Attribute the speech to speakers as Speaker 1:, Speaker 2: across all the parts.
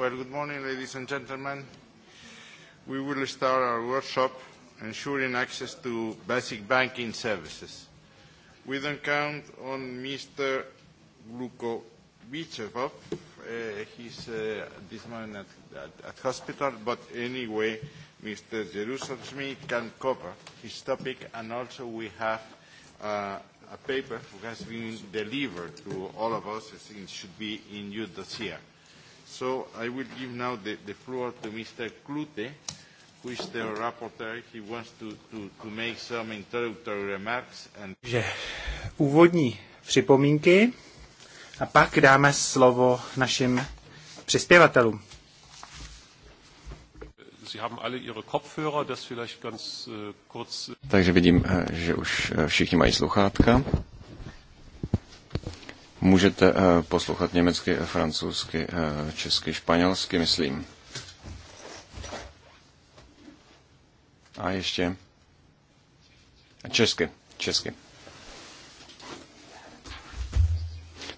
Speaker 1: Well, good morning, ladies and gentlemen. We will start our workshop ensuring access to basic banking services.
Speaker 2: We then count on Mr. Luko Glukovichevov. Uh, he's uh, this man at, at, at hospital, but anyway, Mr. Jerusalem can cover his topic, and also we have uh, a paper that has been delivered to all of
Speaker 3: us. It should be in your dossier. So I will give now the, the floor to Mr. Klute, who is the rapporteur. He wants to, to, to make some introductory remarks. And... Že
Speaker 1: úvodní připomínky a pak dáme slovo našim přispěvatelům.
Speaker 2: Takže vidím, äh, že už äh, všichni mají sluchátka. Můžete eh, poslouchat německy, eh, francouzsky, eh, česky, španělsky, myslím. A ještě česky, česky.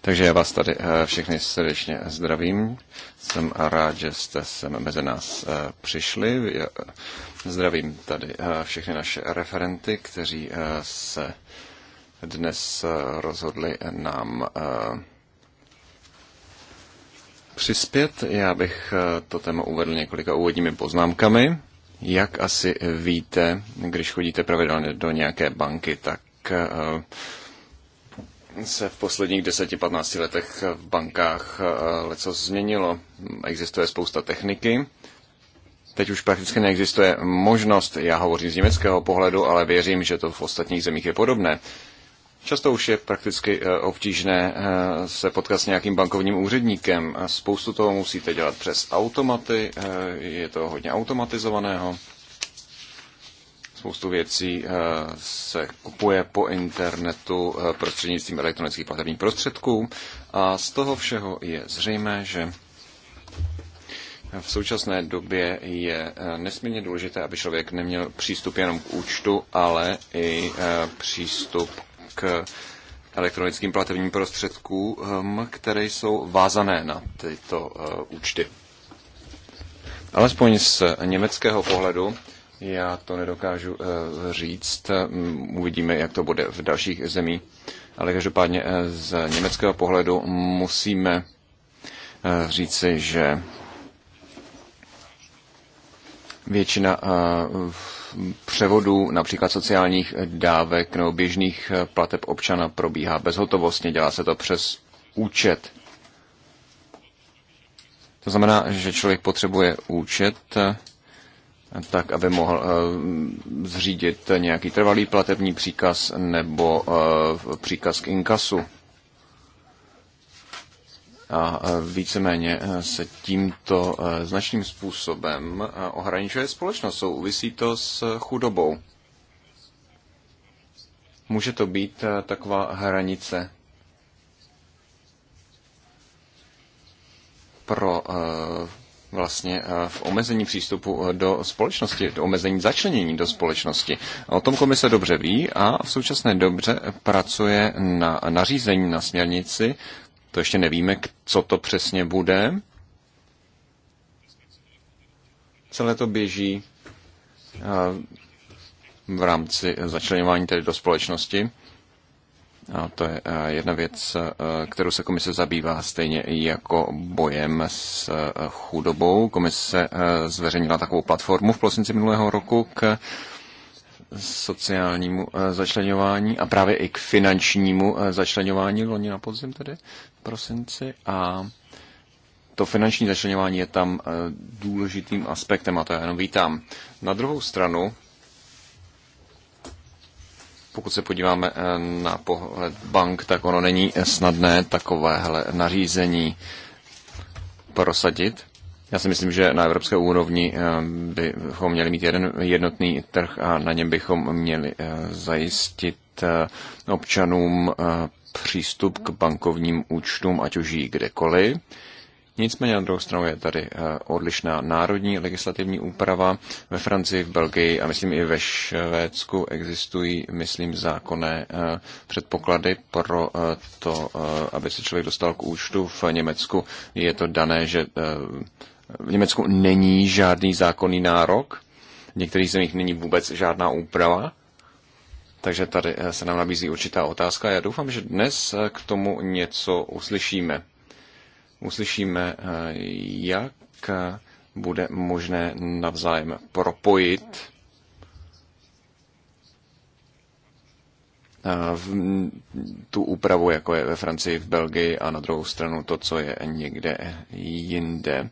Speaker 2: Takže já vás tady všechny srdečně zdravím. Jsem rád, že jste sem mezi nás přišli. Zdravím tady všechny naše referenty, kteří se dnes eh, rozhodli nám eh, přispět. Já bych eh, to téma uvedl několika úvodními poznámkami. Jak asi víte, když chodíte pravidelně do nějaké banky, tak se v posledních 10-15 letech v bankách leco změnilo. Existuje spousta techniky. Teď už prakticky neexistuje možnost, já hovořím z německého pohledu, ale věřím, že to v ostatních zemích je podobné, Často už je prakticky eh, obtížné eh, se potkat s nějakým bankovním úředníkem. Spoustu toho musíte dělat přes automaty, eh, je to hodně automatizovaného. Spoustu věcí se kupuje po internetu prostřednictvím elektronických platebních prostředků a z toho všeho je zřejmé, že v současné době je nesmírně důležité, aby člověk neměl přístup jenom k účtu, ale i přístup k elektronickým platebním prostředkům, které jsou vázané na tyto eh, účty. Alespoň z německého pohledu, já to nedokážu eh, říct, mm, uvidíme, jak to bude v dalších zemích, ale každopádně eh, z německého pohledu musíme říci, že většina Převodu, například sociálních dávek nebo běžných eh, plateb občana probíhá bezhotovostně, dělá se to přes účet. To znamená, že člověk potřebuje účet eh, tak, aby mohl eh, zřídit nějaký trvalý platební příkaz nebo příkaz k inkasu a víceméně e, se tímto e, značným způsobem e, ohraničuje společnost. Souvisí to s chudobou. Může to být taková hranice pro vlastně v omezení přístupu do společnosti, do omezení začlenění do společnosti. O tom komise dobře ví a v současné dobře pracuje na nařízení na směrnici, to ještě nevíme, co to přesně bude. Celé to běží eh, v rámci začlenování tedy do společnosti. A to je eh, jedna věc, eh, kterou se komise zabývá stejně jako bojem s chudobou. Komise zveřejnila takovou platformu v prosinci minulého roku k sociálnímu eh, začlenování a právě i k finančnímu eh, začlenování loni na podzim tedy v prosinci a to finanční začlenování je tam eh, důležitým aspektem a to já jenom vítám. Na druhou stranu, pokud se podíváme na pohled bank, tak ono není snadné takovéhle nařízení prosadit já si myslím, že na evropské úrovni eh, bychom měli mít jeden jednotný trh a na něm bychom měli eh, zajistit eh, občanům přístup k bankovním účtům, ať už žijí kdekoliv. Nicméně na druhou stranu je tady odlišná národní legislativní úprava. Ve Francii, v Belgii a myslím i ve Švédsku existují, myslím, zákonné předpoklady pro to, aby se člověk dostal k účtu. V Německu je to dané, že v Německu není žádný zákonný nárok, v některých zemích není vůbec žádná úprava, takže tady eh, se nám nabízí určitá otázka. Já doufám, že dnes eh, k tomu něco uslyšíme. Uslyšíme, eh, jak bude možné navzájem propojit tu úpravu, jako je ve Francii, v Belgii a na druhou stranu to, co je někde jinde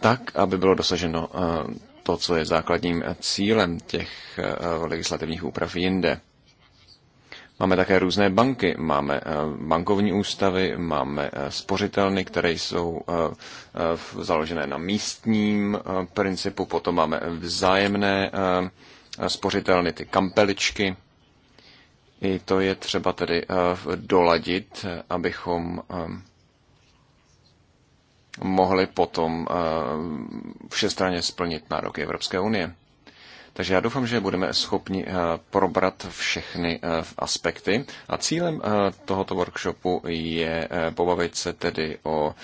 Speaker 2: tak, aby bylo dosaženo eh, to, co je základním cílem těch eh, legislativních úprav jinde. Máme také různé banky, máme eh, bankovní ústavy, máme spořitelny, které jsou založené na místním principu, potom máme vzájemné spořitelny, ty kampeličky. I to je třeba tedy doladit, abychom mohli potom eh, všestranně splnit nároky Evropské unie. Takže já doufám, že budeme schopni eh, probrat všechny eh, aspekty. A cílem tohoto workshopu je pobavit se tedy o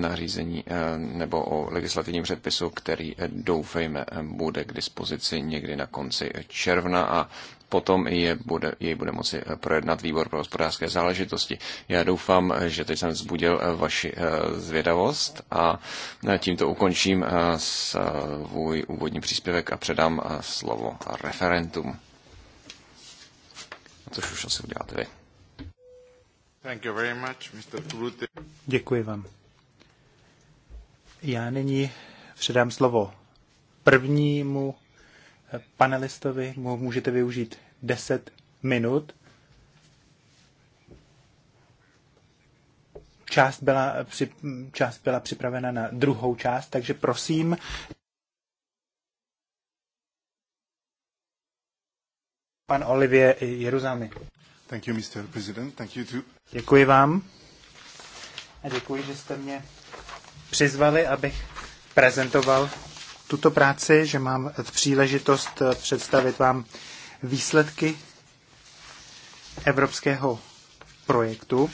Speaker 2: nařízení eh, nebo o legislativním předpisu, který eh, doufejme eh, bude k dispozici někdy na konci června a potom je bude, jej bude moci projednat výbor pro hospodářské záležitosti. Já doufám, že teď jsem vzbudil vaši zvědavost a tímto ukončím svůj úvodní příspěvek a předám slovo referentum. Což už asi uděláte vy.
Speaker 1: Děkuji vám. Já nyní předám slovo prvnímu eh, panelistovi. Můžete využít 10 minut. Část byla, při, část byla připravena na druhou část, takže prosím. Pan Olivie Jeruzámy. Thank you, Mr. President. Thank you too. Děkuji vám. A děkuji, že jste mě přizvali, abych prezentoval tuto práci, že mám příležitost představit vám výsledky evropského projektu,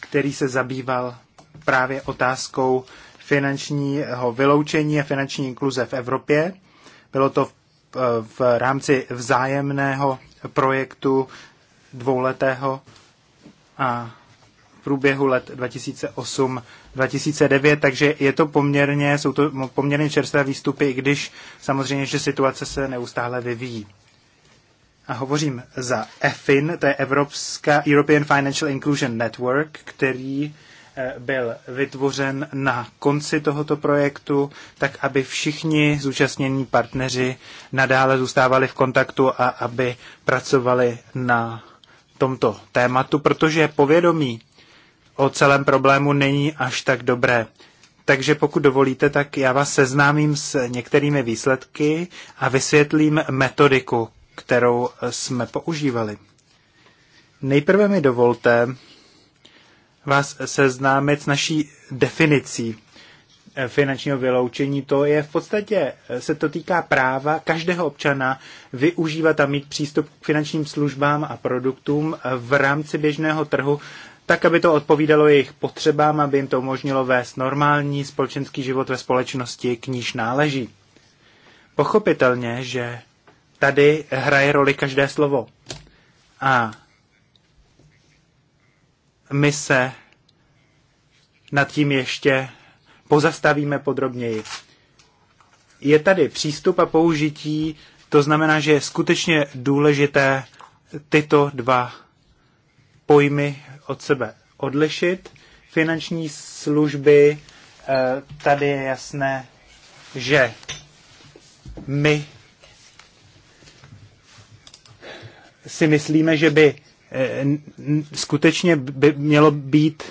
Speaker 1: který se zabýval právě otázkou finančního vyloučení a finanční inkluze v Evropě. Bylo to v, v rámci vzájemného projektu dvouletého a průběhu let 2008-2009, takže je to poměrně, jsou to poměrně čerstvé výstupy, i když samozřejmě, že situace se neustále vyvíjí. A hovořím za EFIN, to je Evropská European Financial Inclusion Network, který eh, byl vytvořen na konci tohoto projektu, tak aby všichni zúčastnění partneři nadále zůstávali v kontaktu a aby pracovali na tomto tématu, protože povědomí o celém problému není až tak dobré. Takže pokud dovolíte, tak já vás seznámím s některými výsledky a vysvětlím metodiku, kterou jsme používali. Nejprve mi dovolte vás seznámit s naší definicí finančního vyloučení. To je v podstatě, se to týká práva každého občana využívat a mít přístup k finančním službám a produktům v rámci běžného trhu tak, aby to odpovídalo jejich potřebám, aby jim to umožnilo vést normální společenský život ve společnosti, k níž náleží. Pochopitelně, že tady hraje roli každé slovo. A my se nad tím ještě pozastavíme podrobněji. Je tady přístup a použití, to znamená, že je skutečně důležité tyto dva pojmy od sebe odlišit. Finanční služby, eh, tady je jasné, že my si myslíme, že by eh, skutečně by mělo být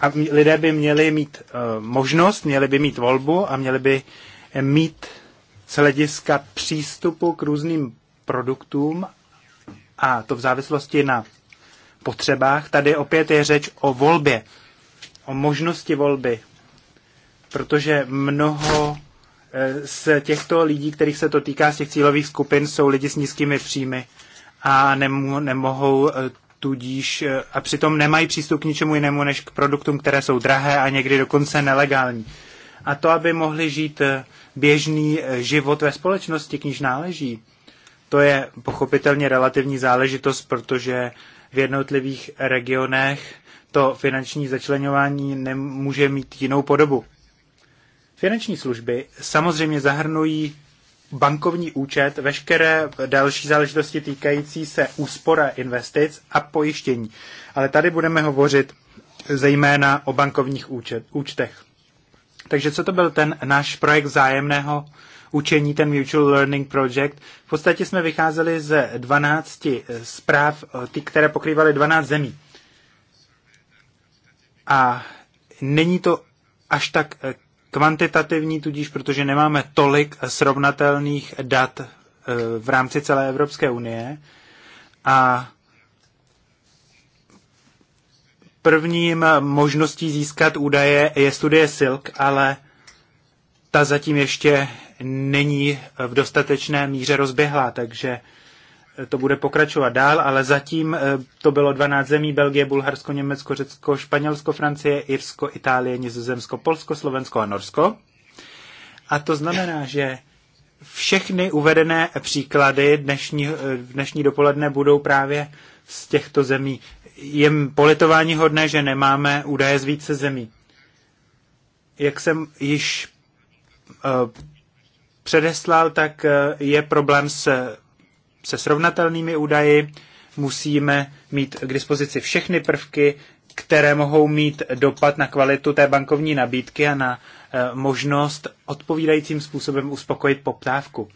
Speaker 1: a lidé by měli mít eh, možnost, měli by mít volbu a měli by mít z hlediska přístupu k různým produktům a to v závislosti na potřebách. Tady opět je řeč o volbě, o možnosti volby, protože mnoho eh, z těchto lidí, kterých se to týká z těch cílových skupin, jsou lidi s nízkými příjmy a nemo, nemohou eh, tudíž eh, a přitom nemají přístup k ničemu jinému než k produktům, které jsou drahé a někdy dokonce nelegální. A to, aby mohli žít běžný život ve společnosti, k níž náleží, to je pochopitelně relativní záležitost, protože v jednotlivých regionech to finanční začlenování nemůže mít jinou podobu. Finanční služby samozřejmě zahrnují bankovní účet, veškeré další záležitosti týkající se úspora investic a pojištění. Ale tady budeme hovořit zejména o bankovních účet, účtech. Takže co to byl ten náš projekt zájemného učení, ten Mutual Learning Project. V podstatě jsme vycházeli ze 12 zpráv, eh, ty, které pokrývaly 12 zemí. A není to až tak eh, kvantitativní, tudíž protože nemáme tolik srovnatelných dat eh, v rámci celé Evropské unie. A prvním možností získat údaje je studie Silk, ale ta zatím ještě není v dostatečné míře rozběhlá, takže to bude pokračovat dál, ale zatím eh, to bylo 12 zemí, Belgie, Bulharsko, Německo, Řecko, Španělsko, Francie, Irsko, Itálie, Nizozemsko, Polsko, Slovensko a Norsko. A to znamená, že všechny uvedené příklady dnešní, eh, dnešní dopoledne budou právě z těchto zemí. Je politování hodné, že nemáme údaje z více zemí. Jak jsem již eh, předeslal, tak eh, je problém se, se srovnatelnými údaji. Musíme mít k dispozici všechny prvky, které mohou mít dopad na kvalitu té bankovní nabídky a na eh, možnost odpovídajícím způsobem uspokojit poptávku.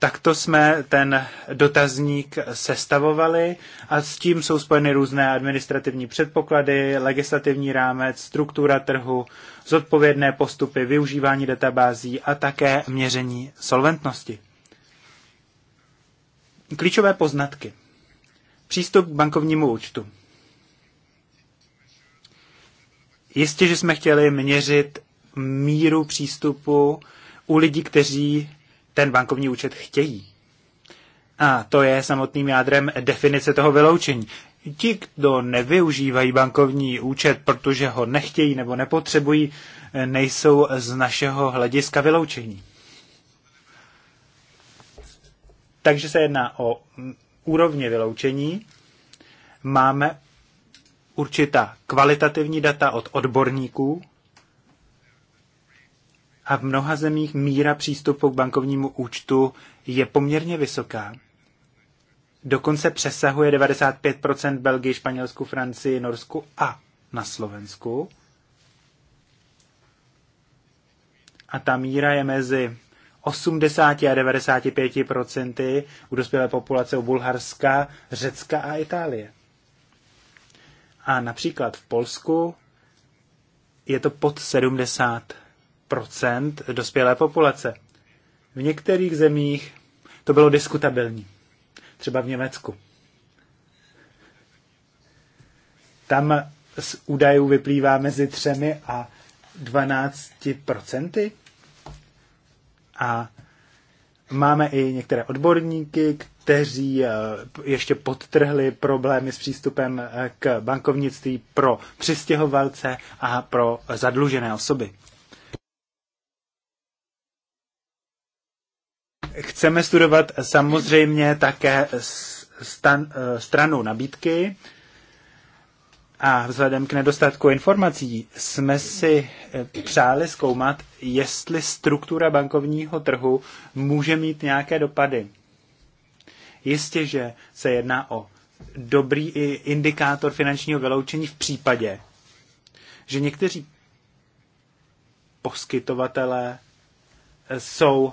Speaker 1: Takto jsme ten dotazník sestavovali a s tím jsou spojeny různé administrativní předpoklady, legislativní rámec, struktura trhu, zodpovědné postupy, využívání databází a také měření solventnosti. Klíčové poznatky. Přístup k bankovnímu účtu. Jistě, že jsme chtěli měřit míru přístupu u lidí, kteří ten bankovní účet chtějí. A to je samotným jádrem definice toho vyloučení. Ti, kdo nevyužívají bankovní účet, protože ho nechtějí nebo nepotřebují, nejsou z našeho hlediska vyloučení. Takže se jedná o úrovně vyloučení. Máme určitá kvalitativní data od odborníků, a v mnoha zemích míra přístupu k bankovnímu účtu je poměrně vysoká. Dokonce přesahuje 95% Belgii, Španělsku, Francii, Norsku a na Slovensku. A ta míra je mezi 80 a 95 u dospělé populace u Bulharska, Řecka a Itálie. A například v Polsku je to pod 70 procent dospělé populace. V některých zemích to bylo diskutabilní. Třeba v Německu. Tam z údajů vyplývá mezi 3 a 12 procenty. A máme i některé odborníky, kteří eh, ještě podtrhli problémy s přístupem eh, k bankovnictví pro přistěhovalce a pro zadlužené osoby. Chceme studovat samozřejmě také stan, eh, stranu nabídky a vzhledem k nedostatku informací jsme si eh, přáli zkoumat, jestli struktura bankovního trhu může mít nějaké dopady. Jistě, že se jedná o dobrý indikátor finančního vyloučení v případě, že někteří poskytovatelé jsou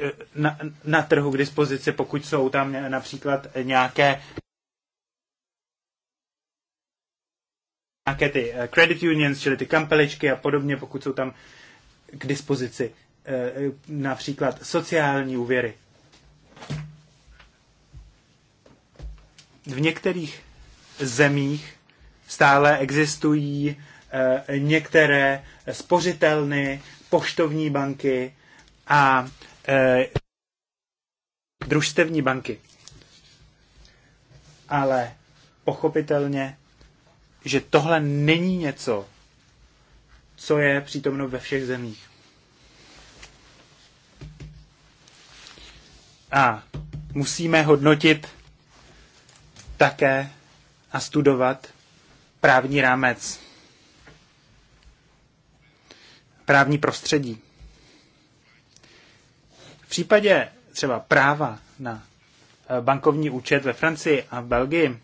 Speaker 1: Eh, na, na trhu k dispozici, pokud jsou tam eh, například eh, nějaké nějaké ty credit unions, čili ty kampeličky a podobně, pokud jsou tam k dispozici například sociální úvěry. V některých zemích stále existují některé spořitelny, poštovní banky a eh, družstevní banky. Ale pochopitelně, že tohle není něco, co je přítomno ve všech zemích. A musíme hodnotit také a studovat právní rámec, právní prostředí. V případě třeba práva na eh, bankovní účet ve Francii a v Belgii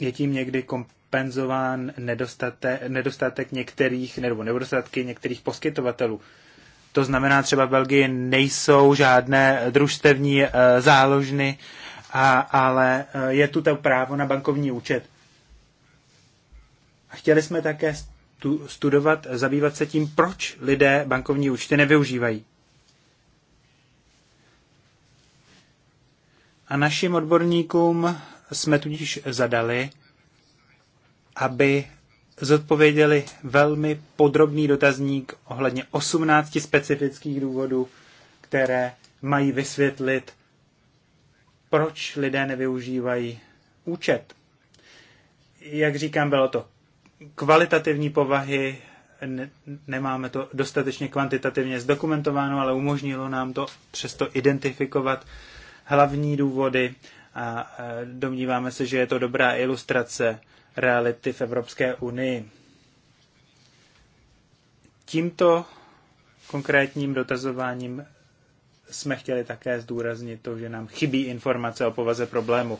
Speaker 1: je tím někdy kompenzován nedostate, nedostatek některých, nebo nedostatky některých poskytovatelů. To znamená, třeba v Belgii nejsou žádné družstevní eh, záložny, a, ale eh, je tu to právo na bankovní účet. A chtěli jsme také tu studovat, zabývat se tím, proč lidé bankovní účty nevyužívají. A našim odborníkům jsme tudíž zadali, aby zodpověděli velmi podrobný dotazník ohledně 18 specifických důvodů, které mají vysvětlit, proč lidé nevyužívají účet. Jak říkám, bylo to kvalitativní povahy, ne, nemáme to dostatečně kvantitativně zdokumentováno, ale umožnilo nám to přesto identifikovat hlavní důvody a domníváme se, že je to dobrá ilustrace reality v Evropské unii. Tímto konkrétním dotazováním jsme chtěli také zdůraznit to, že nám chybí informace o povaze problému.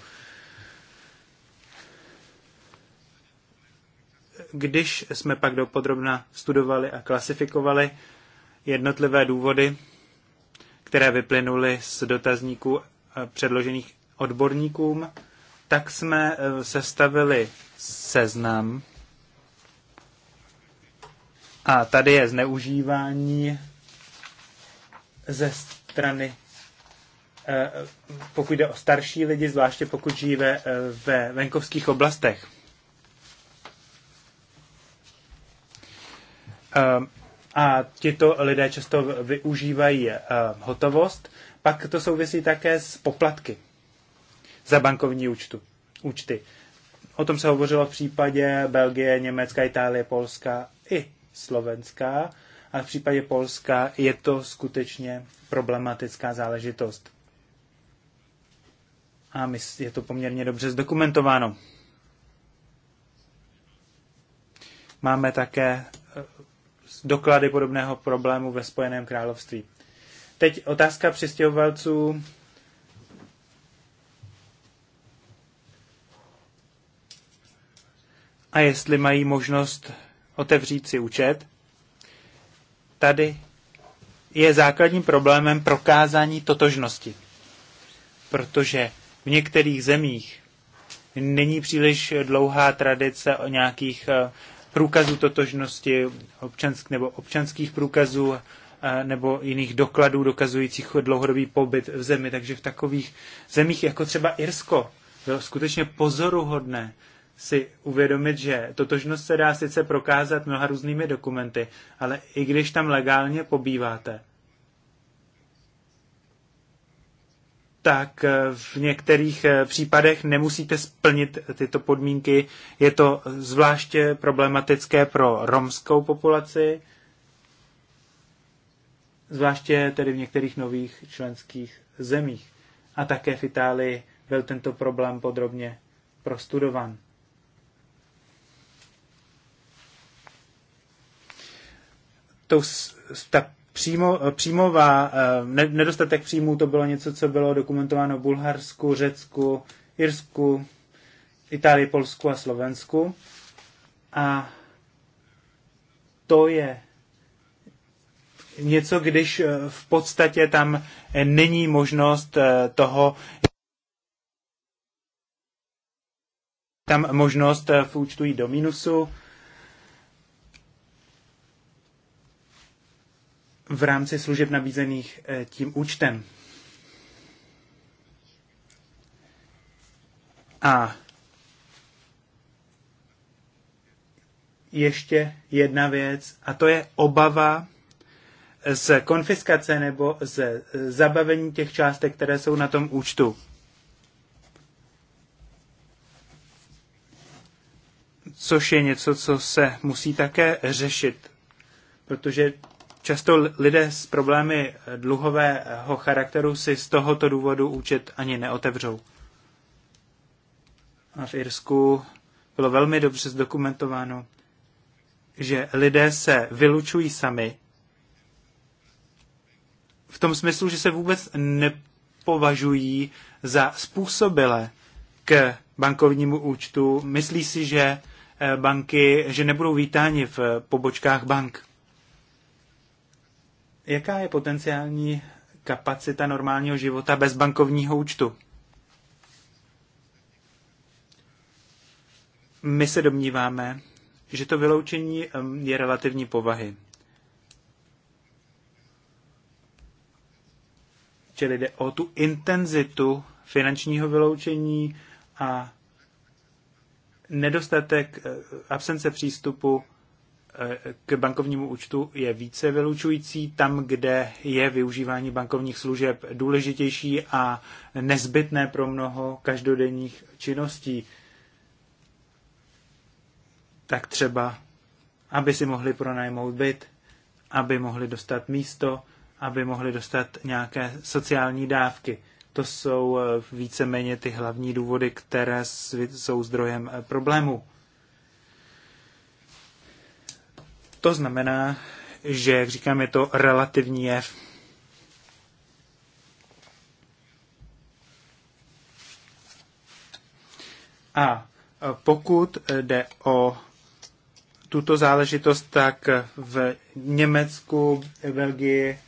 Speaker 1: když jsme pak dopodrobna studovali a klasifikovali jednotlivé důvody, které vyplynuly z dotazníků eh, předložených odborníkům, tak jsme eh, sestavili seznam. A tady je zneužívání ze strany, eh, pokud jde o starší lidi, zvláště pokud žijí ve, ve venkovských oblastech. Ehm, a tito lidé často využívají eh, hotovost. Pak to souvisí také s poplatky za bankovní účtu, účty. O tom se hovořilo v případě Belgie, Německa, Itálie, Polska i Slovenska. A v případě Polska je to skutečně problematická záležitost. A je to poměrně dobře zdokumentováno. Máme také eh, doklady podobného problému ve Spojeném království. Teď otázka přistěhovalců. A jestli mají možnost otevřít si účet. Tady je základním problémem prokázání totožnosti. Protože v některých zemích není příliš dlouhá tradice o nějakých eh, průkazů totožnosti občansk, nebo občanských průkazů eh, nebo jiných dokladů dokazujících dlouhodobý pobyt v zemi. Takže v takových zemích, jako třeba Irsko, bylo skutečně pozoruhodné si uvědomit, že totožnost se dá sice prokázat mnoha různými dokumenty, ale i když tam legálně pobýváte, tak eh, v některých eh, případech nemusíte splnit tyto podmínky. Je to zvláště problematické pro romskou populaci, zvláště tedy v některých nových členských zemích. A také v Itálii byl tento problém podrobně prostudovan. Tou, ta Přímo, přímová, eh, nedostatek příjmů to bylo něco, co bylo dokumentováno v Bulharsku, Řecku, Irsku, Itálii, Polsku a Slovensku. A to je něco, když eh, v podstatě tam eh, není možnost toho, tam možnost v účtu jít do minusu. v rámci služeb nabízených eh, tím účtem. A ještě jedna věc, a to je obava z konfiskace nebo z eh, zabavení těch částek, které jsou na tom účtu. Což je něco, co se musí také řešit, protože Často lidé s problémy eh, dluhového charakteru si z tohoto důvodu účet ani neotevřou. A v Irsku bylo velmi dobře zdokumentováno, že lidé se vylučují sami v tom smyslu, že se vůbec nepovažují za způsobile k bankovnímu účtu. Myslí si, že eh, banky, že nebudou vítáni v eh, pobočkách bank. Jaká je potenciální kapacita normálního života bez bankovního účtu? My se domníváme, že to vyloučení je relativní povahy. Čili jde o tu intenzitu finančního vyloučení a nedostatek eh, absence přístupu k bankovnímu účtu je více vylučující. Tam, kde je využívání bankovních služeb důležitější a nezbytné pro mnoho každodenních činností, tak třeba, aby si mohli pronajmout byt, aby mohli dostat místo, aby mohli dostat nějaké sociální dávky. To jsou eh, víceméně ty hlavní důvody, které jsou zdrojem eh, problému. To znamená, že, jak říkám, je to relativní jev. A e, pokud jde o tuto záležitost, tak v Německu, Belgii,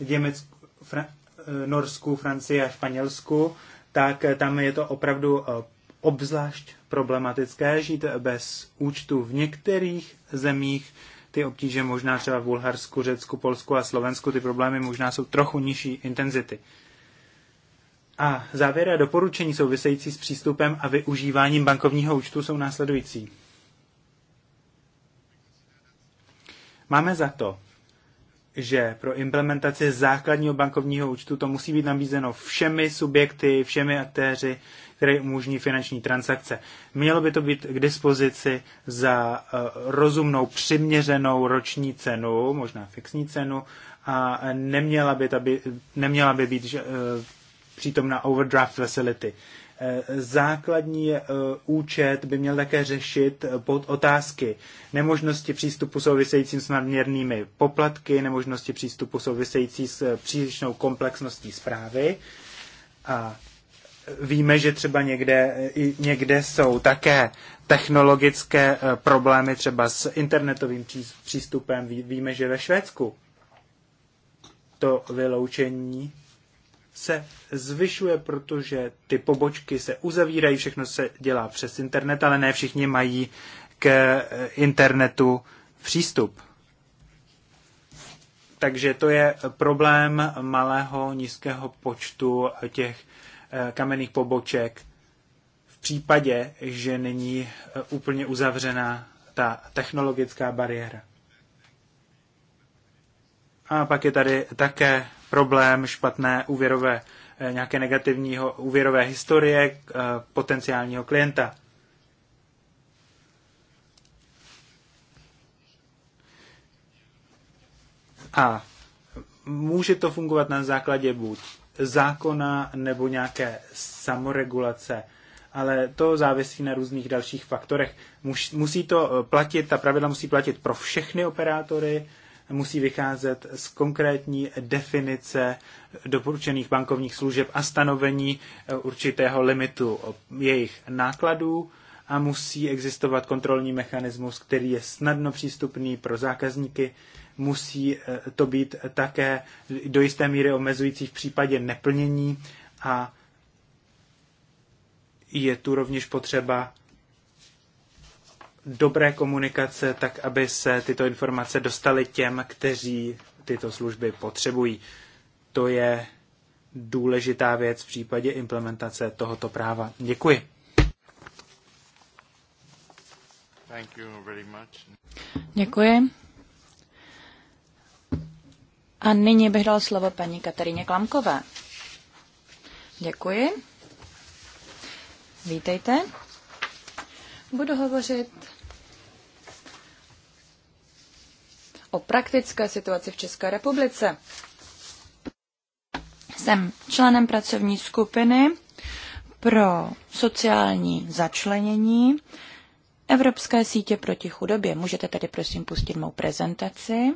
Speaker 1: Německu, Fra- e, Norsku, Francii a Španělsku, tak tam je to opravdu e, obzvlášť problematické žít bez účtu. V některých zemích ty obtíže možná třeba v Bulharsku, Řecku, Polsku a Slovensku, ty problémy možná jsou trochu nižší intenzity. A závěry a doporučení související s přístupem a využíváním bankovního účtu jsou následující. Máme za to, že pro implementaci základního bankovního účtu to musí být nabízeno všemi subjekty, všemi aktéři, který umožní finanční transakce. Mělo by to být k dispozici za eh, rozumnou, přiměřenou roční cenu, možná fixní cenu, a neměla by, ta by, neměla by být eh, přítomna overdraft facility. Eh, základní účet by měl také řešit pod otázky nemožnosti přístupu souvisejícím s nadměrnými poplatky, nemožnosti přístupu související s přílišnou komplexností zprávy a Víme, že třeba někde, někde jsou také technologické eh, problémy třeba s internetovým přístupem. Víme, že ve Švédsku to vyloučení se zvyšuje, protože ty pobočky se uzavírají, všechno se dělá přes internet, ale ne všichni mají k eh, internetu přístup. Takže to je problém malého, nízkého počtu těch Eh, kamenných poboček v případě, že není eh, úplně uzavřená ta technologická bariéra. A pak je tady také problém špatné úvěrové, eh, nějaké negativního úvěrové historie potenciálního klienta. A může to fungovat na základě buď zákona nebo nějaké samoregulace, ale to závisí na různých dalších faktorech. Musí to eh, platit, ta pravidla musí platit pro všechny operátory, musí vycházet z konkrétní definice doporučených bankovních služeb a stanovení eh, určitého limitu eh, jejich nákladů a musí existovat kontrolní mechanismus, který je snadno přístupný pro zákazníky musí eh, to být také do jisté míry omezující v případě neplnění a je tu rovněž potřeba dobré komunikace, tak aby se tyto informace dostaly těm, kteří tyto služby potřebují. To je důležitá věc v případě implementace tohoto práva. Děkuji.
Speaker 4: Děkuji. A nyní bych dal slovo paní Kateríně Klamkové. Děkuji. Vítejte. Budu hovořit o praktické situaci v České republice. Jsem členem pracovní skupiny pro sociální začlenění Evropské sítě proti chudobě. Můžete tady prosím pustit mou prezentaci.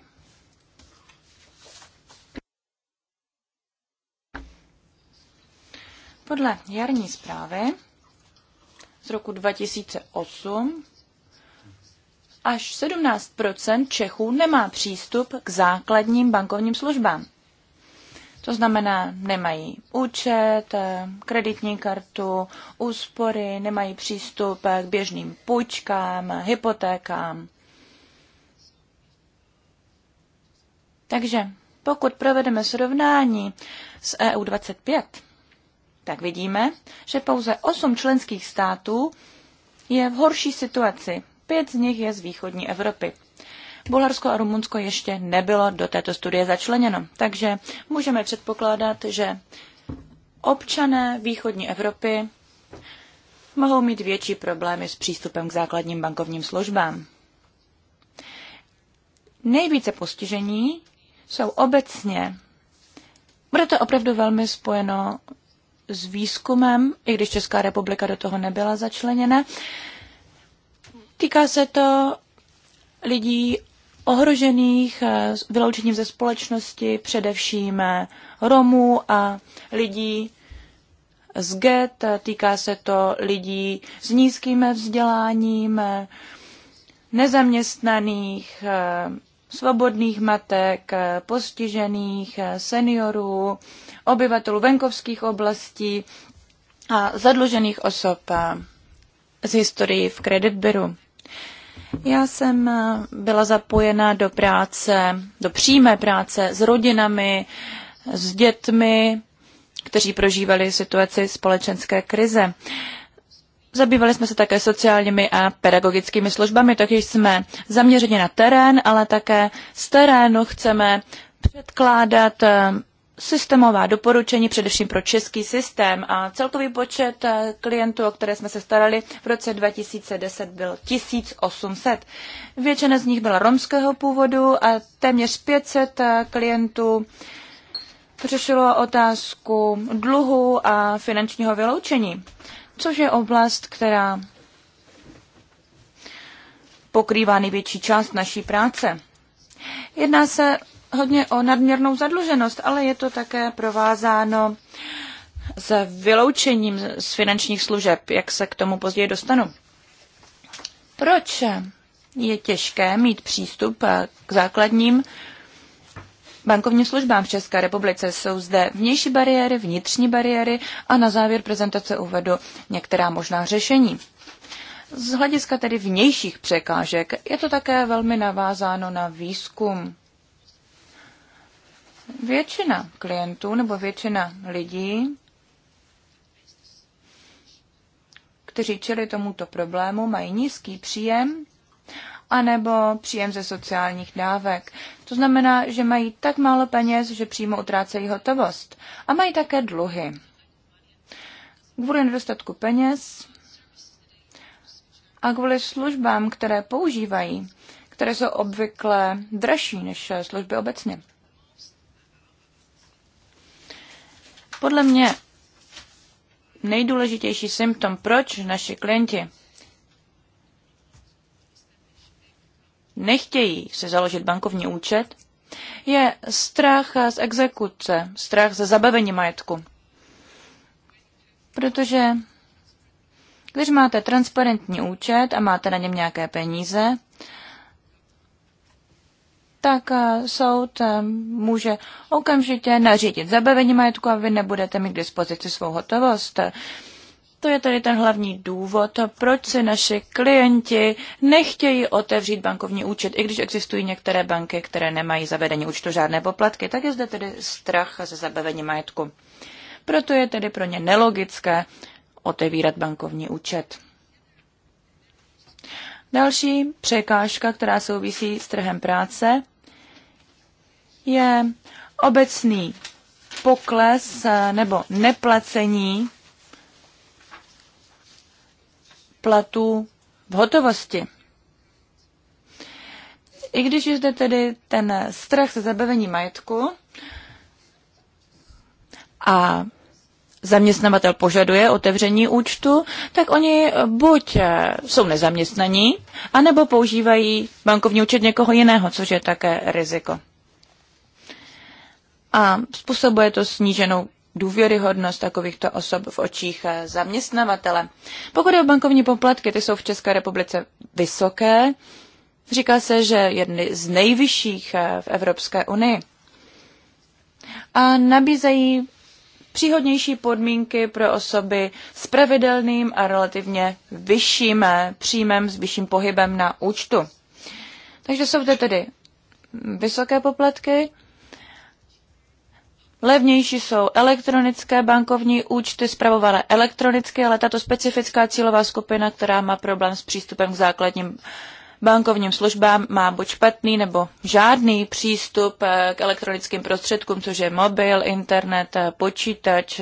Speaker 4: Podle jarní zprávy z roku 2008 až 17 Čechů nemá přístup k základním bankovním službám. To znamená, nemají účet, eh, kreditní kartu, úspory, nemají přístup eh, k běžným půjčkám, eh, hypotékám. Takže pokud provedeme srovnání s EU25, tak vidíme, že pouze 8 členských států je v horší situaci. Pět z nich je z východní Evropy. Bulharsko a Rumunsko ještě nebylo do této studie začleněno, takže můžeme předpokládat, že občané východní Evropy mohou mít větší problémy s přístupem k základním bankovním službám. Nejvíce postižení jsou obecně. Bude to opravdu velmi spojeno s výzkumem, i když Česká republika do toho nebyla začleněna. Týká se to lidí ohrožených eh, vyloučením ze společnosti, především eh, Romů a lidí z get, týká se to lidí s nízkým vzděláním, eh, nezaměstnaných, svobodných matek, postižených, seniorů, obyvatelů venkovských oblastí a zadlužených osob z historii v kreditbyru. Já jsem byla zapojena do práce, do přímé práce s rodinami, s dětmi, kteří prožívali situaci společenské krize. Zabývali jsme se také sociálními a pedagogickými službami, takže jsme zaměřeni na terén, ale také z terénu chceme předkládat eh, systémová doporučení především pro český systém a celkový počet eh, klientů, o které jsme se starali v roce 2010 byl 1800. Většina z nich byla romského původu a téměř 500 eh, klientů řešilo otázku dluhu a finančního vyloučení což je oblast, která pokrývá největší část naší práce. Jedná se hodně o nadměrnou zadluženost, ale je to také provázáno s vyloučením z finančních služeb, jak se k tomu později dostanu. Proč je těžké mít přístup k základním bankovním službám v České republice. Jsou zde vnější bariéry, vnitřní bariéry a na závěr prezentace uvedu některá možná řešení. Z hlediska tedy vnějších překážek je to také velmi navázáno na výzkum. Většina klientů nebo většina lidí, kteří čili tomuto problému, mají nízký příjem anebo příjem ze sociálních dávek. To znamená, že mají tak málo peněz, že přímo utrácejí hotovost. A mají také dluhy. Kvůli nedostatku peněz a kvůli službám, které používají, které jsou obvykle dražší než služby obecně. Podle mě nejdůležitější symptom, proč naši klienti nechtějí si založit bankovní účet, je strach z exekuce, strach ze zabavení majetku. Protože když máte transparentní účet a máte na něm nějaké peníze, tak eh, soud eh, může okamžitě nařídit zabavení majetku a vy nebudete mít k dispozici svou hotovost. To je tedy ten hlavní důvod, proč se naši klienti nechtějí otevřít bankovní účet, i když existují některé banky, které nemají zavedení účtu žádné poplatky, tak je zde tedy strach ze zabavení majetku. Proto je tedy pro ně nelogické otevírat bankovní účet. Další překážka, která souvisí s trhem práce, je obecný pokles eh, nebo neplacení platů v hotovosti. I když je zde tedy ten strach ze zabavení majetku a zaměstnavatel požaduje otevření účtu, tak oni buď jsou nezaměstnaní, anebo používají bankovní účet někoho jiného, což je také riziko. A způsobuje to sníženou důvěryhodnost takovýchto osob v očích eh, zaměstnavatele. Pokud je o bankovní poplatky, ty jsou v České republice vysoké. Říká se, že jedny z nejvyšších eh, v Evropské unii. A nabízejí příhodnější podmínky pro osoby s pravidelným a relativně vyšším eh, příjmem, s vyšším pohybem na účtu. Takže jsou to tedy vysoké poplatky Levnější jsou elektronické bankovní účty zpravované elektronicky, ale tato specifická cílová skupina, která má problém s přístupem k základním bankovním službám, má buď špatný nebo žádný přístup eh, k elektronickým prostředkům, což je mobil, internet, eh, počítač,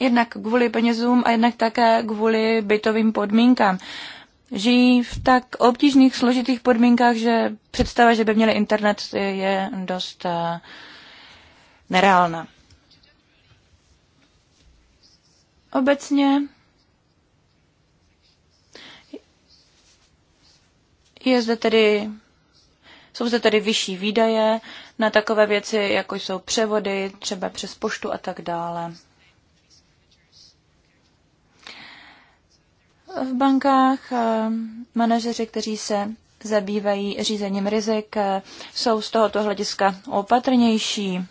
Speaker 4: jednak kvůli penězům a jednak také kvůli bytovým podmínkám žijí v tak obtížných, složitých podmínkách, že představa, že by měli internet, je dost eh, nereálná. Obecně je zde tedy, jsou zde tedy vyšší výdaje na takové věci, jako jsou převody, třeba přes poštu a tak dále. v bankách manažeři, kteří se zabývají řízením rizik, jsou z tohoto hlediska opatrnější.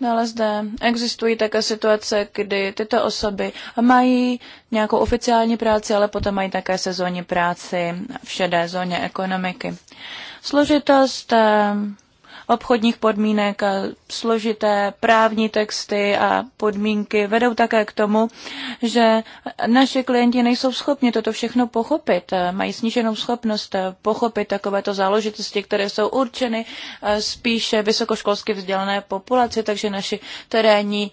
Speaker 4: Dále zde existují také situace, kdy tyto osoby mají nějakou oficiální práci, ale potom mají také sezónní práci v šedé zóně ekonomiky. Složitost obchodních podmínek a složité právní texty a podmínky vedou také k tomu, že naši klienti nejsou schopni toto všechno pochopit. Mají sníženou schopnost pochopit takovéto záležitosti, které jsou určeny eh, spíše vysokoškolsky vzdělané populaci, takže naši terénní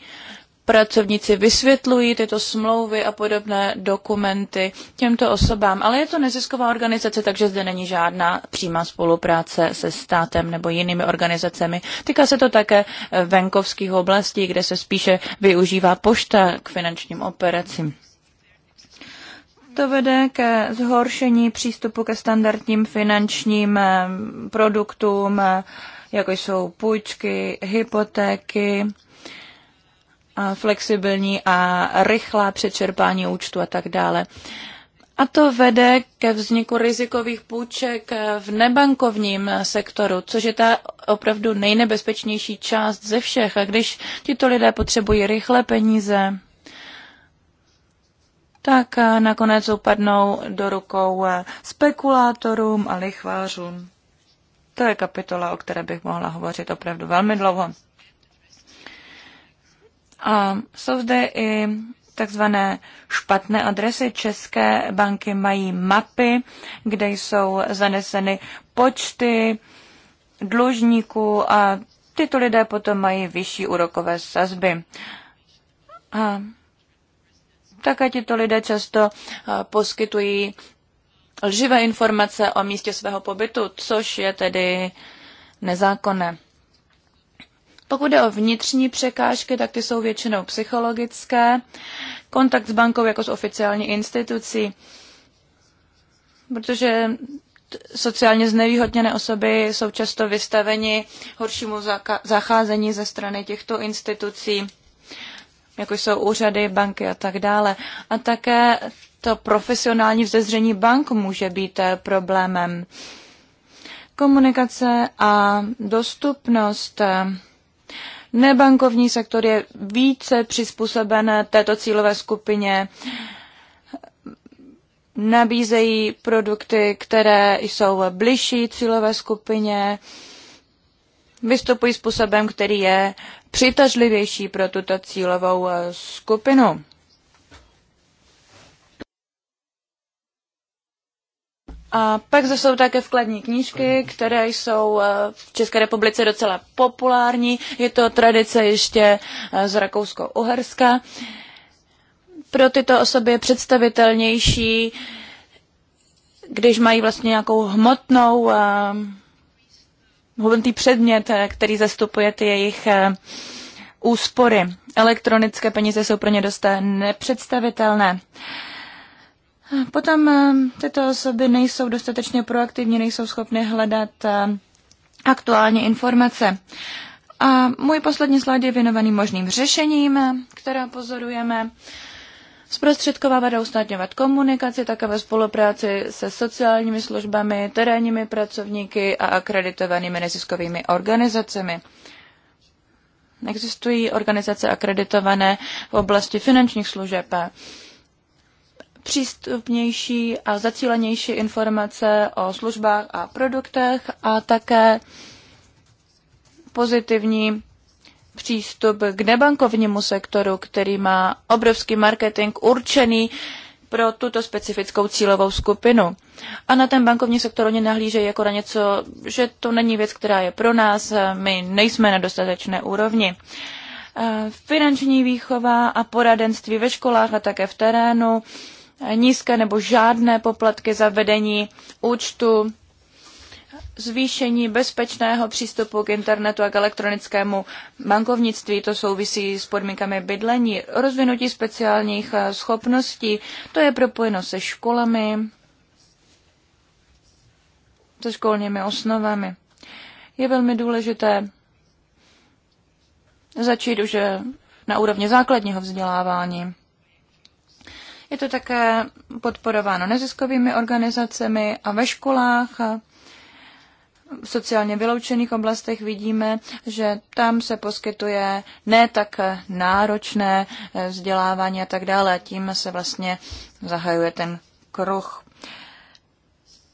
Speaker 4: pracovníci vysvětlují tyto smlouvy a podobné dokumenty těmto osobám. Ale je to nezisková organizace, takže zde není žádná přímá spolupráce se státem nebo jinými organizacemi. Týká se to také eh, venkovských oblastí, kde se spíše využívá pošta k finančním operacím. To vede ke zhoršení přístupu ke standardním finančním eh, produktům, eh, jako jsou půjčky, hypotéky, a flexibilní a rychlá přečerpání účtu a tak dále. A to vede ke vzniku rizikových půjček v nebankovním sektoru, což je ta opravdu nejnebezpečnější část ze všech. A když tito lidé potřebují rychle peníze, tak nakonec upadnou do rukou spekulátorům a lichvářům. To je kapitola, o které bych mohla hovořit opravdu velmi dlouho. A jsou zde i takzvané špatné adresy. České banky mají mapy, kde jsou zaneseny počty dlužníků a tyto lidé potom mají vyšší úrokové sazby. A také tito lidé často poskytují lživé informace o místě svého pobytu, což je tedy nezákonné. Pokud jde o vnitřní překážky, tak ty jsou většinou psychologické. Kontakt s bankou jako s oficiální institucí, protože sociálně znevýhodněné osoby jsou často vystaveni horšímu zacházení ze strany těchto institucí, jako jsou úřady, banky a tak dále. A také to profesionální vzezření bank může být eh, problémem. Komunikace a dostupnost eh, Nebankovní sektor je více přizpůsoben této cílové skupině, nabízejí produkty, které jsou bližší cílové skupině, vystupují způsobem, který je přitažlivější pro tuto cílovou eh, skupinu. A pak zase jsou také vkladní knížky, které jsou eh, v České republice docela populární. Je to tradice ještě eh, z Rakousko-Uherska. Pro tyto osoby je představitelnější, když mají vlastně nějakou hmotnou eh, hmotný předmět, který zastupuje ty jejich úspory. Elektronické peníze jsou pro ně dost nepředstavitelné. Potom eh, tyto osoby nejsou dostatečně proaktivní, nejsou schopny hledat eh, aktuální informace. A můj poslední slad je věnovaný možným řešením, eh, které pozorujeme. Zprostředkovávat a usnadňovat komunikaci, také ve spolupráci se sociálními službami, terénními pracovníky a akreditovanými neziskovými organizacemi. Existují organizace akreditované v oblasti finančních služeb přístupnější a zacílenější informace o službách a produktech a také pozitivní přístup k nebankovnímu sektoru, který má obrovský marketing určený pro tuto specifickou cílovou skupinu. A na ten bankovní sektor oni nahlížejí jako na něco, že to není věc, která je pro nás, my nejsme na dostatečné úrovni. Finanční výchova a poradenství ve školách a také v terénu nízké nebo žádné poplatky za vedení účtu, zvýšení bezpečného přístupu k internetu a k elektronickému bankovnictví. To souvisí s podmínkami bydlení, rozvinutí speciálních eh, schopností. To je propojeno se školami, se školními osnovami. Je velmi důležité začít už eh, na úrovni základního vzdělávání. Je to také podporováno neziskovými organizacemi a ve školách. A v sociálně vyloučených oblastech vidíme, že tam se poskytuje ne tak náročné e, vzdělávání a tak dále. Tím se vlastně zahajuje ten kruh.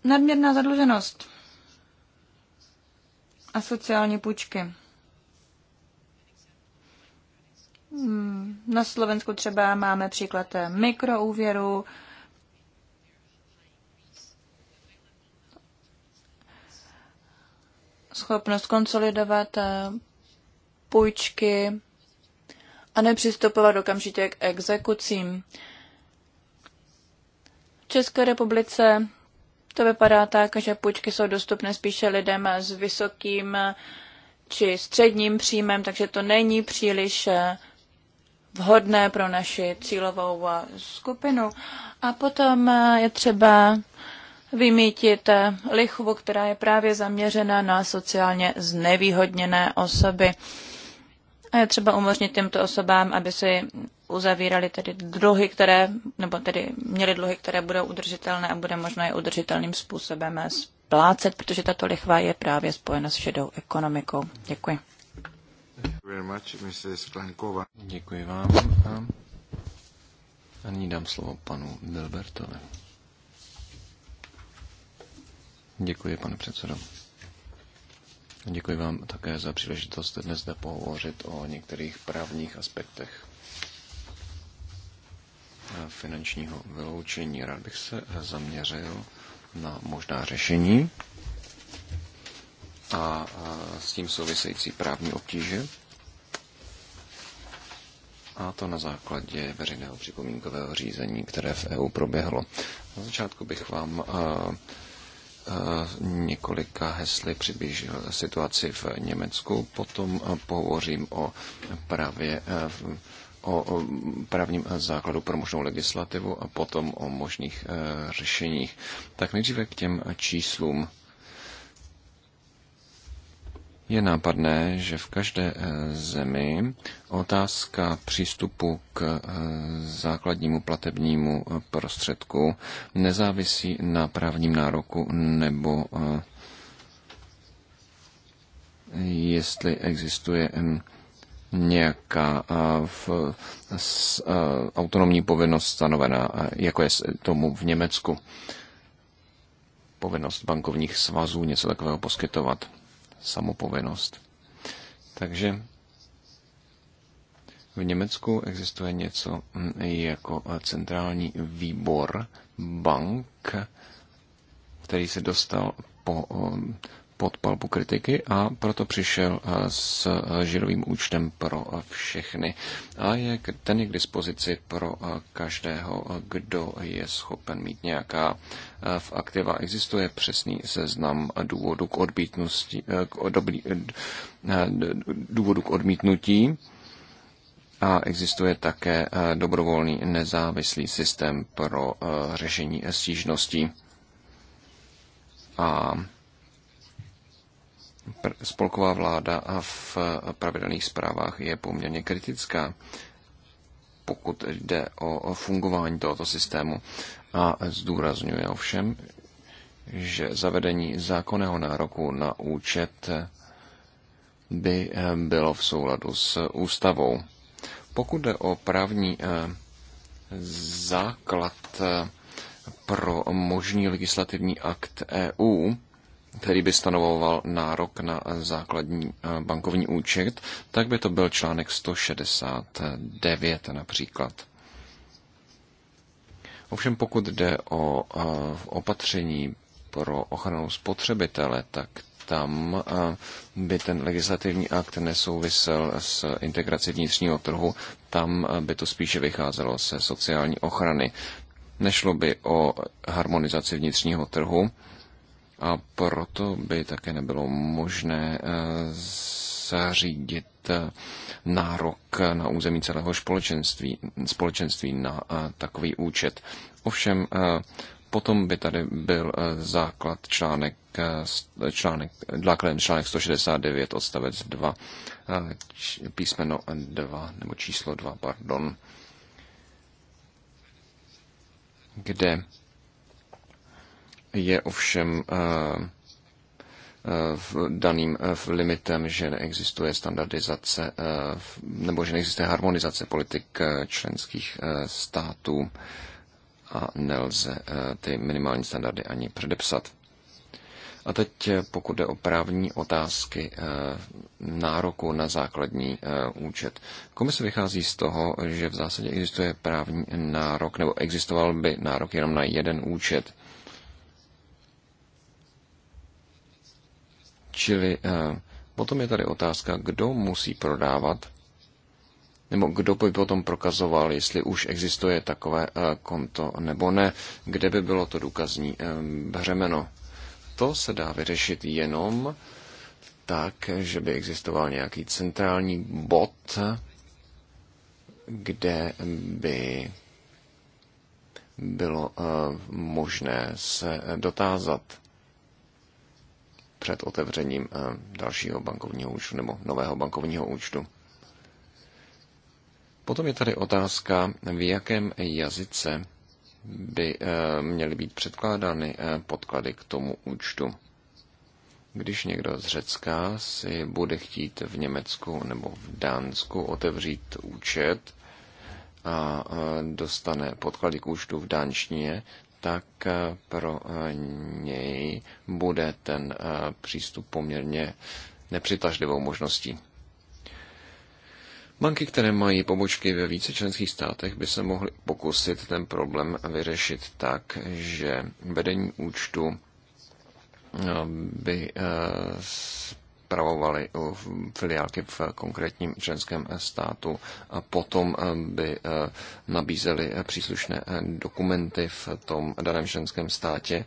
Speaker 4: Nadměrná zadluženost a sociální půjčky. Hmm, na Slovensku třeba máme příklad mikroúvěru. Schopnost konsolidovat eh, půjčky a nepřistupovat okamžitě k exekucím. V České republice to vypadá tak, že půjčky jsou dostupné spíše lidem s vysokým eh, či středním příjmem, takže to není příliš eh, vhodné pro naši cílovou eh, skupinu. A potom eh, je třeba vymítit eh, lichvu, která je právě zaměřena na sociálně znevýhodněné osoby. A je třeba umožnit těmto osobám, aby si uzavírali tedy dluhy, které, nebo tedy měli dluhy, které budou udržitelné a bude možno je udržitelným způsobem splácet, protože tato lichva je právě spojena s šedou ekonomikou. Děkuji.
Speaker 2: Very much, Děkuji vám. A nyní dám slovo panu Delbertovi. Děkuji, pane předsedo. Děkuji vám také za příležitost dnes zde pohovořit o některých právních aspektech finančního vyloučení. Rád bych se zaměřil na možná řešení a s tím související právní obtíže. A to na základě veřejného připomínkového řízení, které v EU proběhlo. Na začátku bych vám několika hesly přiblížil situaci v Německu, potom pohovořím o právě o právním základu pro možnou legislativu a potom o možných e, řešeních. Tak nejdříve k těm číslům. Je nápadné, že v každé eh, zemi otázka přístupu k eh, základnímu platebnímu eh, prostředku nezávisí na právním nároku nebo jestli existuje nějaká v, s, autonomní povinnost stanovená, jako je tomu v Německu. Povinnost bankovních svazů něco takového poskytovat samopovinnost. Takže v Německu existuje něco mm, jako eh, centrální výbor bank, který se dostal po eh, pod palbu kritiky a proto přišel eh, s eh, žirovým účtem pro eh, všechny. A je, ten je k dispozici pro každého, kdo je schopen mít nějaká v aktiva. Existuje přesný seznam důvodu k odmítnutí, k odobí, důvodu k odmítnutí a existuje také dobrovolný nezávislý systém pro řešení stížností. A spolková vláda a v pravidelných zprávách je poměrně kritická, pokud jde o fungování tohoto systému. A zdůrazňuje ovšem, že zavedení zákonného nároku na účet by eh, bylo v souladu s ústavou. Pokud jde o právní eh, základ eh, pro možný legislativní akt EU, který by stanovoval nárok na základní eh, bankovní účet, tak by to byl článek 169 například. Ovšem pokud jde o eh, opatření pro ochranu spotřebitele, tak tam eh, by ten legislativní akt nesouvisel s integrací vnitřního trhu, tam by to spíše vycházelo se sociální ochrany. Nešlo by o harmonizaci vnitřního trhu, a proto by také nebylo možné eh, zařídit eh, nárok na území celého společenství, společenství na eh, takový účet. Ovšem, potom by tady byl základ článek, článek, základem článek 169 odstavec 2, písmeno 2 nebo číslo 2, pardon, kde je ovšem eh, eh, v daným eh, limitem, že neexistuje standardizace nebo že neexistuje harmonizace politik členských států a nelze ty minimální standardy ani předepsat. A teď pokud jde o právní otázky nároku na základní účet. Komise vychází z toho, že v zásadě existuje právní nárok, nebo existoval by nárok jenom na jeden účet. Čili eh, potom je tady otázka, kdo musí prodávat, nebo kdo by potom prokazoval, jestli už existuje takové eh, konto nebo ne, kde by bylo to důkazní eh, břemeno. To se dá vyřešit jenom tak, že by existoval nějaký centrální bod, kde by bylo možné se dotázat před otevřením eh, dalšího bankovního účtu nebo nového bankovního účtu. Potom je tady otázka, v jakém jazyce by eh, měly být předkládány eh, podklady k tomu účtu. Když někdo z Řecka si bude chtít v Německu nebo v Dánsku otevřít účet a dostane podklady k účtu v dánštině, tak eh, pro eh, něj bude ten eh, přístup poměrně nepřitažlivou možností. Banky, které mají pobočky ve více členských státech, by se mohly pokusit ten problém vyřešit tak, že vedení účtu by spravovali eh, filiálky v konkrétním členském eh, státu a potom eh, by nabízeli příslušné dokumenty v tom daném členském státě,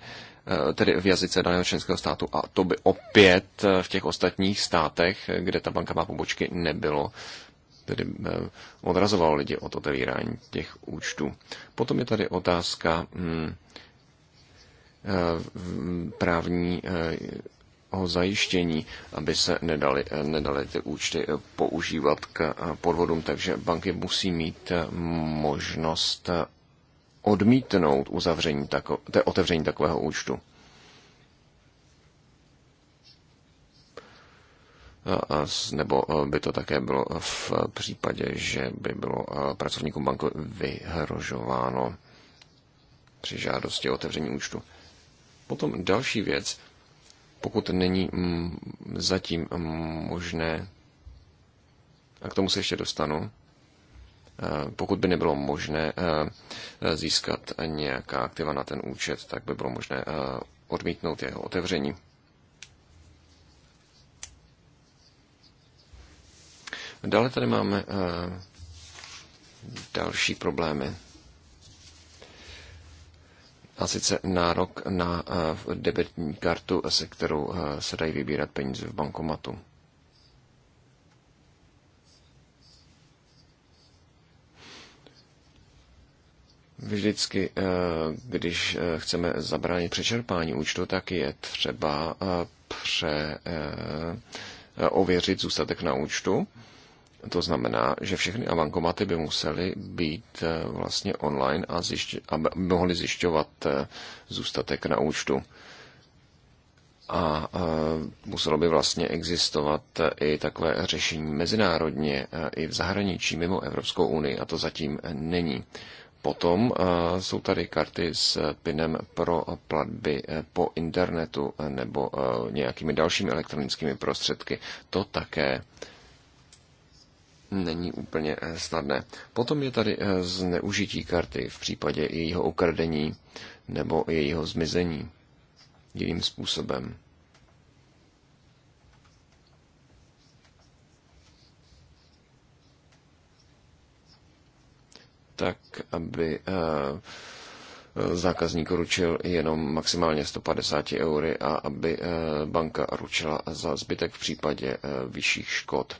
Speaker 2: tedy v jazyce daného členského státu. A to by opět v těch ostatních státech, kde ta banka má pobočky, nebylo tedy odrazovalo lidi od otevírání těch účtů. Potom je tady otázka hm, právní zajištění, aby se nedali, nedali ty účty používat k podvodům, takže banky musí mít možnost odmítnout uzavření tako, te, otevření takového účtu. nebo by to také bylo v případě, že by bylo pracovníkům banku vyhrožováno při žádosti o otevření účtu. Potom další věc, pokud není mm, zatím mm, možné, a k tomu se ještě dostanu, eh, pokud by nebylo možné eh, získat nějaká aktiva na ten účet, tak by bylo možné eh, odmítnout jeho otevření. Dále tady máme další problémy a sice nárok na eh, debetní kartu, se kterou eh, se dají vybírat peníze v bankomatu. Vždycky, eh, když chceme zabránit přečerpání účtu, tak je třeba pře, ověřit zůstatek na účtu to znamená, že všechny avankomaty by musely být eh, vlastně online a, zjišť, a mohly zjišťovat eh, zůstatek na účtu. A eh, muselo by vlastně existovat i takové řešení mezinárodně, i v zahraničí, mimo Evropskou unii, a to zatím není. Potom jsou tady karty s pinem pro platby po internetu nebo nějakými dalšími elektronickými prostředky. To také není úplně eh, snadné. Potom je tady eh, zneužití karty v případě jejího ukradení nebo jejího zmizení jiným způsobem. tak, aby eh, zákazník ručil jenom maximálně 150 eury a aby banka ručila za zbytek v případě vyšších škod.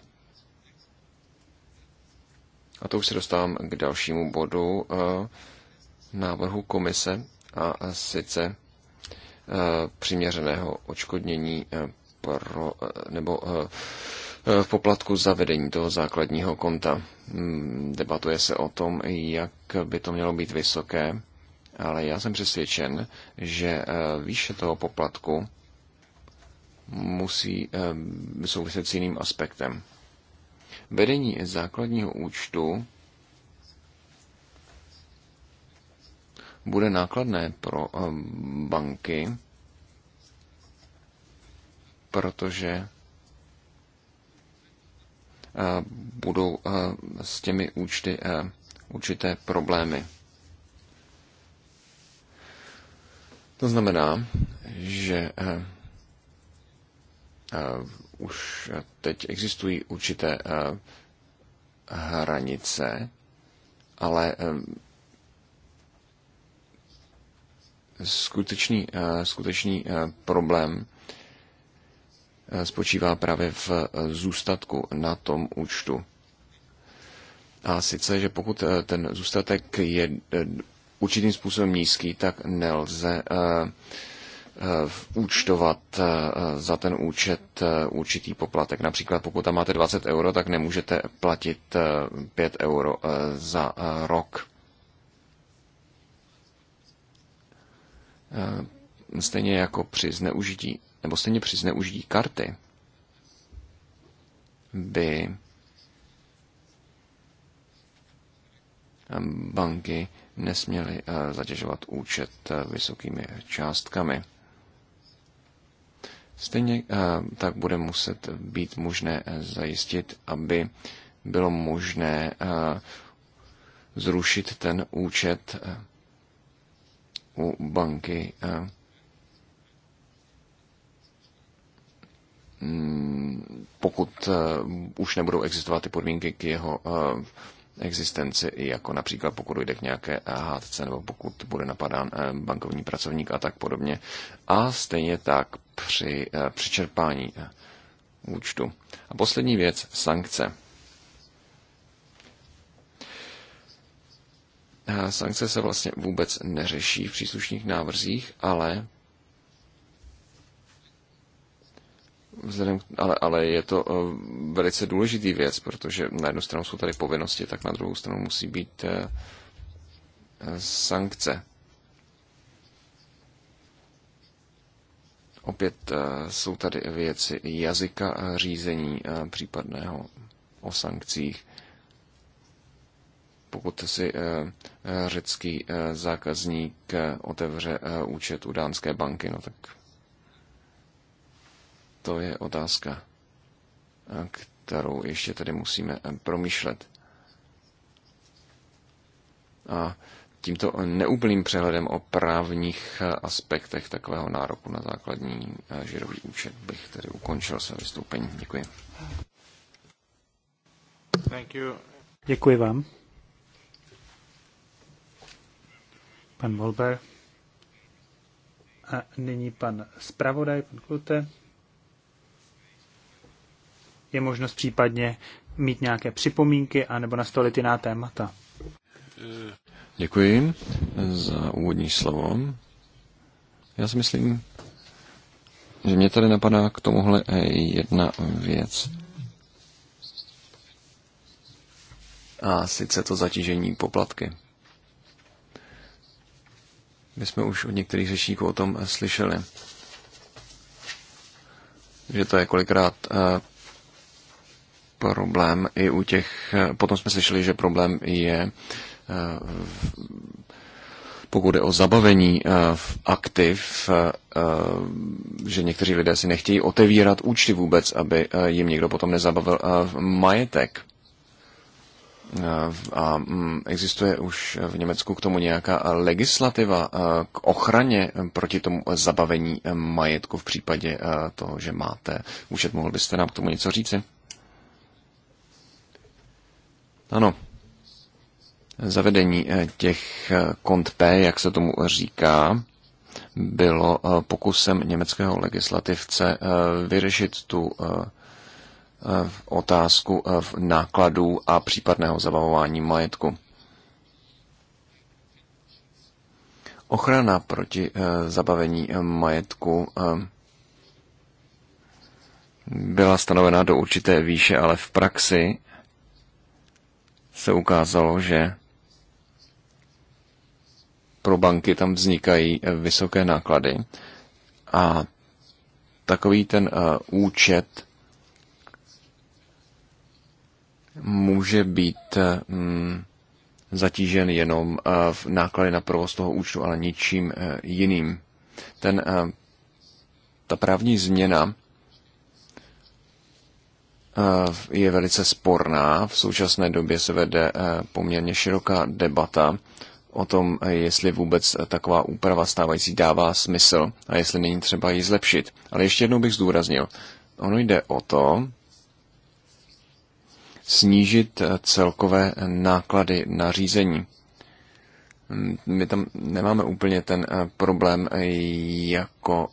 Speaker 2: A to už se dostávám k dalšímu bodu eh, návrhu komise a sice eh, přiměřeného očkodnění eh, pro, nebo v poplatku za vedení toho základního konta. Hmm, debatuje se o tom, jak by to mělo být vysoké, ale já jsem přesvědčen, že výše toho poplatku musí souviset s jiným aspektem. Vedení základního účtu bude nákladné pro eh, banky, protože eh, budou eh, s těmi účty určité problémy. To znamená, že už teď existují určité eh, hranice, ale eh, skutečný, eh, skutečný problém spočívá právě v zůstatku na tom účtu. A sice, že pokud ten zůstatek je určitým způsobem nízký, tak nelze uh, Eh, účtovat eh, za ten účet eh, určitý poplatek. Například pokud tam máte 20 euro, tak nemůžete platit 5 euro za rok. Stejně jako při zneužití, nebo stejně při zneužití karty by banky nesměly zatěžovat účet vysokými částkami. Stejně eh, tak bude muset být možné eh, zajistit, aby bylo možné eh, zrušit ten účet u banky mm, pokud už nebudou existovat ty podmínky k jeho existenci, jako například pokud dojde k nějaké hádce nebo pokud bude napadán eh, bankovní pracovník a tak podobně. A stejně tak při eh, přečerpání eh, účtu. A poslední věc, sankce. Sankce se vlastně vůbec neřeší v příslušných návrzích, ale Vzhledem, ale, ale je to eh, velice důležitý věc, protože na jednu stranu jsou tady povinnosti, tak na druhou stranu musí být eh, sankce. Opět eh, jsou tady věci jazyka řízení případného o sankcích. Pokud si řecký zákazník otevře účet u dánské banky, no tak to je otázka, kterou ještě tady musíme eh, promýšlet. A tímto neúplným přehledem o právních eh, aspektech takového nároku na základní eh, žirový účet bych tedy ukončil své vystoupení. Děkuji.
Speaker 3: Thank you.
Speaker 1: Děkuji vám. Pan Volber. A nyní pan zpravodaj, pan Klute je možnost případně mít nějaké připomínky anebo nastolit jiná témata.
Speaker 2: Děkuji za úvodní slovo. Já si myslím, že mě tady napadá k tomuhle jedna věc. A sice to zatížení poplatky. My jsme už od některých řečníků o tom slyšeli, že to je kolikrát eh, problém i u těch, potom jsme slyšeli, že problém je eh, pokud jde o zabavení eh, aktiv, eh, že někteří lidé si nechtějí otevírat účty vůbec, aby jim někdo potom nezabavil majetek. A mm, existuje už v Německu k tomu nějaká legislativa k ochraně proti tomu zabavení majetku v případě toho, že máte účet. Mohl byste nám k tomu něco říci? Ano. Zavedení eh, těch eh, kont P, jak se tomu říká, bylo eh, pokusem německého legislativce vyřešit tu otázku nákladů a případného zabavování majetku. Ochrana proti zabavení majetku byla stanovena do určité výše, ale v praxi se ukázalo, že pro banky tam vznikají eh, vysoké náklady a takový ten eh, účet může být eh, mm, zatížen jenom v náklady na provoz toho účtu, ale ničím jiným. Ten, ta právní změna Eh, je velice sporná. V současné době se vede eh, poměrně široká debata o tom, eh, jestli vůbec taková úprava stávající dává smysl a jestli není třeba ji zlepšit. Ale ještě jednou bych zdůraznil, ono jde o to snížit celkové náklady na řízení. Mm, my tam nemáme úplně ten problém, jako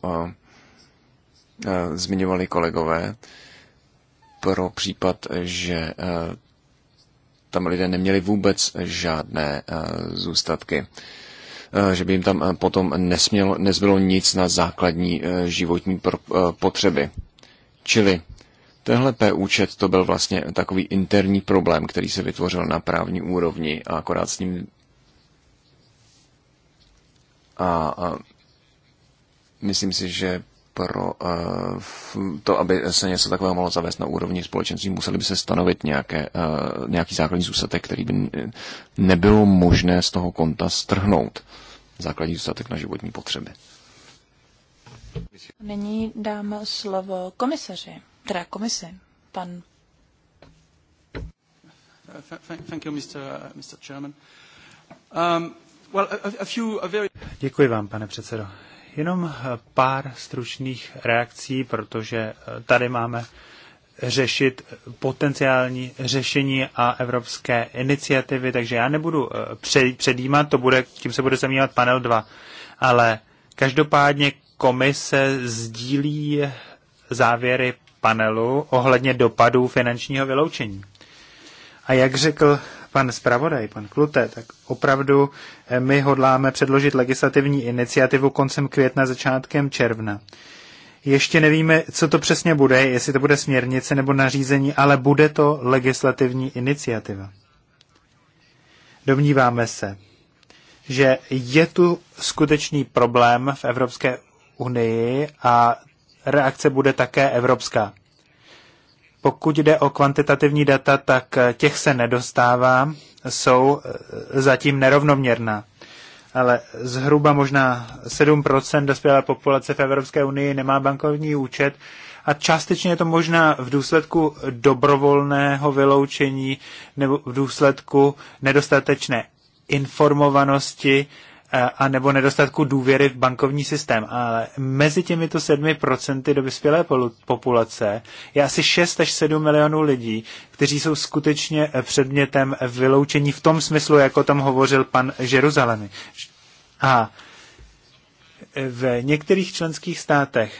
Speaker 2: zmiňovali kolegové, pro případ, že eh, tam lidé neměli vůbec žádné eh, zůstatky eh, že by jim tam potom nesmělo, nezbylo nic na základní životní potřeby. Čili tenhle P-účet to byl vlastně takový interní problém, který se vytvořil na právní úrovni a akorát s ním a, a myslím si, že pro eh, to, aby se něco takového mohlo zavést na úrovni společenství, museli by se stanovit nějaké, eh, nějaký základní zůstatek, který by nebylo možné z toho konta strhnout. Základní zůstatek na životní potřeby.
Speaker 4: Nyní dám slovo komisaři, teda komisi, pan.
Speaker 1: Děkuji vám, pane předsedo. Jenom eh, pár stručných reakcí, protože eh, tady máme řešit potenciální řešení a evropské iniciativy, takže já nebudu eh, předjímat, to bude, tím se bude zamývat panel 2, ale každopádně komise sdílí závěry panelu ohledně dopadů finančního vyloučení. A jak řekl pan zpravodaj, pan Klute, tak opravdu eh, my hodláme předložit legislativní iniciativu koncem května, začátkem června. Ještě nevíme, co to přesně bude, jestli to bude směrnice nebo nařízení, ale bude to legislativní iniciativa. Domníváme se, že je tu skutečný problém v Evropské unii a reakce bude také evropská. Pokud jde o kvantitativní data, tak eh, těch se nedostává, jsou eh, zatím nerovnoměrná. Ale zhruba možná 7% dospělé populace v Evropské unii nemá bankovní účet a částečně je to možná v důsledku dobrovolného vyloučení nebo v důsledku nedostatečné informovanosti a nebo nedostatku důvěry v bankovní systém. Ale mezi těmito procenty do vyspělé populace je asi 6 až 7 milionů lidí, kteří jsou skutečně eh, předmětem vyloučení v tom smyslu, jako tam hovořil pan Žeruzalemi. A eh, v některých členských státech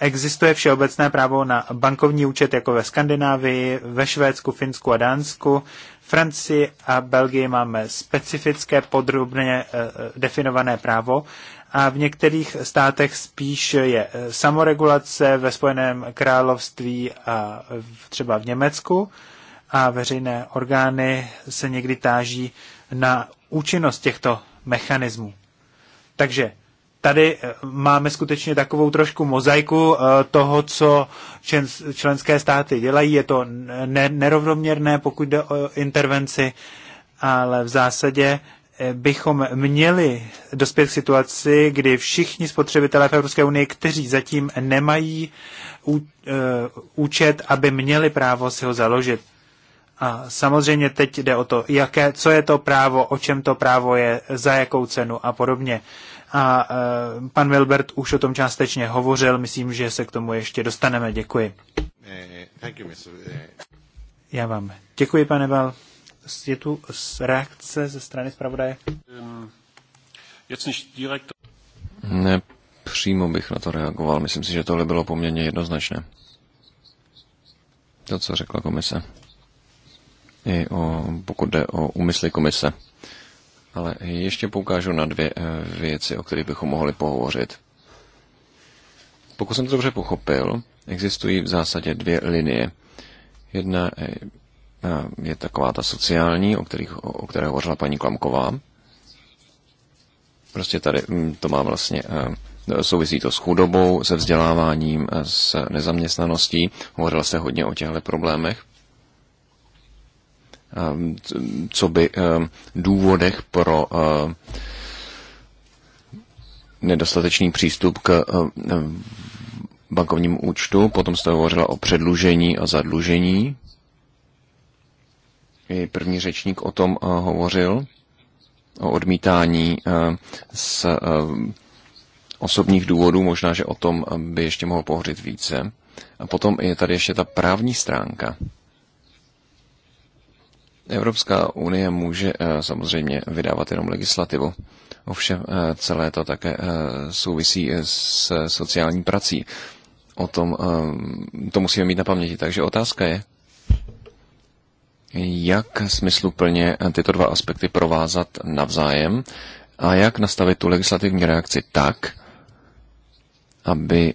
Speaker 1: existuje všeobecné právo na bankovní účet jako ve Skandinávii, ve Švédsku, Finsku a Dánsku Francii a Belgii máme specifické podrobně eh, eh, definované právo a v některých státech spíš je eh, samoregulace ve Spojeném království a třeba v Německu a veřejné orgány se někdy táží na účinnost těchto mechanismů. Takže tady eh, máme skutečně takovou trošku mozaiku eh, toho, co členské státy dělají. Je to nerovnoměrné, pokud jde o intervenci, ale v zásadě eh, bychom měli dospět k situaci, kdy všichni spotřebitelé v Evropské unii, kteří zatím nemají účet, aby měli právo si ho založit. A samozřejmě teď jde o to, jaké, co je to právo, o čem to právo je, za jakou cenu a podobně. Uh, a e, pan Wilbert už o tom částečně hovořil, myslím, že se k tomu ještě dostaneme. Děkuji.
Speaker 3: Eh, eh.
Speaker 1: Já vám děkuji, pane Bal. Je tu reakce ze strany zpravodaje?
Speaker 2: Ne, přímo bych na to reagoval. Myslím si, že tohle bylo poměrně jednoznačné. To, co řekla komise. I o, pokud jde o úmysly komise. Ale ještě poukážu na dvě eh, věci, o kterých bychom mohli pohovořit. Pokud jsem to dobře pochopil, existují v zásadě dvě linie. Jedna eh, eh, je taková ta sociální, o, kterých, o které hovořila paní Klamková. Prostě tady mm, to má vlastně souvisí to s chudobou, se vzděláváním, s nezaměstnaností. Hovořila se hodně o těchto problémech. Ehm, co by ehm, důvodech pro eh, nedostatečný přístup k ehm, bankovnímu účtu, potom jste hovořila o předlužení a zadlužení. I první řečník o tom eh, hovořil, o odmítání eh, z osobních důvodů, možná, že o tom by ještě mohl pohořit více. A potom je tady ještě ta právní stránka. Evropská unie může eh, samozřejmě vydávat jenom legislativu. Ovšem eh, celé to také eh, souvisí s sociální prací. O tom to musíme mít na paměti. Takže otázka je, jak smysluplně tyto dva aspekty provázat navzájem a jak nastavit tu legislativní reakci tak, aby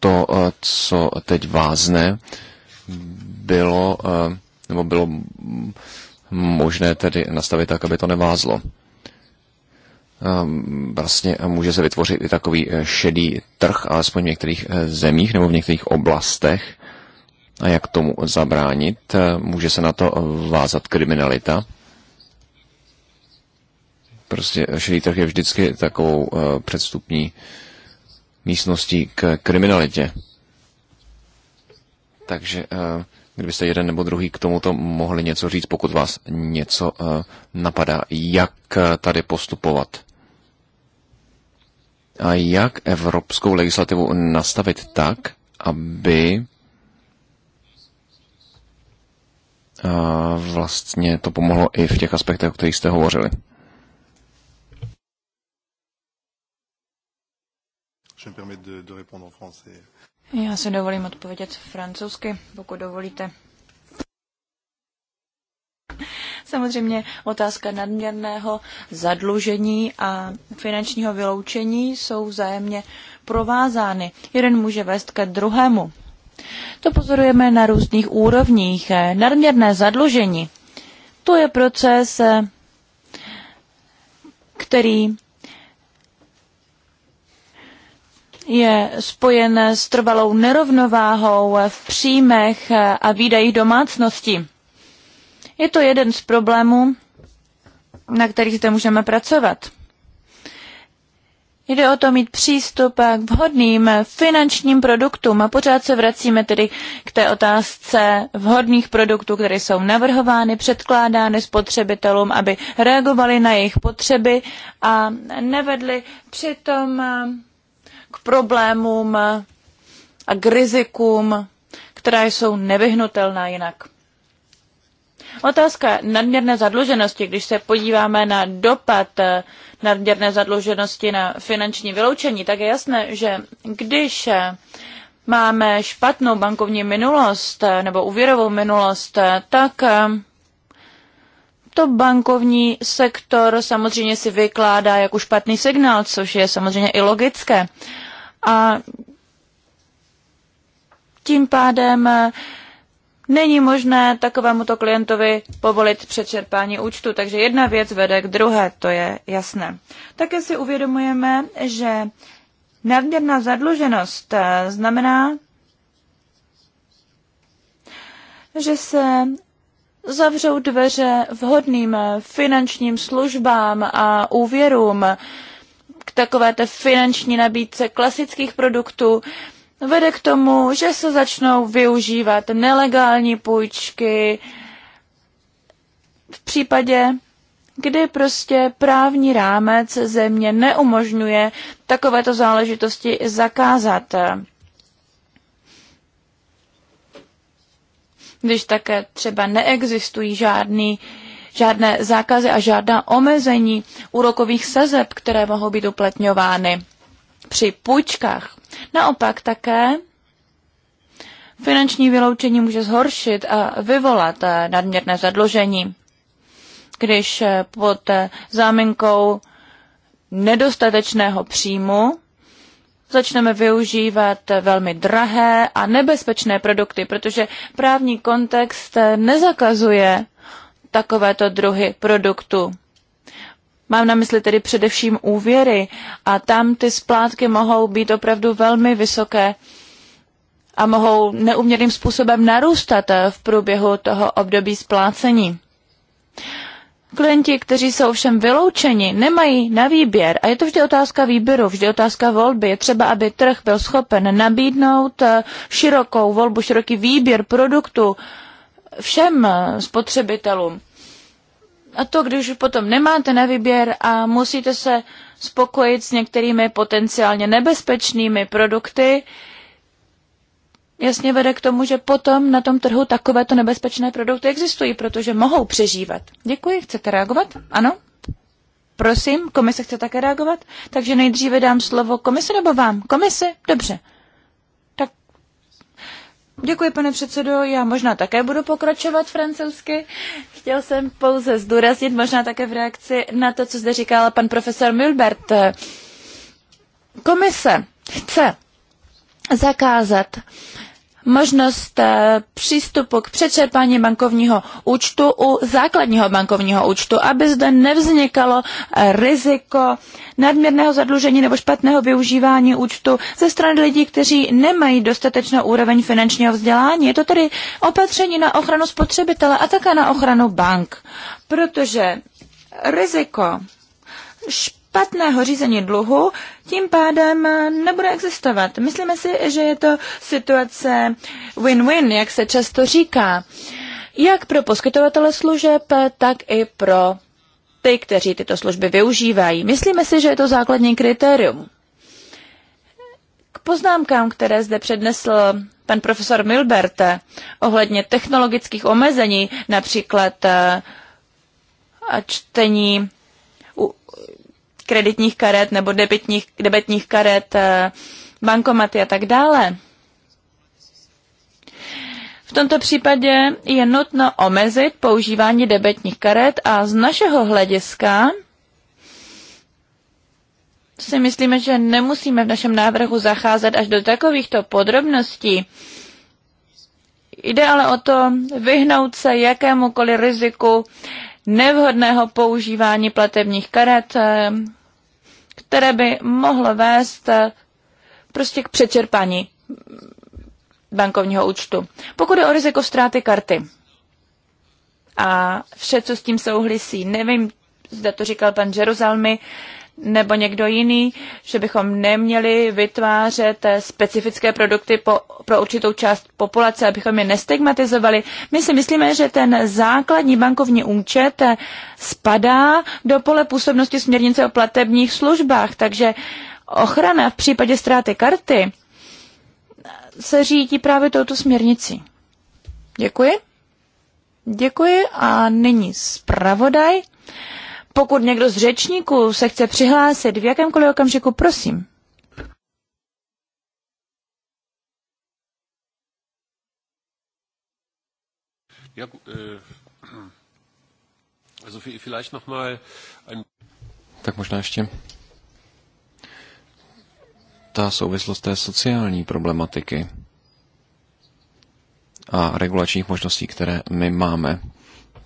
Speaker 2: to, co teď vázne, bylo nebo bylo možné tedy nastavit tak, aby to nevázlo. Ehm, vlastně může se vytvořit i takový eh, šedý trh, alespoň v některých eh, zemích nebo v některých oblastech. A jak tomu zabránit? Eh, může se na to vázat kriminalita? Prostě šedý trh je vždycky takovou předstupní místností k kriminalitě. Takže uh, kdybyste jeden nebo druhý k tomuto mohli něco říct, pokud vás něco eh, napadá, jak eh, tady postupovat. A jak evropskou legislativu nastavit tak, aby eh, vlastně to pomohlo i v těch aspektech, o kterých jste hovořili.
Speaker 3: Je me permettre de, de répondre en français.
Speaker 4: Já se dovolím odpovědět francouzsky, pokud dovolíte. Samozřejmě otázka nadměrného zadlužení a finančního vyloučení jsou vzájemně provázány. Jeden může vést ke druhému. To pozorujeme na různých úrovních. Nadměrné zadlužení, to je proces, který je spojen s trvalou nerovnováhou v příjmech a výdajích domácností. Je to jeden z problémů, na kterých zde můžeme pracovat. Jde o to mít přístup k vhodným finančním produktům a pořád se vracíme tedy k té otázce vhodných produktů, které jsou navrhovány, předkládány spotřebitelům, aby reagovali na jejich potřeby a nevedli přitom k problémům a k rizikům, která jsou nevyhnutelná jinak. Otázka nadměrné zadluženosti, když se podíváme na dopad nadměrné zadluženosti na finanční vyloučení, tak je jasné, že když máme špatnou bankovní minulost nebo úvěrovou minulost, tak to bankovní sektor samozřejmě si vykládá jako špatný signál, což je samozřejmě i logické a tím pádem eh, není možné takovémuto klientovi povolit přečerpání účtu. Takže jedna věc vede k druhé, to je jasné. Také si uvědomujeme, že nadměrná zadluženost eh, znamená, že se zavřou dveře vhodným eh, finančním službám a úvěrům, k takové té finanční nabídce klasických produktů vede k tomu, že se začnou využívat nelegální půjčky v případě, kdy prostě právní rámec země neumožňuje takovéto záležitosti zakázat. Když také třeba neexistují žádný uh, žádné zákazy a žádná omezení úrokových sazeb, které mohou být uplatňovány při půjčkách. Naopak také finanční vyloučení může zhoršit a vyvolat eh, nadměrné zadlužení, když eh, pod eh, záminkou nedostatečného příjmu začneme využívat velmi drahé a nebezpečné produkty, protože právní kontext nezakazuje takovéto druhy produktů. Mám na mysli tedy především úvěry a tam ty splátky mohou být opravdu velmi vysoké a mohou neuměrným způsobem narůstat v průběhu toho období splácení. Klienti, kteří jsou ovšem vyloučeni, nemají na výběr a je to vždy otázka výběru, vždy otázka volby. Je třeba, aby trh byl schopen nabídnout eh, širokou volbu, široký výběr produktů, všem spotřebitelům. A to, když už potom nemáte na výběr a musíte se spokojit s některými potenciálně nebezpečnými produkty, jasně vede k tomu, že potom na tom trhu takovéto nebezpečné produkty existují, protože mohou přežívat. Děkuji, chcete reagovat? Ano? Prosím, komise chce také reagovat? Takže nejdříve dám slovo komise nebo vám? Komise? Dobře. Děkuji, pane předsedo. Já možná také budu pokračovat francouzsky. Chtěl jsem pouze zdůraznit, možná také v reakci na to, co zde říkal pan profesor Milbert. Komise chce zakázat uh, možnost eh, přístupu k přečerpání bankovního účtu u základního bankovního účtu, aby zde nevznikalo eh, riziko nadměrného zadlužení nebo špatného využívání účtu ze strany lidí, kteří nemají dostatečnou úroveň finančního vzdělání. Je to tedy opatření na ochranu spotřebitele a také na ochranu bank, protože riziko špatného špatného řízení dluhu tím pádem eh, nebude existovat. Myslíme si, že je to situace win-win, jak se často říká. Jak pro poskytovatele služeb, tak i pro ty, kteří tyto služby využívají. Myslíme si, že je to základní kritérium. K poznámkám, které zde přednesl pan profesor Milbert eh, ohledně technologických omezení, například eh, čtení kreditních karet nebo debitních, debetních karet, eh, bankomaty a tak dále. V tomto případě je nutno omezit používání debetních karet a z našeho hlediska si myslíme, že nemusíme v našem návrhu zacházet až do takovýchto podrobností. Jde ale o to vyhnout se jakémukoliv riziku nevhodného používání platebních karet, eh, které by mohlo vést eh, prostě k přečerpání bankovního účtu. Pokud je o riziko ztráty karty a vše, co s tím souhlisí, nevím, zda to říkal pan Jerozalmy, nebo někdo jiný, že bychom neměli vytvářet eh, specifické produkty po, pro určitou část populace, abychom je nestigmatizovali. My si myslíme, že ten základní bankovní účet eh, spadá do pole působnosti směrnice o platebních službách, takže ochrana v případě ztráty karty eh, se řídí právě touto směrnicí. Děkuji. Děkuji a nyní zpravodaj pokud někdo z řečníků se chce přihlásit v jakémkoliv okamžiku, prosím.
Speaker 3: Jak, äh, also vielleicht noch mal ein...
Speaker 2: Tak možná ještě ta souvislost té sociální problematiky a regulačních možností, které my máme.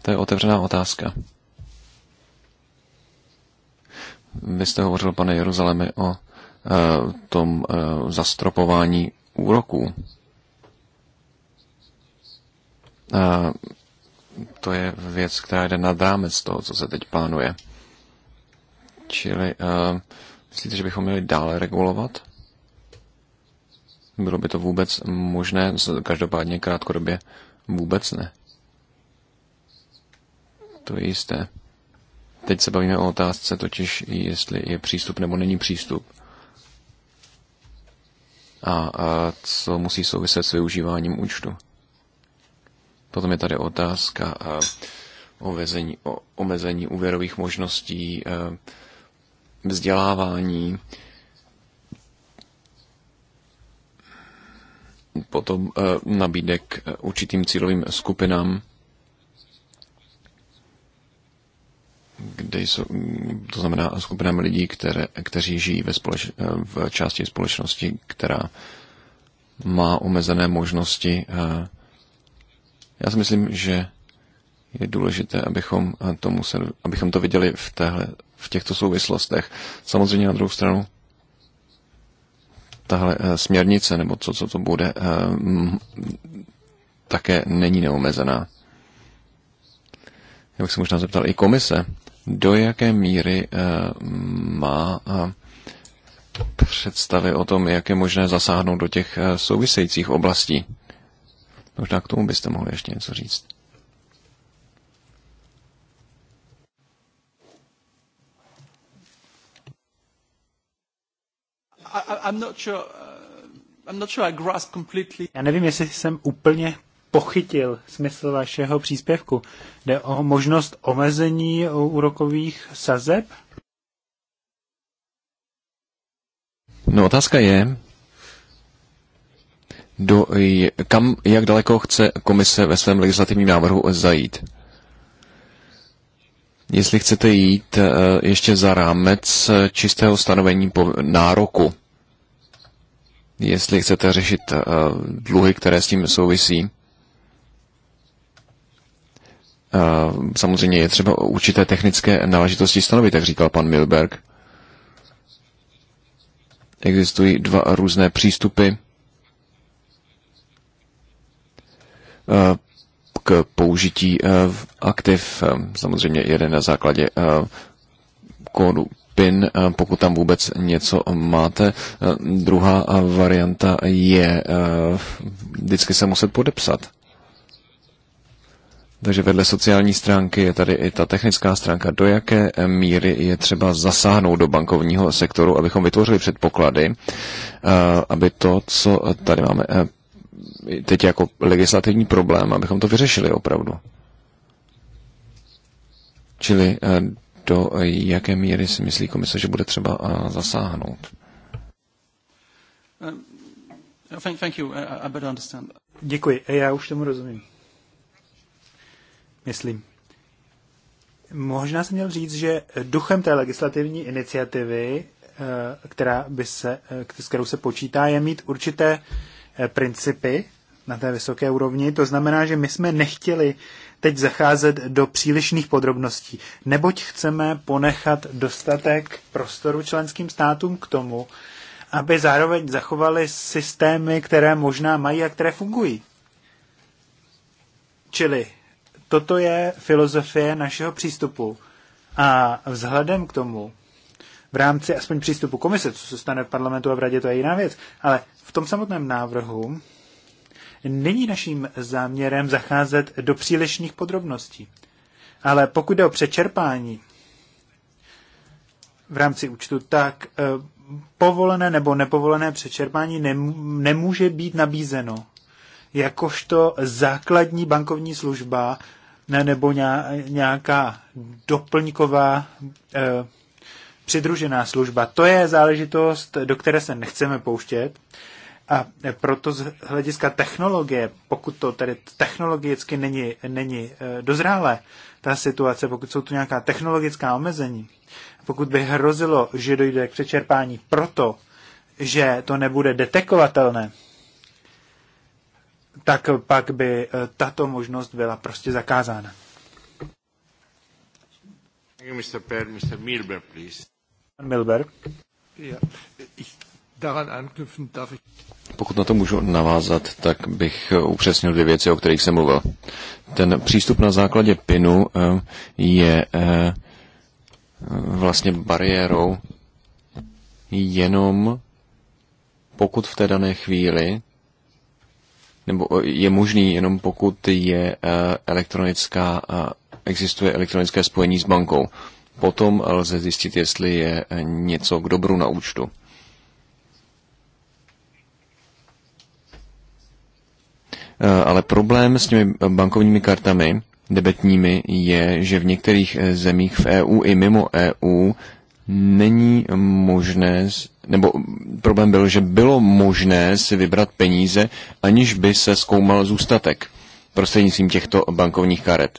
Speaker 2: To je otevřená otázka. Vy jste hovořil, pane Jeruzalemi, o eh, tom eh, zastropování úroků. Eh, to je věc, která jde nad rámec toho, co se teď plánuje. Čili myslíte, že bychom měli dále regulovat? Bylo by to vůbec možné? Každopádně krátkodobě vůbec ne. To je jisté. Teď se bavíme o otázce totiž, jestli je přístup nebo není přístup. A, a co musí souviset s využíváním účtu. Potom je tady otázka a, vezení, o omezení úvěrových možností, a, vzdělávání, potom nabídek určitým cílovým skupinám kde jsou, to znamená skupinami lidí, které, kteří žijí ve společ, v části společnosti, která má omezené možnosti. Eh, já si myslím, že je důležité, abychom eh, to, museli, abychom to viděli v, téhle, v těchto souvislostech. Samozřejmě na druhou stranu tahle eh, směrnice, nebo co, co to bude, také není neomezená. Já bych se možná zeptal i komise, do jaké míry eh, má eh, představy o tom, jak je možné zasáhnout do těch eh, souvisejících oblastí. Možná k tomu byste mohli ještě něco říct. Uh,
Speaker 1: Já nevím, jestli jsem úplně pochytil smysl vašeho příspěvku. Jde o možnost omezení úrokových sazeb?
Speaker 2: No otázka je, do, kam, jak daleko chce komise ve svém legislativním návrhu zajít. Jestli chcete jít eh, ještě za rámec eh, čistého stanovení po nároku, jestli chcete řešit eh, dluhy, které s tím souvisí, samozřejmě je třeba určité technické náležitosti stanovit, jak říkal pan Milberg. Existují dva různé přístupy e, k použití e, aktiv. E, samozřejmě jeden na základě kódu PIN, pokud tam vůbec něco máte. Druhá varianta je vždycky se muset podepsat. Takže vedle sociální stránky je tady i ta technická stránka. Do jaké míry je třeba zasáhnout do bankovního sektoru, abychom vytvořili předpoklady, eh, aby to, co tady máme eh, teď jako legislativní problém, abychom to vyřešili opravdu. Čili eh, do jaké míry si myslí komise, že bude třeba zasáhnout? Um,
Speaker 1: Děkuji, já už tomu rozumím myslím. Možná jsem měl říct, že duchem té legislativní iniciativy, eh, která by se, eh, s kterou se počítá, je mít určité eh, principy na té vysoké úrovni. To znamená, že my jsme nechtěli teď zacházet do přílišných podrobností, neboť chceme ponechat dostatek prostoru členským státům k tomu, aby zároveň zachovali systémy, které možná mají a které fungují. Čili Toto je filozofie našeho přístupu. A vzhledem k tomu, v rámci aspoň přístupu komise, co se stane v parlamentu a v radě, to je jiná věc, ale v tom samotném návrhu není naším záměrem zacházet do přílišných podrobností. Ale pokud jde o přečerpání v rámci účtu, tak eh, povolené nebo nepovolené přečerpání nemůže být nabízeno jakožto základní bankovní služba ne, nebo nějaká doplňková e, přidružená služba. To je záležitost, do které se nechceme pouštět. A eh, proto z hlediska technologie, pokud to tedy technologicky není, není eh, dozrále ta situace, pokud jsou tu nějaká technologická omezení, pokud by hrozilo, že dojde k přečerpání proto, že to nebude detekovatelné, tak pak by eh, tato možnost byla prostě zakázána.
Speaker 2: Mr. Per, Mr. Milber, please. Milber. Pokud na to můžu navázat, tak bych upřesnil dvě věci, o kterých jsem mluvil. Ten přístup na základě PINu eh, je eh, vlastně bariérou jenom pokud v té dané chvíli nebo eh, je možný jenom pokud je eh, elektronická, eh, existuje elektronické spojení s bankou. Potom lze zjistit, jestli je něco k dobru na účtu. Ale problém s těmi bankovními kartami debetními je, že v některých zemích v EU i mimo EU není možné, nebo problém byl, že bylo možné si vybrat peníze, aniž by se zkoumal zůstatek prostřednictvím těchto bankovních karet.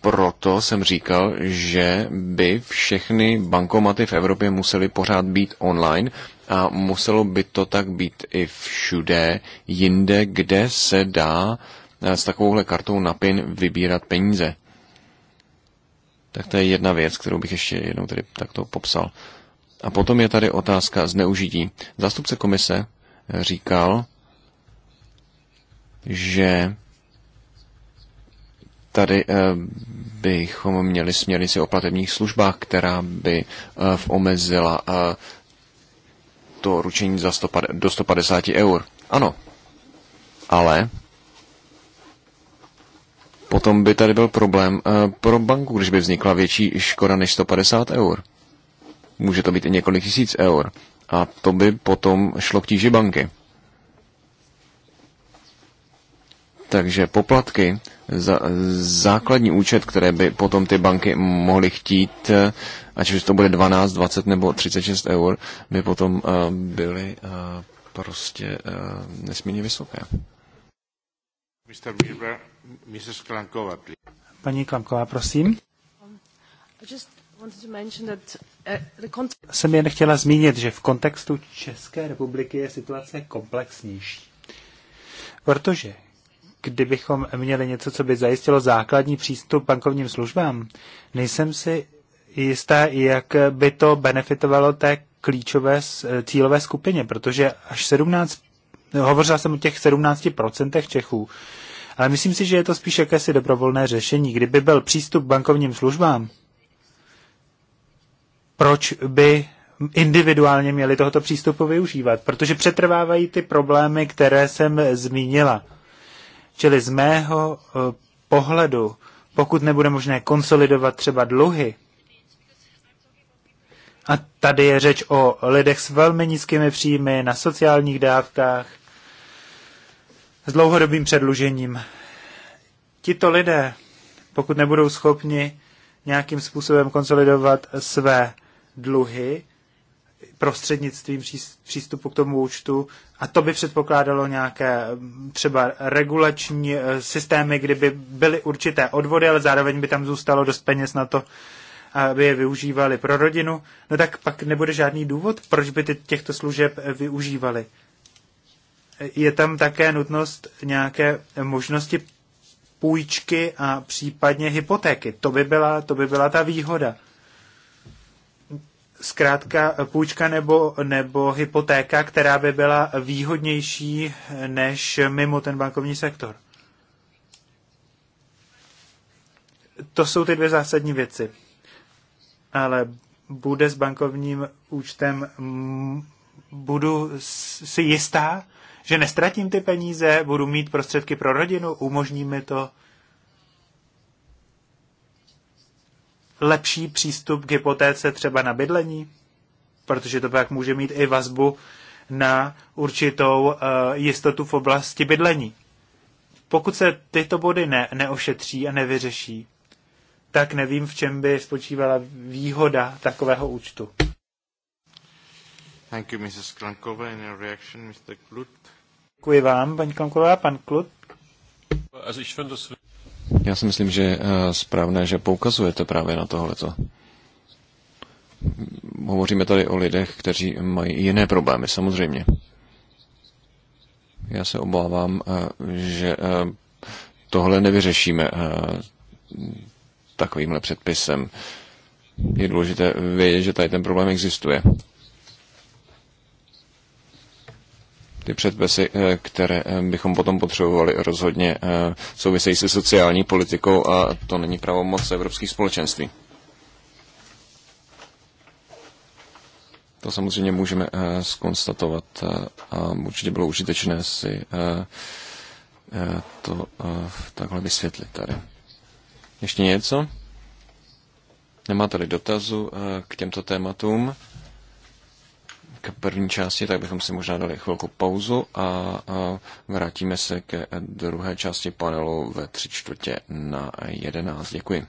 Speaker 2: Proto jsem říkal, že by všechny bankomaty v Evropě musely pořád být online a muselo by to tak být i všude jinde, kde se dá s takovouhle kartou na PIN vybírat peníze. Tak to je jedna věc, kterou bych ještě jednou tady takto popsal. A potom je tady otázka zneužití. Zástupce komise eh, říkal, že tady eh, bychom měli směrnici o platebních službách, která by eh, omezila to ručení za 100, do 150 eur. Ano, ale potom by tady byl problém eh, pro banku, když by vznikla větší škoda než 150 eur. Může to být i několik tisíc eur. A to by potom šlo k tíži banky. Takže poplatky za základní účet, které by potom ty banky mohly chtít, eh, ať už to bude 12, 20 nebo 36 eur, by potom eh, byly prostě nesmírně vysoké.
Speaker 1: Paní Klamková, prosím. Uh, jsem jen chtěla zmínit, že v kontextu České republiky je situace komplexnější. Protože kdybychom měli něco, co by zajistilo základní přístup bankovním službám, nejsem si jistá, jak by to benefitovalo té klíčové eh, cílové skupině, protože až 17, hovořila jsem o těch 17% Čechů, ale myslím si, že je to spíš jakési dobrovolné řešení. Kdyby byl přístup k bankovním službám, proč by individuálně měli tohoto přístupu využívat? Protože přetrvávají ty problémy, které jsem zmínila. Čili z mého eh, pohledu, pokud nebude možné konsolidovat třeba dluhy, a tady je řeč o lidech s velmi nízkými příjmy na sociálních dávkách, s dlouhodobým předlužením. Tito lidé, pokud nebudou schopni nějakým způsobem konsolidovat své dluhy prostřednictvím přístupu k tomu účtu, a to by předpokládalo nějaké mm, třeba regulační eh, systémy, kdyby byly určité odvody, ale zároveň by tam zůstalo dost peněz na to, aby je využívali pro rodinu, no tak pak nebude žádný důvod, proč by ty těchto služeb eh, využívali je tam také nutnost nějaké možnosti půjčky a případně hypotéky. To by byla, to by byla ta výhoda. Zkrátka půjčka nebo, nebo hypotéka, která by byla výhodnější než mimo ten bankovní sektor. To jsou ty dvě zásadní věci. Ale bude s bankovním účtem, budu si jistá, že nestratím ty peníze, budu mít prostředky pro rodinu, umožní mi to lepší přístup k hypotéce třeba na bydlení, protože to pak může mít i vazbu na určitou uh, jistotu v oblasti bydlení. Pokud se tyto body ne, neošetří a nevyřeší, tak nevím, v čem by spočívala výhoda takového účtu.
Speaker 2: Thank you, Mrs. Klankova. In reaction, Mr. Klut.
Speaker 1: Děkuji vám, paní Klamková, pan Klut.
Speaker 2: Já si myslím, že je eh, správné, že poukazujete právě na tohleto. Hovoříme tady o lidech, kteří mají jiné problémy, samozřejmě. Já se obávám, eh, že eh, tohle nevyřešíme takovýmhle předpisem. Je důležité vědět, že tady ten problém existuje. ty předpisy, eh, které eh, bychom potom potřebovali, rozhodně eh, souvisejí se sociální politikou a to není pravomoc evropských společenství. To samozřejmě můžeme skonstatovat a určitě bylo užitečné si to takhle vysvětlit tady. Ještě něco? Nemáte-li dotazu k těmto tématům? k první části, tak bychom si možná dali chvilku pauzu a vrátíme se ke druhé části panelu ve tři čtvrtě na jedenáct. Děkuji.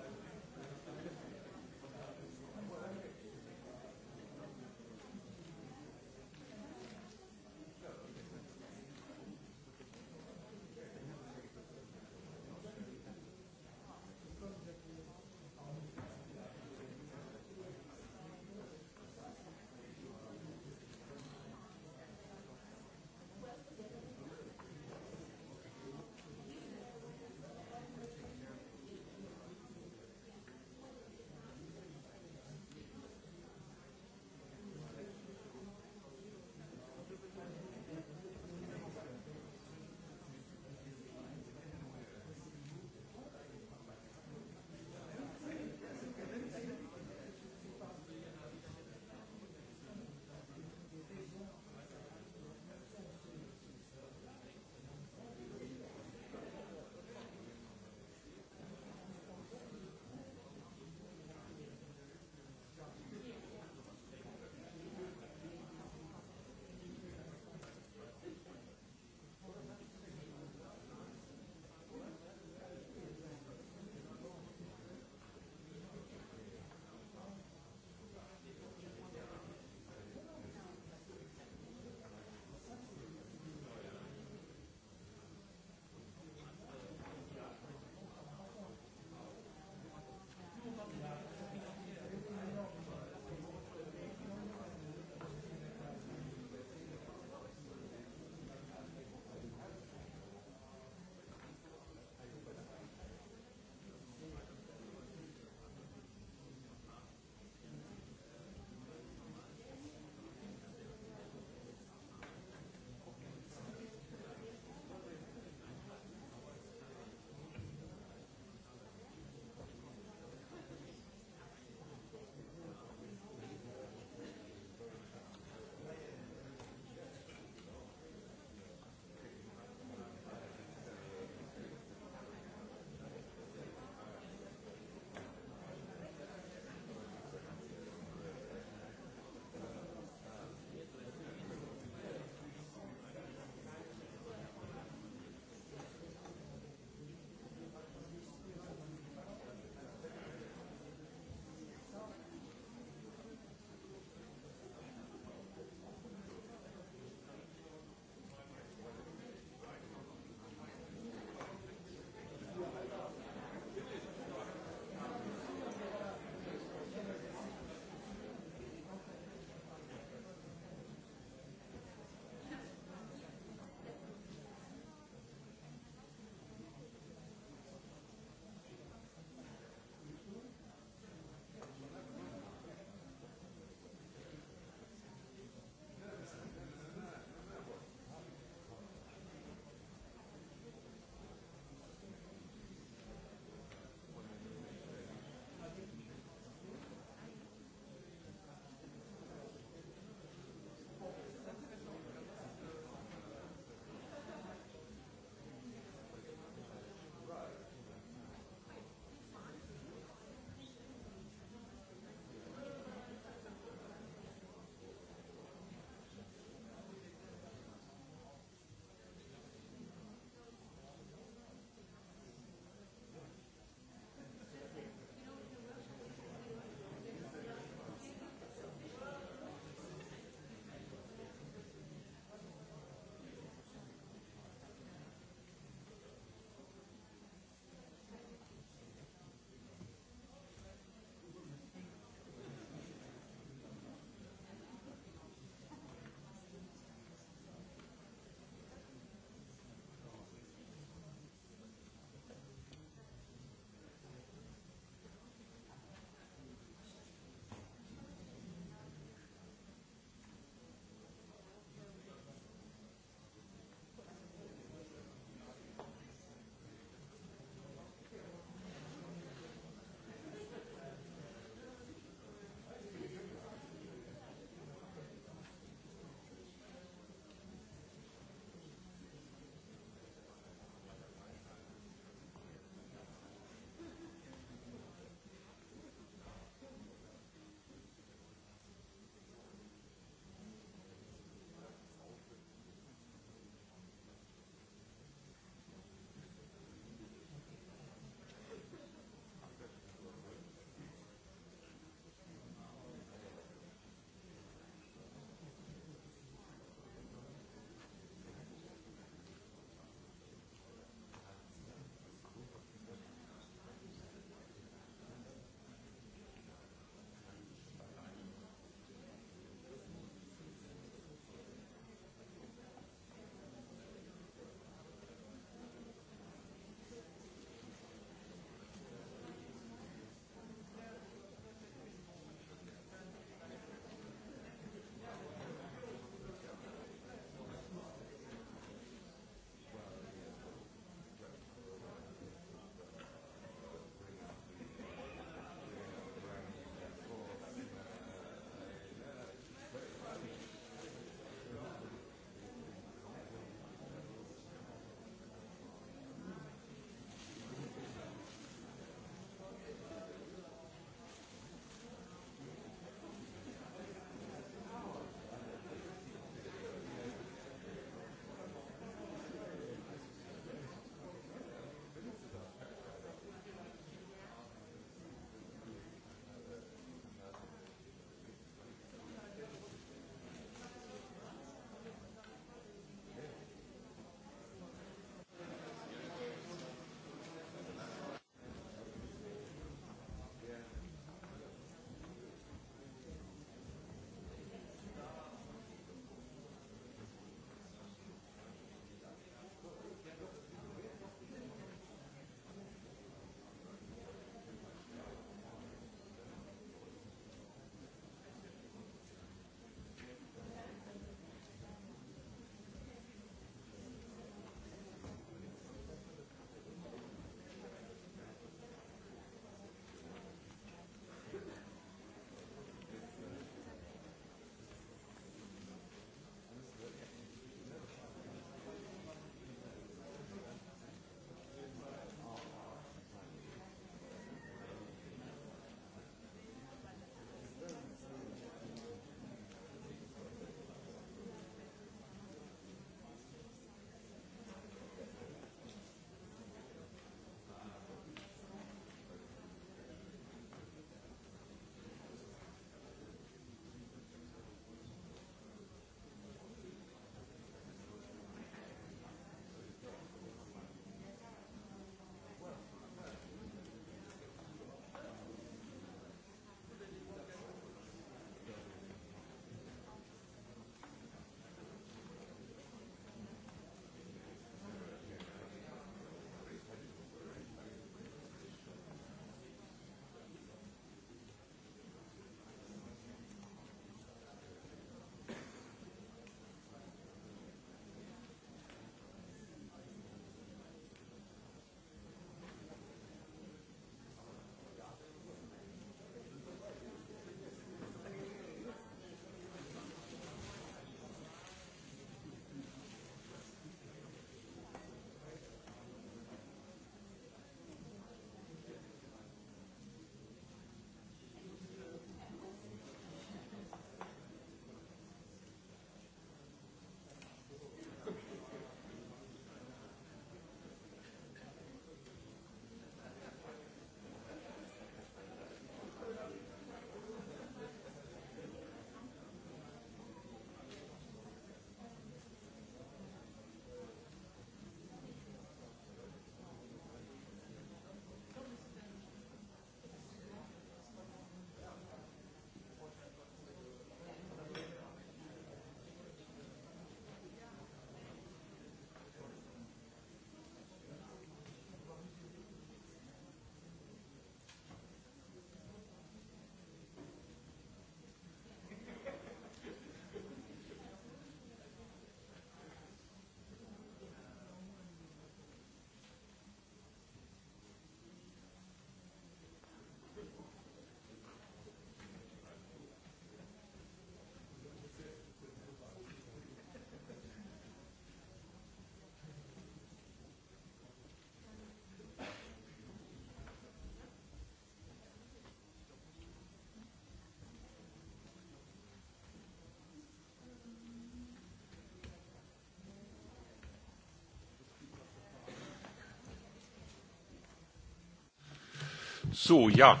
Speaker 3: So, ja.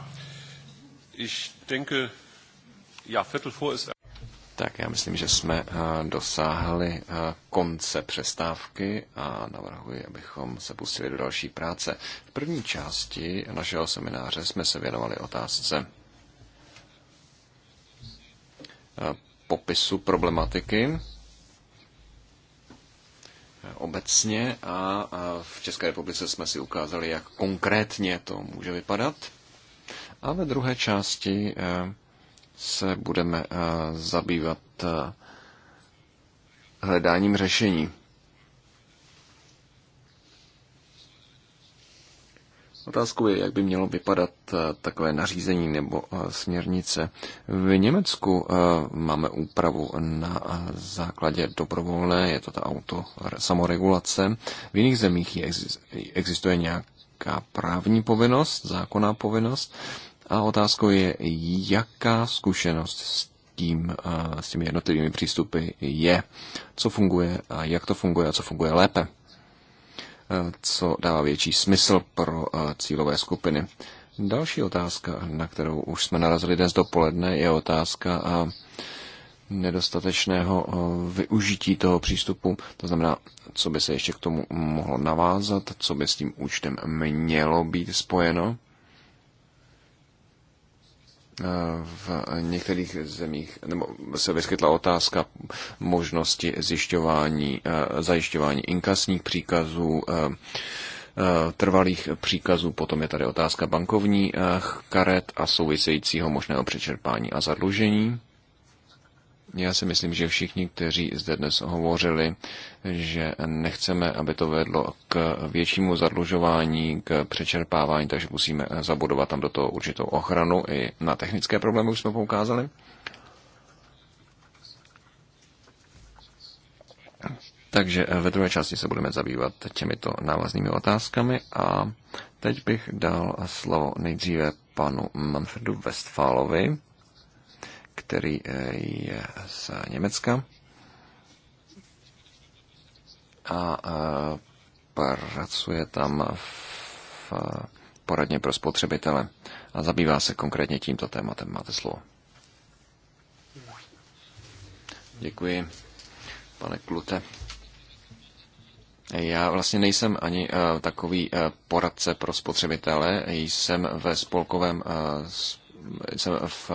Speaker 3: Ich denke, ja, Viertel vor ist... Er.
Speaker 2: Tak já myslím, že jsme eh, dosáhli eh, konce přestávky a navrhuji, abychom se pustili do další práce. V první části našeho semináře jsme se věnovali otázce eh, popisu problematiky obecně a v České republice jsme si ukázali, jak konkrétně to může vypadat. A ve druhé části eh, se budeme eh, zabývat eh, hledáním řešení. Otázkou je, jak by mělo vypadat eh, takové nařízení nebo eh, směrnice. V Německu eh, máme úpravu na základě dobrovolné, je to ta auto samoregulace. V jiných zemích existuje nějaká právní povinnost, zákonná povinnost. A otázkou je, jaká zkušenost s tím, s těmi jednotlivými přístupy je, co funguje a jak to funguje a co funguje lépe co dává větší smysl pro eh, cílové skupiny. Další otázka, na kterou už jsme narazili dnes dopoledne, je otázka eh, nedostatečného eh, využití toho přístupu, to znamená, co by se ještě k tomu mohlo navázat, co by s tím účtem mělo být spojeno. Eh, v některých zemích nebo se vyskytla otázka možnosti zjišťování, eh, zajišťování inkasních příkazů, eh, trvalých příkazů, potom je tady otázka bankovních karet a souvisejícího možného přečerpání a zadlužení. Já si myslím, že všichni, kteří zde dnes hovořili, že nechceme, aby to vedlo k většímu zadlužování, k přečerpávání, takže musíme zabudovat tam do toho určitou ochranu. I na technické problémy už jsme poukázali. Takže ve druhé části se budeme zabývat těmito návaznými otázkami a teď bych dal slovo nejdříve panu Manfredu Westfálovi, který eh, je z Německa. A eh, pracuje tam v eh, poradně pro spotřebitele a zabývá se konkrétně tímto tématem. Máte slovo. Děkuji, pane Klute. Já vlastně nejsem ani takový poradce pro spotřebitele, jsem ve spolkovém uh, jsem v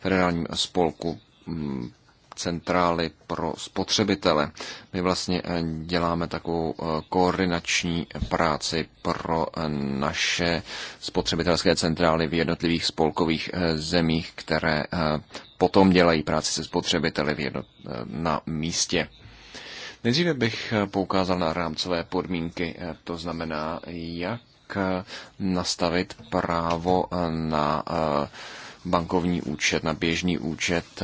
Speaker 2: federálním spolku mm, centrály pro spotřebitele. My vlastně eh, děláme takovou eh, koordinační práci pro eh, naše spotřebitelské centrály v jednotlivých spolkových zemích, které potom dělají práci se spotřebiteli na místě. Nejdříve bych poukázal na rámcové podmínky, to znamená, jak Eh, nastavit právo eh, na eh, bankovní účet, na běžný účet.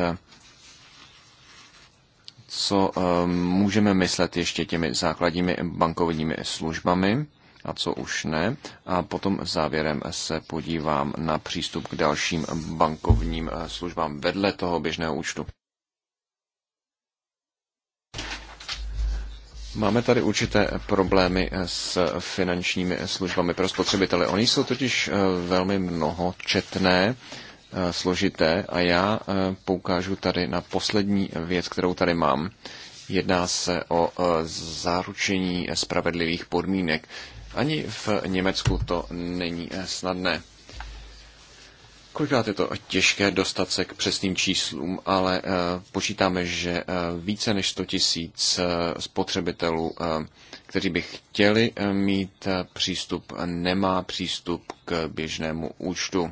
Speaker 2: Co můžeme myslet ještě těmi základními bankovními službami a co už ne. A potom závěrem se podívám na přístup k dalším bankovním službám vedle toho běžného účtu. Máme tady určité problémy s finančními službami pro spotřebitele. Oni jsou totiž eh, velmi mnohočetné, eh, složité a já eh, poukážu tady na poslední věc, kterou tady mám. Jedná se o zaručení spravedlivých podmínek. Ani v Německu to není snadné. Kolikrát je to těžké dostat se k přesným číslům, ale eh, počítáme, že eh, více než 100 tisíc eh, spotřebitelů, kteří by chtěli mít přístup, nemá přístup k běžnému účtu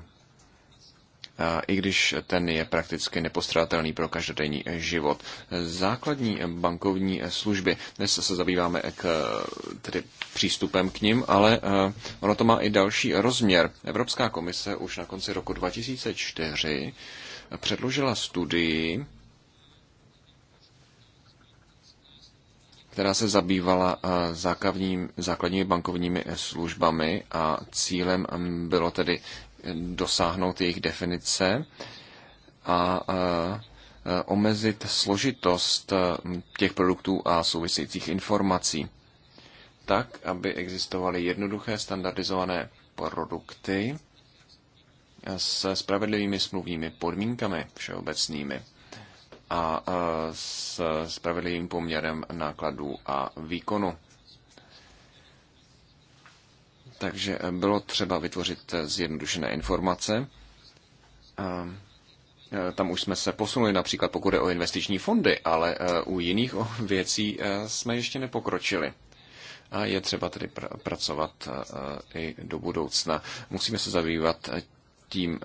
Speaker 2: i když ten je prakticky nepostradatelný pro každodenní život. Základní bankovní služby. Dnes se zabýváme k, tedy přístupem k ním, ale eh, ono to má i další rozměr. Evropská komise už na konci roku 2004 předložila studii, která se zabývala eh, základním, základními bankovními službami a cílem mm, bylo tedy dosáhnout jejich definice a omezit složitost těch produktů a souvisejících informací tak, aby existovaly jednoduché standardizované produkty se spravedlivými smluvními podmínkami všeobecnými a s spravedlivým poměrem nákladů a výkonu. Takže eh, bylo třeba vytvořit eh, zjednodušené informace. Eh, tam už jsme se posunuli například pokud je o investiční fondy, ale u jiných věcí jsme ještě nepokročili. A je třeba tedy pr- pracovat i do budoucna. Musíme se zabývat tím,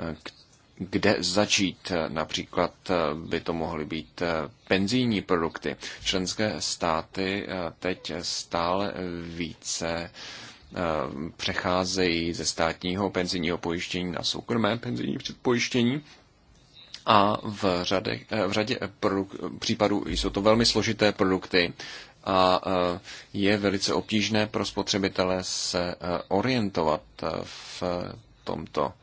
Speaker 2: kde začít. Například by to mohly být penzijní produkty. Členské státy teď stále více Eh, přecházejí ze státního penzijního pojištění na soukromé penzijní předpojištění. A v, řade, eh, v řadě produk- případů jsou to velmi složité produkty a eh, je velice obtížné pro spotřebitele se orientovat v tomto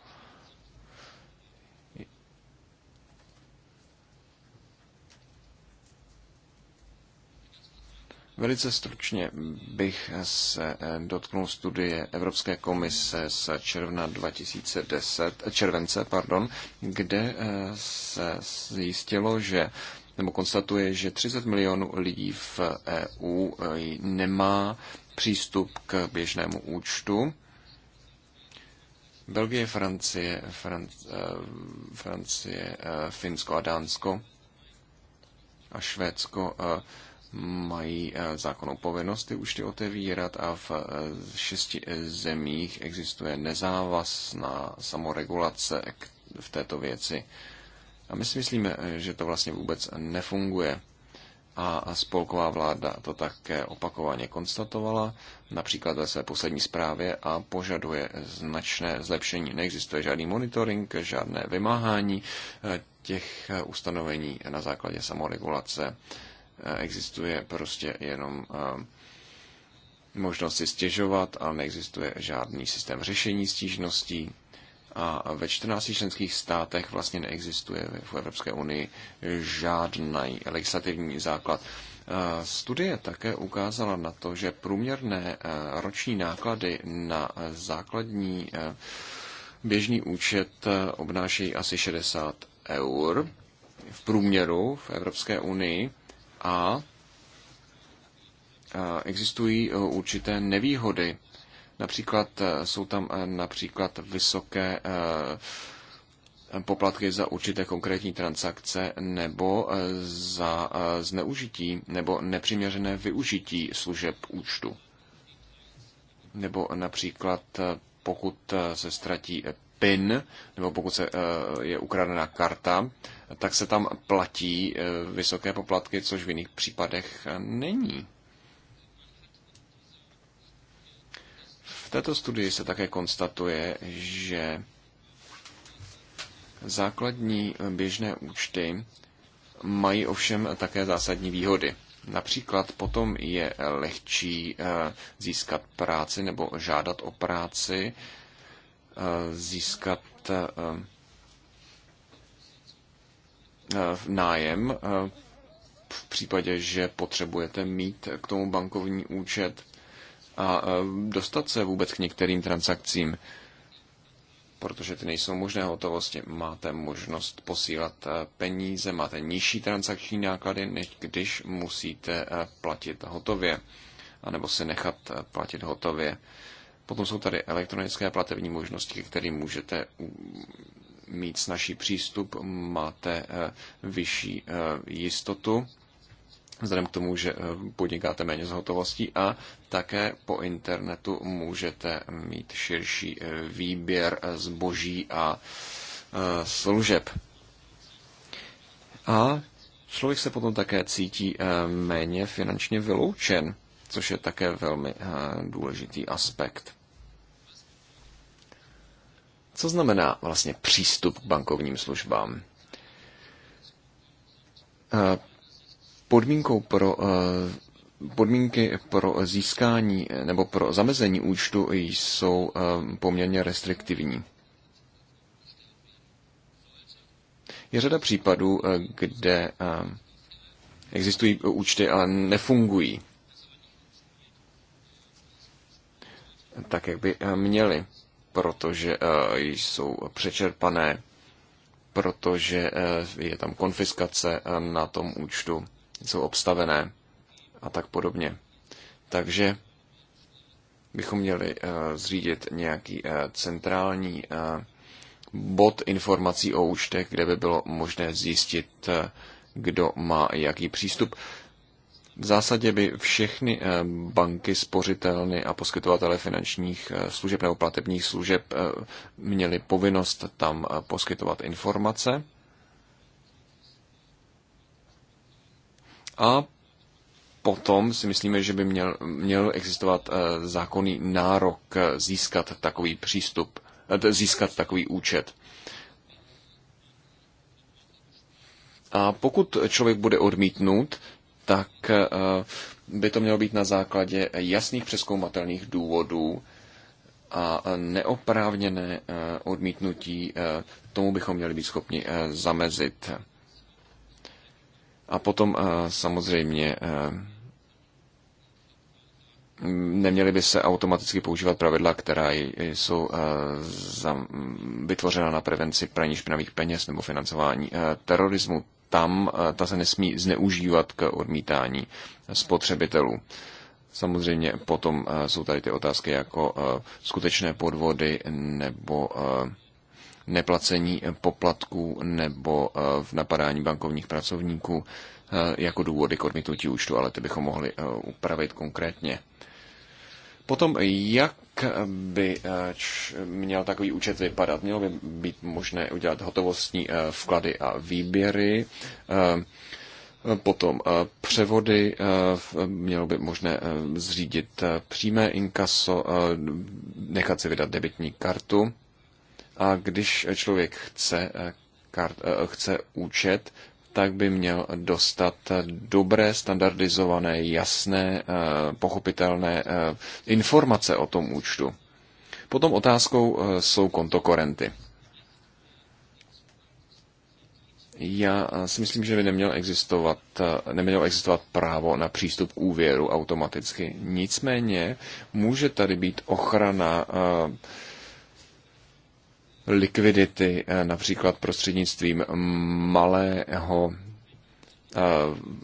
Speaker 2: Velice stručně bych se eh, dotknul studie Evropské komise z června 2010, eh, července, pardon, kde eh, se zjistilo, že nebo konstatuje, že 30 milionů lidí v EU nemá přístup k běžnému účtu. Belgie, Francie, Fran, Francie Finsko a Dánsko a Švédsko mají eh, zákonnou povinnost ty účty otevírat a v eh, šesti eh, zemích existuje nezávazná samoregulace v této věci. A my si myslíme, že to vlastně vůbec nefunguje. A spolková vláda to také opakovaně konstatovala, například ve své poslední zprávě, a požaduje značné zlepšení. Neexistuje žádný monitoring, žádné vymáhání těch ustanovení na základě samoregulace Eh, existuje prostě jenom eh, možnost si stěžovat, ale neexistuje žádný systém řešení stížností. A ve 14 členských státech vlastně neexistuje v Evropské unii žádný legislativní základ. Eh, studie také ukázala na to, že průměrné roční náklady na základní běžný účet obnášejí asi 60 eur v průměru v Evropské unii a existují e, určité nevýhody. Například e, jsou tam e, například vysoké poplatky za určité konkrétní transakce nebo za zneužití nebo nepřiměřené využití služeb účtu. Nebo například pokud se ztratí PIN, nebo pokud se eh, je ukradená karta, tak se tam platí eh, vysoké poplatky, což v jiných případech eh, není. V této studii se také konstatuje, že základní běžné účty mají ovšem také zásadní výhody. Například potom je lehčí získat práci nebo žádat o práci Eh, získat eh, eh, nájem v případě, že potřebujete mít k tomu bankovní účet a dostat se vůbec k některým transakcím, protože ty nejsou možné hotovosti. Máte možnost posílat peníze, máte nižší transakční náklady, než když musíte platit hotově, anebo se nechat platit hotově Potom jsou tady elektronické platební možnosti, kterým můžete mít snažší přístup, máte eh, vyšší eh, jistotu, vzhledem k tomu, že eh, podnikáte méně zhotovostí a také po internetu můžete mít širší výběr zboží a služeb. A člověk se potom také cítí méně finančně vyloučen, což je také velmi důležitý aspekt. Co znamená vlastně přístup k bankovním službám? Eh, podmínkou pro eh, podmínky pro získání eh, nebo pro zamezení účtu jsou poměrně restriktivní. Je řada případů, kde existují účty, ale nefungují tak, jak by měly protože eh, jsou přečerpané, protože eh, je tam konfiskace eh, na tom účtu, jsou obstavené a tak podobně. Takže bychom měli zřídit nějaký centrální bod informací o účtech, kde by bylo možné zjistit, kdo má jaký přístup. V zásadě by všechny eh, banky, spořitelny a poskytovatele finančních eh, služeb nebo platebních služeb eh, měly povinnost tam poskytovat informace. A potom si myslíme, že by měl, měl existovat zákonný nárok získat takový přístup, získat takový účet. A pokud člověk bude odmítnut, tak eh, by to mělo být na základě jasných přeskoumatelných důvodů a neoprávněné eh, odmítnutí eh, tomu bychom měli být schopni zamezit. A potom samozřejmě neměly by se automaticky používat pravidla, která jsou vytvořena na prevenci praní špinavých peněz nebo financování terorismu tam eh, ta se nesmí zneužívat k odmítání spotřebitelů. Samozřejmě potom eh, jsou tady ty otázky jako eh, skutečné podvody nebo neplacení poplatků nebo v napadání bankovních pracovníků jako důvody k odmítnutí účtu, ale ty bychom mohli upravit konkrétně. Potom, jak by eh, měl takový účet vypadat? Mělo by být možné udělat hotovostní eh, vklady a výběry, eh, potom převody, mělo by možné zřídit přímé inkaso, nechat si vydat debitní kartu. A když člověk chce, kart, chce účet, tak by měl dostat dobré, standardizované, jasné, eh, pochopitelné eh, informace o tom účtu. Potom otázkou eh, jsou kontokorenty. Já si myslím, že by neměl existovat, nemělo existovat právo na přístup k úvěru automaticky. Nicméně může tady být ochrana uh, likvidity, eh, například prostřednictvím malého, eh,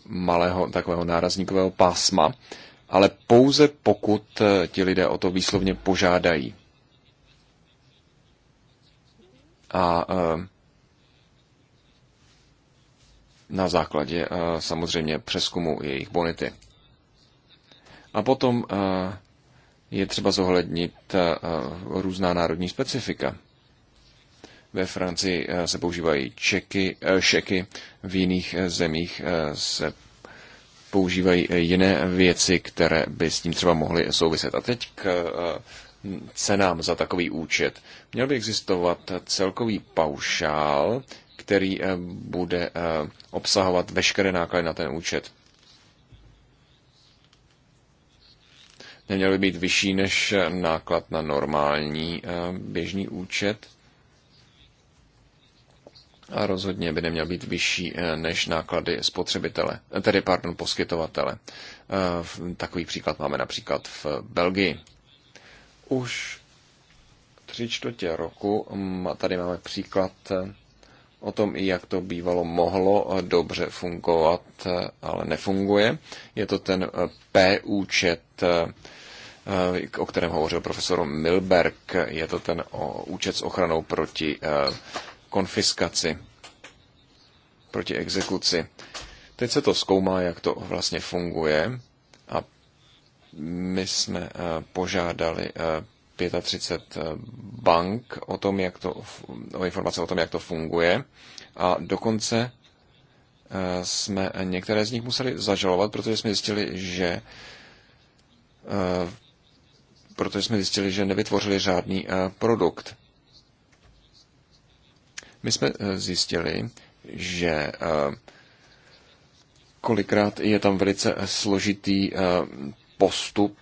Speaker 2: malého takového nárazníkového pásma, ale pouze pokud eh, ti lidé o to výslovně požádají. A na základě samozřejmě přeskumu jejich bonity. A potom je třeba zohlednit různá národní specifika. Ve Francii eh, se používají čeky, eh, šeky, v jiných eh, zemích se používají jiné věci, které by s tím třeba mohly souviset. A teď k cenám za takový účet. Měl by existovat celkový paušál, který bude obsahovat veškeré náklady na ten účet. Neměl by být vyšší než náklad na normální běžný účet a rozhodně by neměl být vyšší eh, než náklady spotřebitele, eh, tedy pardon, poskytovatele. Eh, takový příklad máme například v Belgii. Už tři čtvrtě roku tady máme příklad o tom, jak to bývalo mohlo dobře fungovat, ale nefunguje. Je to ten P-účet, o kterém hovořil profesor Milberg. Je to ten účet s ochranou proti konfiskaci, proti exekuci. Teď se to zkoumá, jak to vlastně funguje a my jsme eh, požádali 35 eh, bank o, tom, jak to, o informace o tom, jak to funguje a dokonce eh, jsme některé z nich museli zažalovat, protože jsme zjistili, že protože jsme zjistili, že nevytvořili žádný produkt. My jsme eh, zjistili, že eh, kolikrát je tam velice eh, složitý postup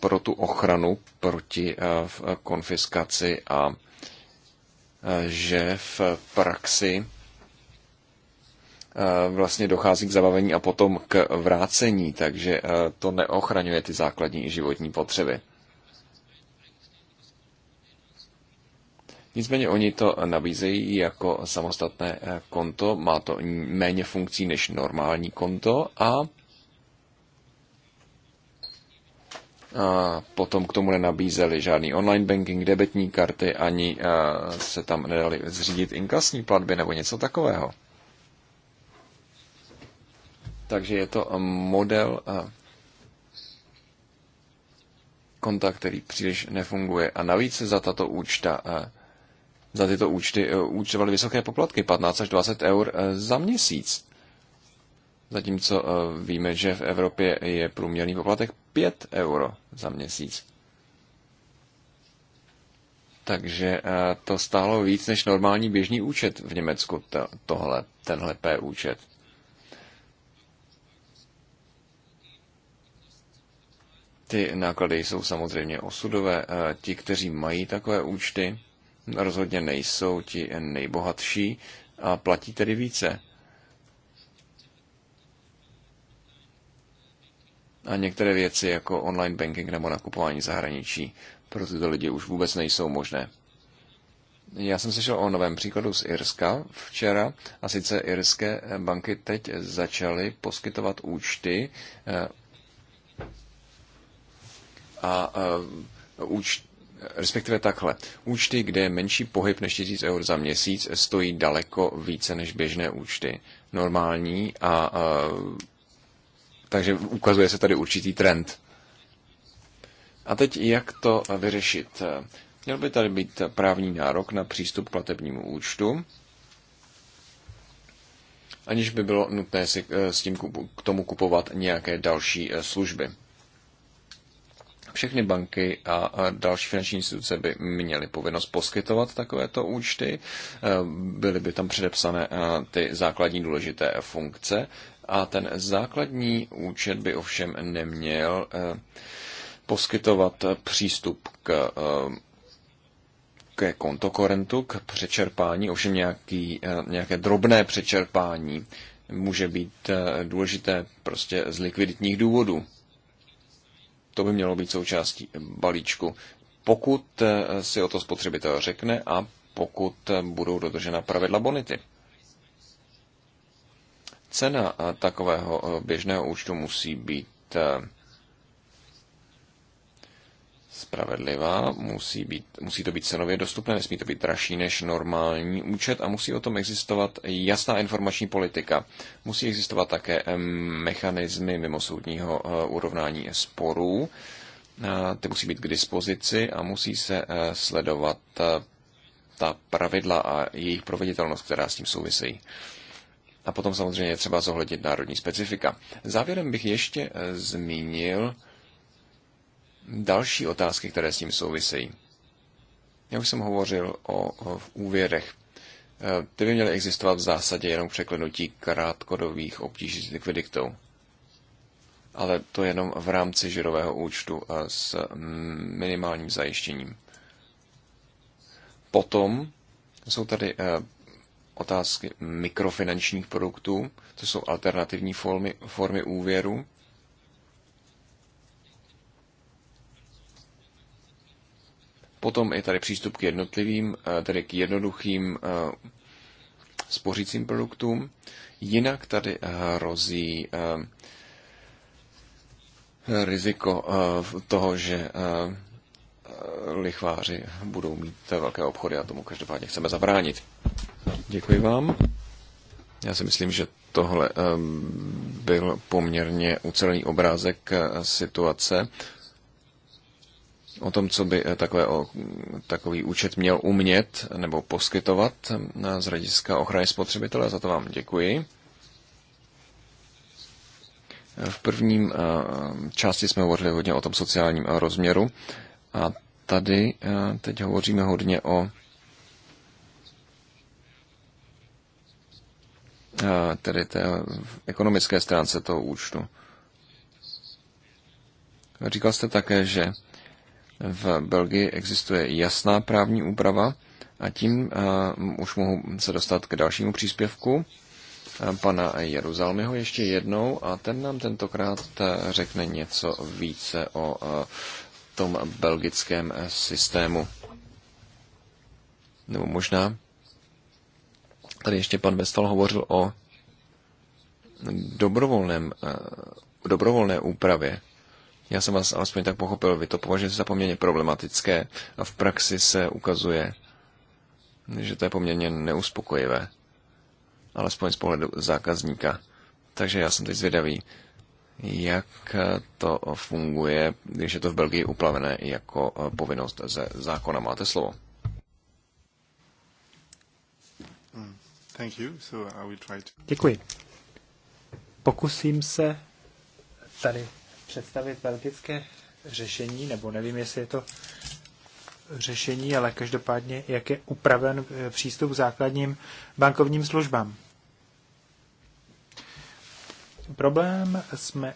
Speaker 2: pro tu ochranu proti konfiskaci a že v praxi vlastně dochází k zabavení a potom k vrácení, takže to neochraňuje ty základní životní potřeby. Nicméně oni to nabízejí jako samostatné eh, konto, má to méně funkcí než normální konto a A potom k tomu nenabízeli žádný online banking, debetní karty, ani eh, se tam nedali zřídit inkasní platby nebo něco takového. Takže je to eh, model konta, který příliš nefunguje. A navíc za tato účta za tyto účty účtovali eh, vysoké poplatky, 15 až 20 eur eh, za měsíc. Zatímco eh, víme, že v Evropě je průměrný poplatek 5 euro za měsíc. Takže to stálo víc než normální běžný účet v Německu, tohle, tenhle P účet. Ty náklady jsou samozřejmě osudové. Ti, kteří mají takové účty, rozhodně nejsou ti nejbohatší a platí tedy více. A některé věci jako online banking nebo nakupování zahraničí pro tyto lidi už vůbec nejsou možné. Já jsem slyšel o novém příkladu z Irska včera a sice irské banky teď začaly poskytovat účty eh, a eh, účty respektive takhle. Účty, kde je menší pohyb než 1000 eur za měsíc, stojí daleko více než běžné účty. Normální a, a takže ukazuje se tady určitý trend. A teď jak to vyřešit? Měl by tady být právní nárok na přístup k platebnímu účtu, aniž by bylo nutné si eh, s tím k tomu kupovat nějaké další eh, služby všechny banky a další finanční instituce by měly povinnost poskytovat takovéto účty, e, byly by tam předepsané e, ty základní důležité funkce a ten základní účet by ovšem neměl e, poskytovat přístup k ke kontokorentu, k přečerpání, ovšem nějaký, nějaké drobné přečerpání může být důležité prostě z likviditních důvodů. To by mělo být součástí balíčku, pokud eh, si o to spotřebitel řekne a pokud eh, budou dodržena pravidla bonity. Cena eh, takového běžného účtu musí být spravedlivá, musí, být, musí to být cenově dostupné, nesmí to být dražší než normální účet a musí o tom existovat jasná informační politika. Musí existovat také mechanismy mimosoudního eh, urovnání sporů, eh, ty musí být k dispozici a musí se eh, sledovat ta pravidla a jejich proveditelnost, která s tím souvisejí. A potom samozřejmě je třeba zohlednit národní specifika. Závěrem bych ještě zmínil další otázky, které s tím souvisejí. Já už jsem hovořil o, o úvěrech. E, ty by měly existovat v zásadě jenom překlenutí krátkodových obtíží s likviditou. Ale to jenom v rámci žirového účtu a s minimálním zajištěním. Potom jsou tady e, otázky mikrofinančních produktů, to jsou alternativní formy, formy úvěru, Potom je tady přístup k jednotlivým, eh, tedy k jednoduchým eh, spořícím produktům. Jinak tady hrozí eh, riziko toho, že lichváři budou mít velké obchody a tomu každopádně chceme zabránit. Děkuji vám. Já si myslím, že tohle byl poměrně ucelený obrázek situace o tom, co by eh, takové, takový účet měl umět nebo poskytovat eh, z hlediska ochrany spotřebitele. Za to vám děkuji. Eh, v prvním části jsme hovořili hodně o tom sociálním rozměru a tady teď hovoříme hodně o tedy té ekonomické stránce toho účtu. Říkal jste také, že v Belgii existuje jasná právní úprava a tím eh, už mohu se dostat k dalšímu příspěvku eh, pana Jeruzalmiho ještě jednou a ten nám tentokrát eh, řekne něco více o tom belgickém systému. Nebo možná tady ještě pan Vestal hovořil o dobrovolném, dobrovolné úpravě já jsem vás alespoň tak pochopil, vy to považujete za poměrně problematické a v praxi se ukazuje, že to je poměrně neuspokojivé, alespoň z pohledu zákazníka. Takže já jsem teď zvědavý, jak to funguje, když je to v Belgii uplavené jako povinnost ze zákona. Máte slovo.
Speaker 3: Mm,
Speaker 1: Děkuji. Pokusím se tady představit belgické řešení, nebo nevím, jestli je to řešení, ale každopádně, jak je upraven eh, přístup k základním bankovním službám. Problém jsme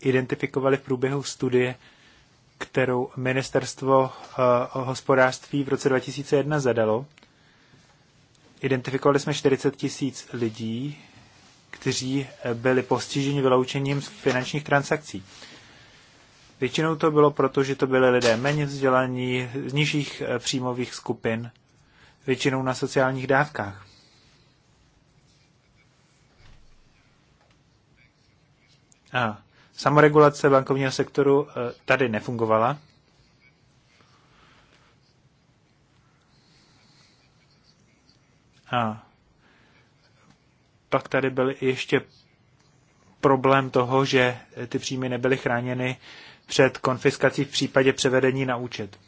Speaker 1: identifikovali v průběhu studie, kterou ministerstvo eh, hospodářství v roce 2001 zadalo. Identifikovali jsme 40 tisíc lidí, kteří byli postiženi vyloučením z finančních transakcí. Většinou to bylo proto, že to byly lidé méně vzdělaní, z nižších eh, příjmových skupin, většinou na sociálních dávkách. A samoregulace bankovního sektoru eh, tady nefungovala. A pak tady byl ještě problém toho, že ty příjmy nebyly chráněny před konfiskací v případě převedení na účet.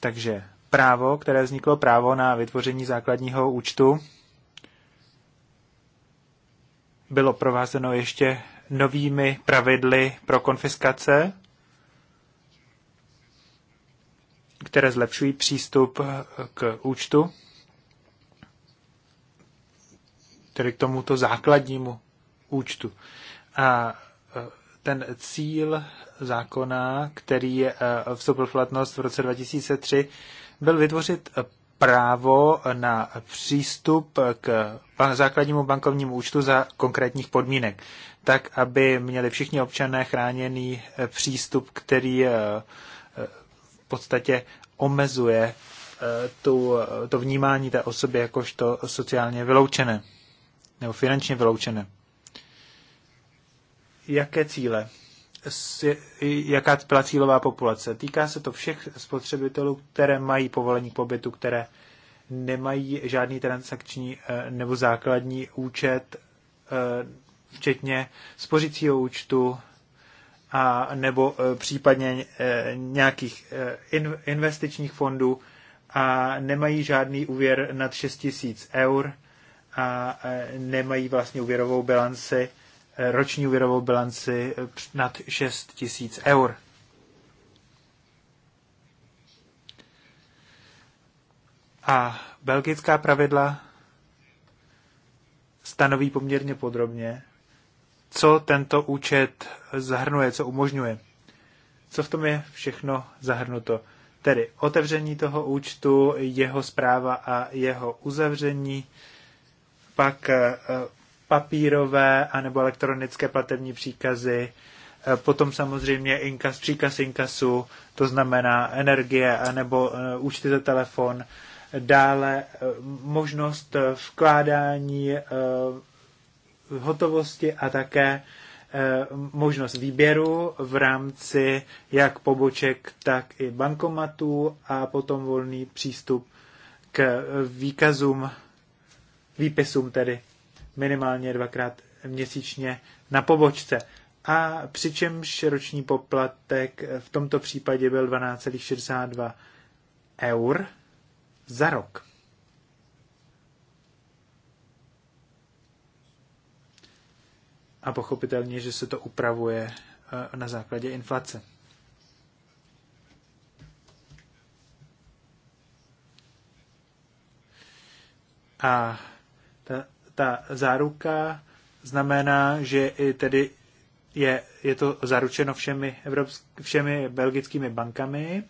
Speaker 1: Takže právo, které vzniklo právo na vytvoření základního účtu, bylo provázeno ještě novými pravidly pro konfiskace, které zlepšují přístup k účtu, tedy k tomuto základnímu účtu. A e, ten cíl zákona, který e, vstoupil v platnost v roce 2003, byl vytvořit e, právo na přístup k základnímu bankovnímu účtu za konkrétních podmínek, tak aby měli všichni občané chráněný přístup, který v podstatě omezuje tu, to vnímání té osoby jakožto sociálně vyloučené nebo finančně vyloučené jaké cíle, jaká byla cílová populace. Týká se to všech spotřebitelů, které mají povolení k pobytu, které nemají žádný transakční eh, nebo základní účet, eh, včetně spořícího účtu a nebo eh, případně nějakých investičních fondů a nemají žádný úvěr nad 6 000 eur a nemají vlastně úvěrovou bilanci roční úvěrovou bilanci eh, nad 6 tisíc eur. A belgická pravidla stanoví poměrně podrobně, co tento účet zahrnuje, co umožňuje. Co v tom je všechno zahrnuto. Tedy otevření toho účtu, jeho zpráva a jeho uzavření, pak eh, papírové anebo elektronické platební příkazy, e, potom samozřejmě inkas, příkaz inkasu, to znamená energie anebo e, účty za telefon, dále e, možnost vkládání hotovosti a také možnost výběru v rámci jak poboček, tak i bankomatů a potom volný přístup k výkazům, výpisům tedy minimálně dvakrát měsíčně na pobočce. A přičemž roční poplatek v tomto případě byl 12,62 eur za rok. A pochopitelně, že se to upravuje eh, na základě inflace. A ta záruka znamená, že i tedy je, je to zaručeno všemi, evropsk, všemi belgickými bankami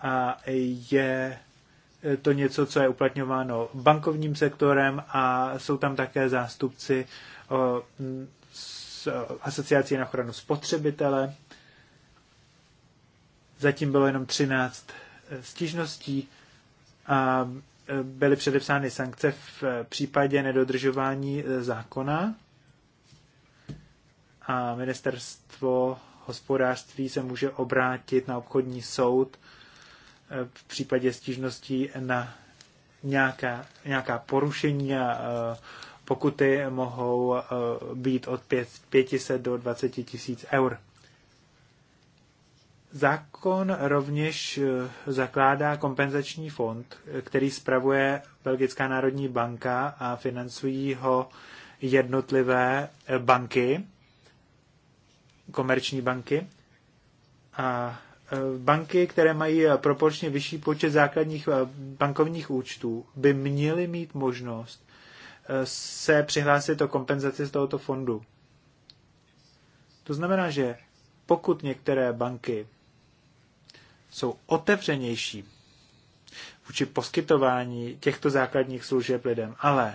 Speaker 1: a je e, to něco, co je uplatňováno bankovním sektorem a jsou tam také zástupci o, o, asociací na ochranu spotřebitele. Zatím bylo jenom 13 e, stížností a byly předepsány sankce v eh, případě nedodržování eh, zákona a ministerstvo hospodářství se může obrátit na obchodní soud eh, v případě stížností na nějaká, nějaká porušení a pokuty mohou být od 500 do 20 tisíc eur. Zákon rovněž eh, zakládá kompenzační fond, který spravuje Belgická národní banka a financují ho jednotlivé eh, banky, komerční banky. A eh, banky, které mají proporčně vyšší počet základních bankovních účtů, by měly mít možnost se přihlásit o kompenzaci z tohoto fondu. To znamená, že pokud některé banky jsou otevřenější vůči poskytování těchto základních služeb lidem, ale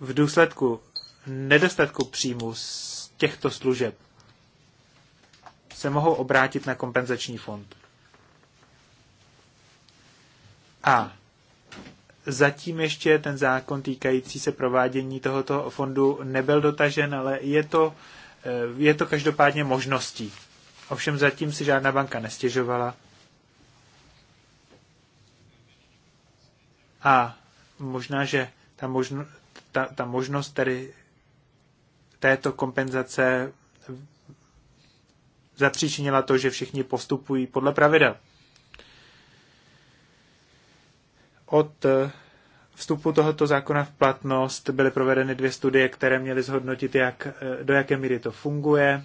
Speaker 1: v důsledku nedostatku příjmu z těchto služeb se mohou obrátit na kompenzační fond. A zatím ještě ten zákon týkající se provádění tohoto fondu nebyl dotažen, ale je to, eh, je to každopádně možností. Ovšem zatím si žádná banka nestěžovala. A možná, že ta, možno, ta, ta možnost tedy této kompenzace zapříčinila to, že všichni postupují podle pravidel. Od eh, vstupu tohoto zákona v platnost byly provedeny dvě studie, které měly zhodnotit, jak, eh, do jaké míry to funguje,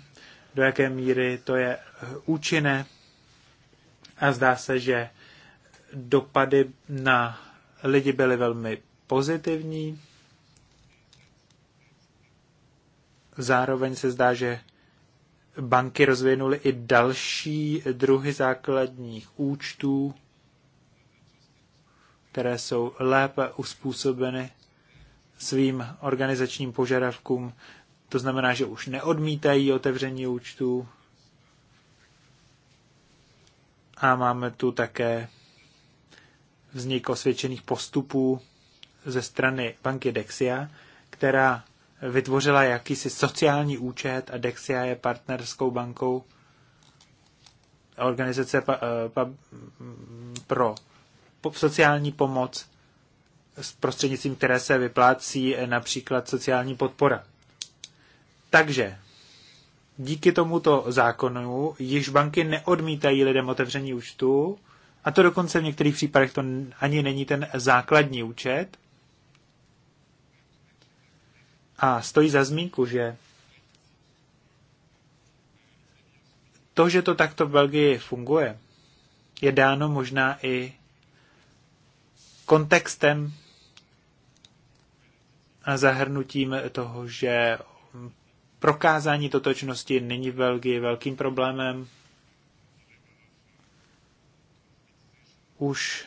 Speaker 1: do jaké míry to je eh, účinné a zdá se, že dopady na lidi byly velmi pozitivní. Zároveň se zdá, že banky rozvinuly i další druhy základních účtů, které jsou lépe uspůsobeny svým organizačním požadavkům to znamená, že už neodmítají otevření účtu A máme tu také vznik osvědčených postupů ze strany banky Dexia, která vytvořila jakýsi sociální účet a Dexia je partnerskou bankou organizace pa, eh, pa, mm, pro sociální pomoc s prostřednictvím, které se vyplácí eh, například sociální podpora. Takže díky tomuto zákonu již banky neodmítají lidem otevření účtu, a to dokonce v některých případech to ani není ten základní účet. A stojí za zmínku, že to, že to takto v Belgii funguje, je dáno možná i kontextem a zahrnutím toho, že Prokázání totočnosti není v Belgii velkým problémem. Už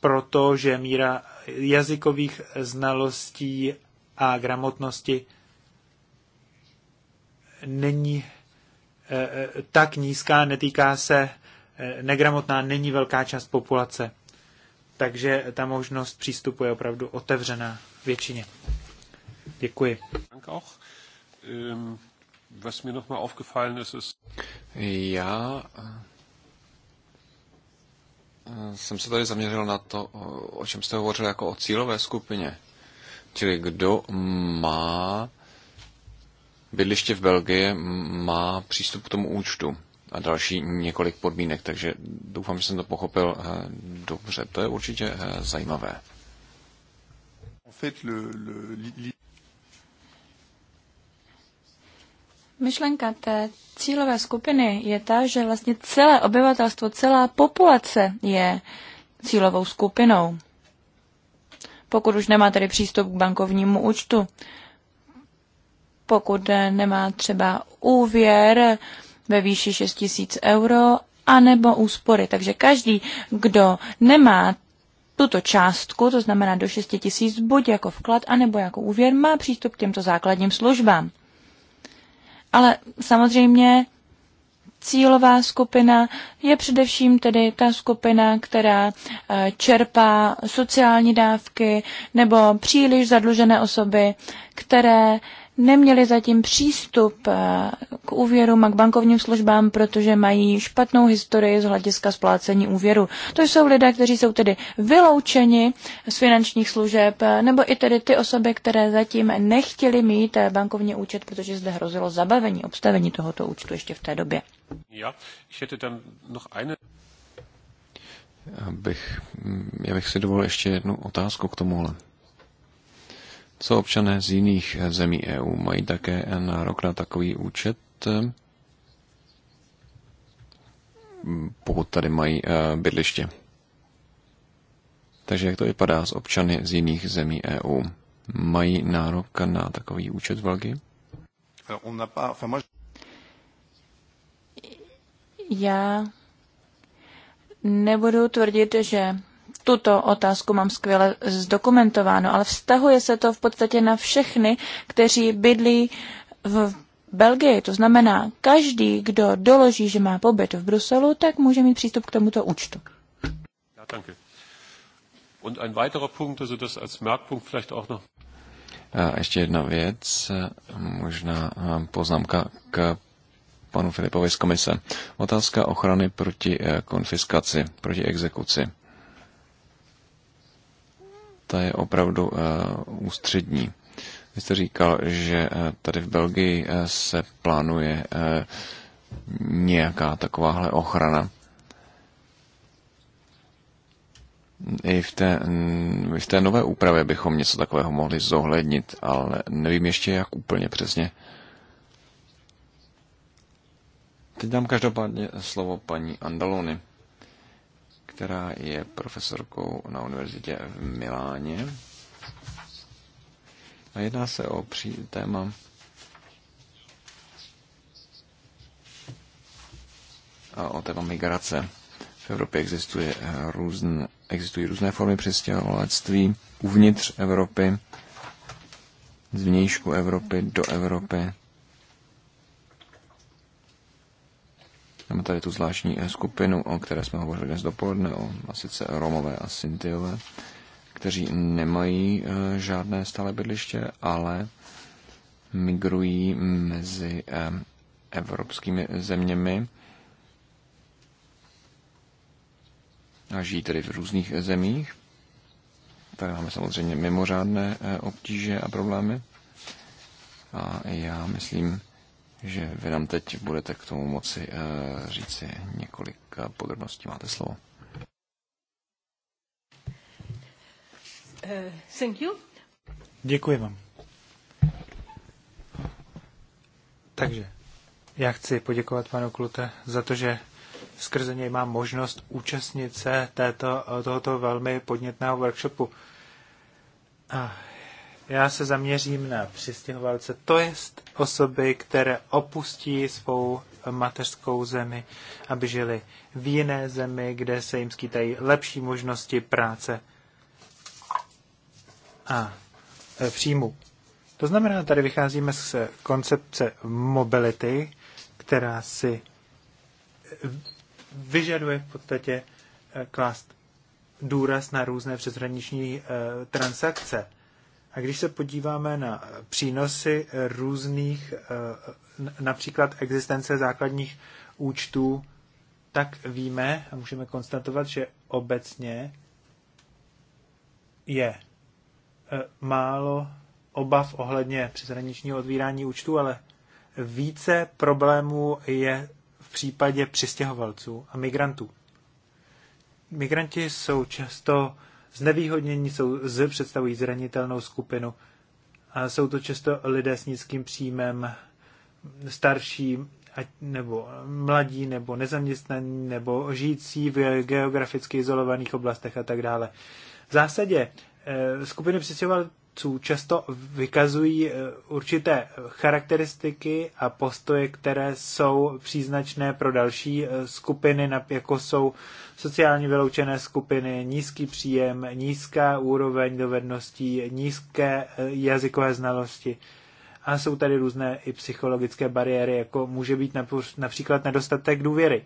Speaker 1: proto, že míra jazykových znalostí a gramotnosti není eh, eh, tak nízká, netýká se, eh, negramotná není velká část populace. Takže ta možnost přístupu je opravdu otevřená většině.
Speaker 2: Děkuji.
Speaker 3: Ähm, was mir nochmal aufgefallen ist, ist...
Speaker 2: Já eh, jsem se tady zaměřil na to, o čem jste hovořil jako o cílové skupině. Čili kdo má bydliště v Belgii, má přístup k tomu účtu a další několik podmínek, takže doufám, že jsem to pochopil eh, dobře. To je určitě eh, zajímavé.
Speaker 4: Myšlenka té cílové skupiny je ta, že vlastně celé obyvatelstvo, celá populace je cílovou skupinou. Pokud už nemá tedy přístup k bankovnímu účtu, pokud nemá třeba úvěr ve výši 6 tisíc euro, anebo úspory. Takže každý, kdo nemá tuto částku, to znamená do 6 tisíc, buď jako vklad, anebo jako úvěr, má přístup k těmto základním službám. Ale samozřejmě cílová skupina je především tedy ta skupina, která eh, čerpá sociální dávky nebo příliš zadlužené osoby, které neměli zatím přístup eh, k úvěrům a k bankovním službám, protože mají špatnou historii z hlediska splácení úvěru. To jsou lidé, kteří jsou tedy vyloučeni z finančních služeb, eh, nebo i tedy ty osoby, které zatím nechtěli mít eh, bankovní účet, protože zde hrozilo zabavení, obstavení tohoto účtu ještě v té
Speaker 3: době. Ja, ich hätte noch eine...
Speaker 2: Já bych, já bych si dovolil ještě jednu otázku k tomuhle co občané z jiných eh, zemí EU mají také eh, nárok na takový účet, hmm, pokud tady mají eh, bydliště. Takže jak to vypadá s občany z jiných zemí EU? Mají nárok na takový účet v Belgii?
Speaker 4: Já nebudu tvrdit, že tuto otázku mám skvěle zdokumentováno, ale vztahuje se to v podstatě na všechny, kteří bydlí v Belgii. To znamená, každý, kdo doloží, že má pobyt v Bruselu, tak může mít přístup k tomuto účtu.
Speaker 3: Ja, danke. Und ein weiterer Punkt, also das als Merkpunkt vielleicht auch noch.
Speaker 2: A ještě jedna věc, možná poznámka k panu Filipovi z komise. Otázka ochrany proti eh, konfiskaci, proti exekuci ta je opravdu eh, ústřední. Vy jste říkal, že eh, tady v Belgii eh, se plánuje nějaká takováhle ochrana. I v té, mm, v té nové úpravě bychom něco takového mohli zohlednit, ale nevím ještě, jak úplně přesně. Teď dám každopádně slovo paní Andalony která je profesorkou na univerzitě v Miláně. A jedná se o pří, téma a o téma migrace. V Evropě existuje různ, existují různé formy přistěhovalectví uvnitř Evropy, z vnějšku Evropy do Evropy. Máme tady tu zvláštní eh, skupinu, o které jsme hovořili dnes dopoledne, o, a sice Romové a Sintiové, kteří nemají eh, žádné stále bydliště, ale migrují mezi eh, evropskými zeměmi a žijí tedy v různých zemích. Tady máme samozřejmě mimořádné obtíže a problémy. A já myslím, že vy nám teď budete k tomu moci eh, říci několik eh, podrobností. Máte slovo.
Speaker 3: Eh, thank you.
Speaker 2: Děkuji vám.
Speaker 1: Takže já chci poděkovat panu Klute za to, že skrze něj mám možnost účastnit se této, tohoto velmi podnětného workshopu. A já se zaměřím na přistěhovalce, to je osoby, které opustí svou mateřskou zemi, aby žili v jiné zemi, kde se jim skýtají lepší možnosti práce a e, příjmu. To znamená, tady vycházíme z koncepce mobility, která si e, vyžaduje v podstatě e, klást důraz na různé přeshraniční transakce a když se podíváme na přínosy eh, různých, eh, například existence základních účtů, tak víme a můžeme konstatovat, že obecně je eh, málo obav ohledně přeshraničního otvírání účtu, ale více problémů je v případě přistěhovalců a migrantů. Migranti jsou často znevýhodnění, jsou, z, představují zranitelnou skupinu a jsou to často lidé s nízkým příjmem, starší ať, nebo mladí, nebo nezaměstnaní, nebo žijící v geograficky izolovaných oblastech a tak dále. V zásadě eh, skupiny vůdců často vykazují eh, určité charakteristiky a postoje, které jsou příznačné pro další eh, skupiny, jako jsou sociálně vyloučené skupiny, nízký příjem, nízká úroveň dovedností, nízké eh, jazykové znalosti. A jsou tady různé i psychologické bariéry, jako může být například nedostatek důvěry.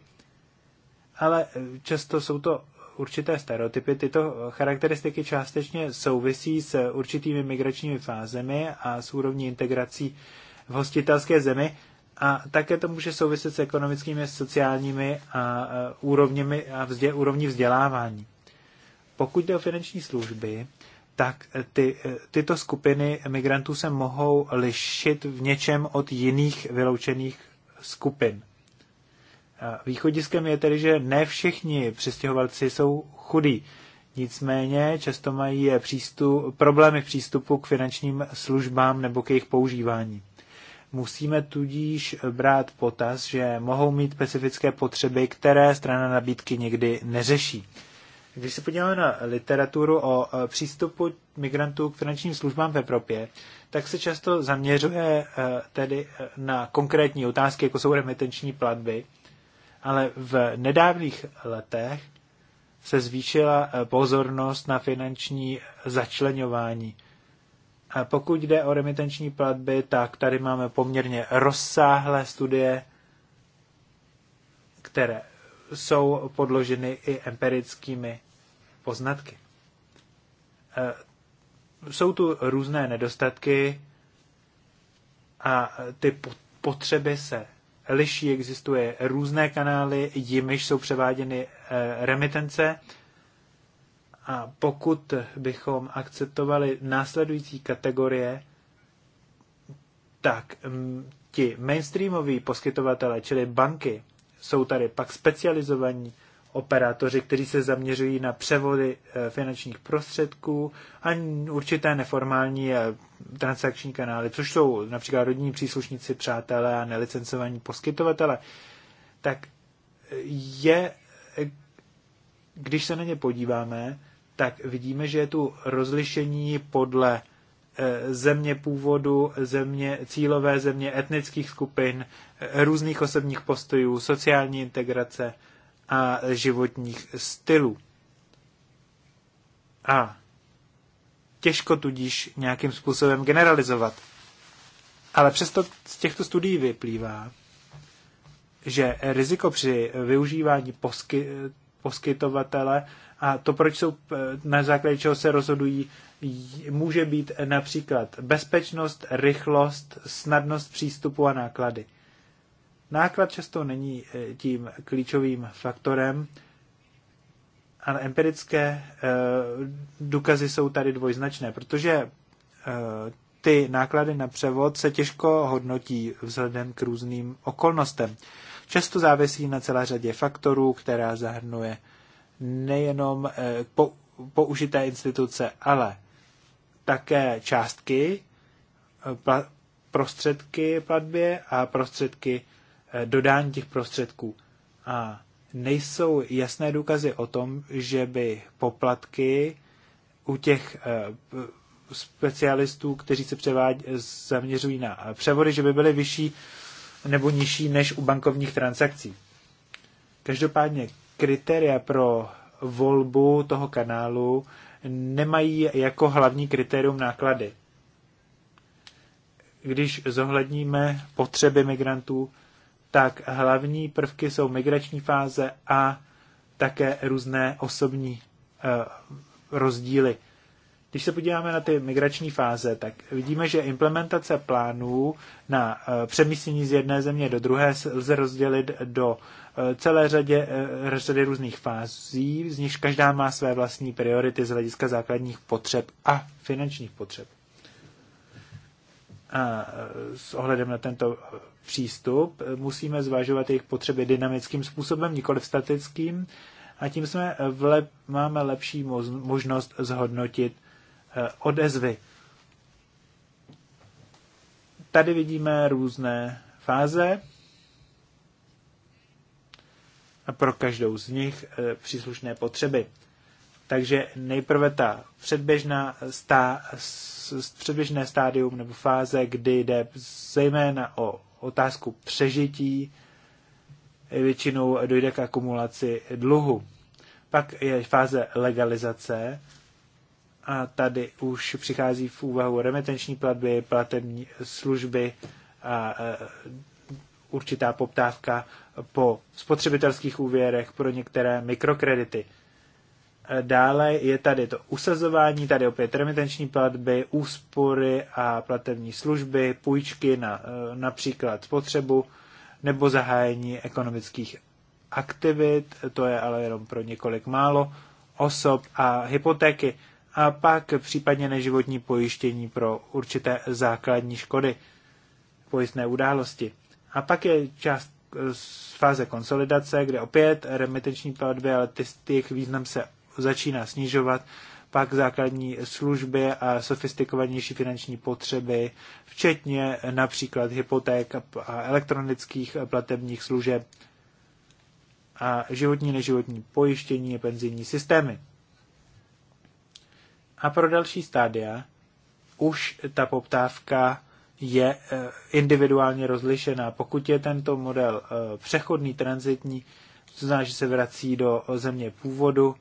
Speaker 1: Ale často jsou to určité stereotypy. Tyto charakteristiky částečně souvisí s určitými migračními fázemi a s úrovní integrací v hostitelské zemi a také to může souviset s ekonomickými, sociálními a e, úrovněmi a vzdě, úrovní vzdělávání. Pokud jde o finanční služby, tak ty, e, tyto skupiny migrantů se mohou lišit v něčem od jiných vyloučených skupin. Východiskem je tedy, že ne všichni přistěhovalci jsou chudí. Nicméně často mají eh, přístup, problémy v přístupu k finančním službám nebo k jejich používání. Musíme tudíž brát potaz, že mohou mít specifické potřeby, které strana nabídky někdy neřeší. Když se podíváme na literaturu o eh, přístupu migrantů k finančním službám v Evropě, tak se často zaměřuje eh, tedy na konkrétní otázky, jako jsou remitenční platby, ale v nedávných letech se zvýšila eh, pozornost na finanční začlenování. A pokud jde o remitenční platby, tak tady máme poměrně rozsáhlé studie, které jsou podloženy i empirickými poznatky. Eh, jsou tu různé nedostatky a ty potřeby se liší, existuje různé kanály, jimiž jsou převáděny eh, remitence. A pokud bychom akceptovali následující kategorie, tak mm, ti mainstreamoví poskytovatele, čili banky, jsou tady pak specializovaní operátoři, kteří se zaměřují na převody eh, finančních prostředků a určité neformální eh, transakční kanály, což jsou například rodinní příslušníci, přátelé a nelicencovaní poskytovatele, tak eh, je, když se na ně podíváme, tak vidíme, že je tu rozlišení podle země původu, země cílové země etnických skupin, různých osobních postojů, sociální integrace a životních stylů. A těžko tudíž nějakým způsobem generalizovat. Ale přesto z těchto studií vyplývá, že riziko při využívání posky, poskytovatele a to, proč jsou na základě čeho se rozhodují, může být například bezpečnost, rychlost, snadnost přístupu a náklady. Náklad často není eh, tím klíčovým faktorem, ale empirické eh, důkazy jsou tady dvojznačné, protože eh, ty náklady na převod se těžko hodnotí vzhledem k různým okolnostem. Často závisí na celé řadě faktorů, která zahrnuje nejenom použité instituce, ale také částky, prostředky platbě a prostředky Eh, dodání těch prostředků. A nejsou jasné důkazy o tom, že by poplatky u těch eh, specialistů, kteří se převádě zaměřují na eh, převody, že by byly vyšší nebo nižší než u bankovních transakcí. Každopádně kritéria pro volbu toho kanálu nemají jako hlavní kritérium náklady. Když zohledníme potřeby migrantů, tak hlavní prvky jsou migrační fáze a také různé osobní eh, rozdíly. Když se podíváme na ty migrační fáze, tak vidíme, že implementace plánů na eh, přemístění z jedné země do druhé lze rozdělit do eh, celé řadě, řady různých fází, z nichž každá má své vlastní priority z hlediska základních potřeb a finančních potřeb. E, s ohledem na tento přístup e, musíme zvažovat jejich potřeby dynamickým způsobem, nikoli statickým, a tím jsme e, v lep, máme lepší možnost zhodnotit odezvy. Tady vidíme různé fáze a pro každou z nich příslušné potřeby. Takže nejprve ta předběžná stá, předběžné stádium nebo fáze, kdy jde zejména o otázku přežití, eh, většinou dojde k akumulaci dluhu. Pak je fáze legalizace a tady už přichází v úvahu remetenční platby, platební služby a eh, určitá poptávka po spotřebitelských úvěrech pro některé mikrokredity. Dále je tady to usazování, tady opět remitenční platby, úspory a platební služby, půjčky na eh, například spotřebu nebo zahájení ekonomických aktivit, to je ale jenom pro několik málo osob a hypotéky a pak případně neživotní pojištění pro určité základní škody, pojistné události. A pak je část eh, z fáze konsolidace, kde opět remitenční platby, ale ty těch význam se začíná snižovat, pak základní služby a sofistikovanější finanční potřeby, včetně například hypoték a elektronických platebních služeb a životní neživotní pojištění a penzijní systémy. A pro další stádia už ta poptávka je eh, individuálně rozlišená. Pokud je tento model eh, přechodný, transitní, to znamená, že se vrací do eh, země původu,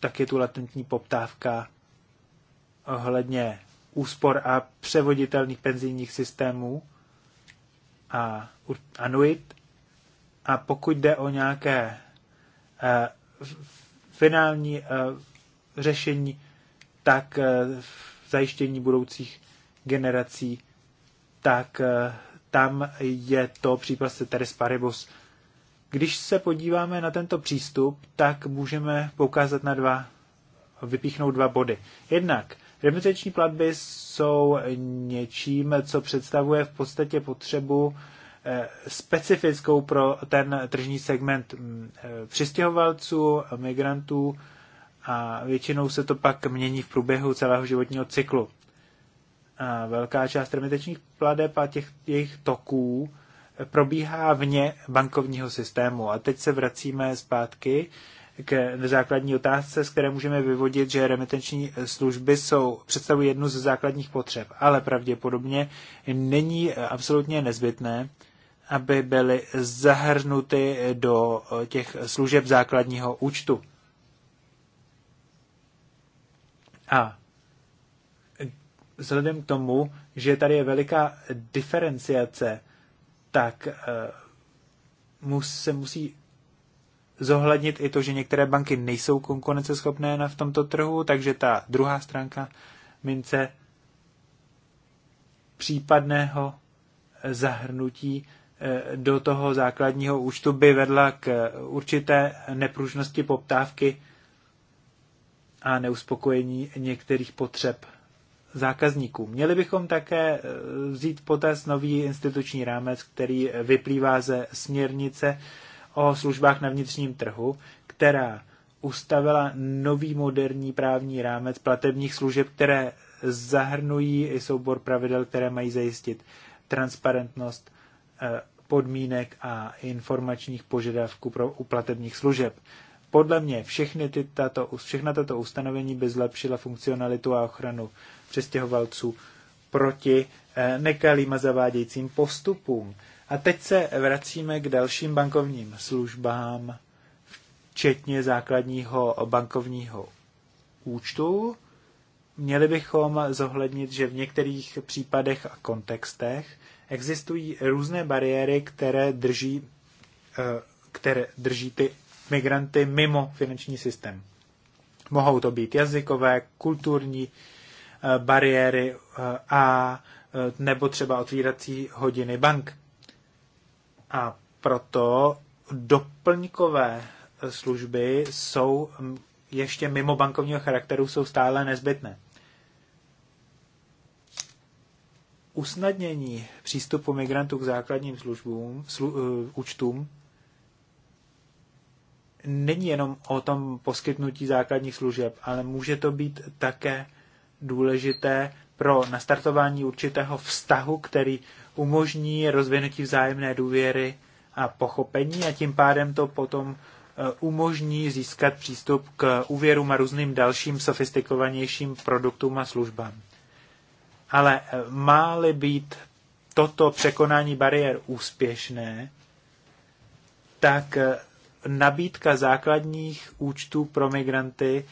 Speaker 1: tak je tu latentní poptávka ohledně úspor a převoditelných penzijních systémů a anuit. A pokud jde o nějaké eh, finální eh, řešení, tak eh, zajištění budoucích generací, tak eh, tam je to případ Ceteris Paribus když se podíváme na tento přístup, tak můžeme poukázat na dva, vypíchnout dva body. Jednak, remitenční platby jsou něčím, co představuje v podstatě potřebu eh, specifickou pro ten tržní segment mm, eh, přistěhovalců, migrantů a většinou se to pak mění v průběhu celého životního cyklu. A velká část remitenčních pladeb a těch jejich toků probíhá vně bankovního systému. A teď se vracíme zpátky k základní otázce, z které můžeme vyvodit, že remitenční služby jsou, představují jednu ze základních potřeb, ale pravděpodobně není absolutně nezbytné, aby byly zahrnuty do těch služeb základního účtu. A vzhledem k tomu, že tady je veliká diferenciace tak eh, se musí zohlednit i to, že některé banky nejsou konkurenceschopné na, v tomto trhu, takže ta druhá stránka mince případného eh, zahrnutí eh, do toho základního účtu by vedla k určité nepružnosti poptávky a neuspokojení některých potřeb zákazníků. Měli bychom také eh, vzít potaz nový instituční rámec, který vyplývá ze směrnice o službách na vnitřním trhu, která ustavila nový moderní právní rámec platebních služeb, které zahrnují i soubor pravidel, které mají zajistit transparentnost eh, podmínek a informačních požadavků pro uplatebních služeb. Podle mě všechny ty, tato, všechna tato ustanovení by zlepšila funkcionalitu a ochranu přestěhovalců proti eh, nekalým a zavádějícím postupům. A teď se vracíme k dalším bankovním službám, včetně základního bankovního účtu. Měli bychom zohlednit, že v některých případech a kontextech existují různé bariéry, které drží, eh, které drží ty migranty mimo finanční systém. Mohou to být jazykové, kulturní, Eh, bariéry eh, a eh, nebo třeba otvírací hodiny bank. A proto doplňkové služby jsou mm, ještě mimo bankovního charakteru jsou stále nezbytné. Usnadnění přístupu migrantů k základním službům, slu, uh, účtům není jenom o tom poskytnutí základních služeb, ale může to být také důležité pro nastartování určitého vztahu, který umožní rozvinutí vzájemné důvěry a pochopení a tím pádem to potom e, umožní získat přístup k úvěrům a různým dalším sofistikovanějším produktům a službám. Ale e, má-li být toto překonání bariér úspěšné, tak e, nabídka základních účtů pro migranty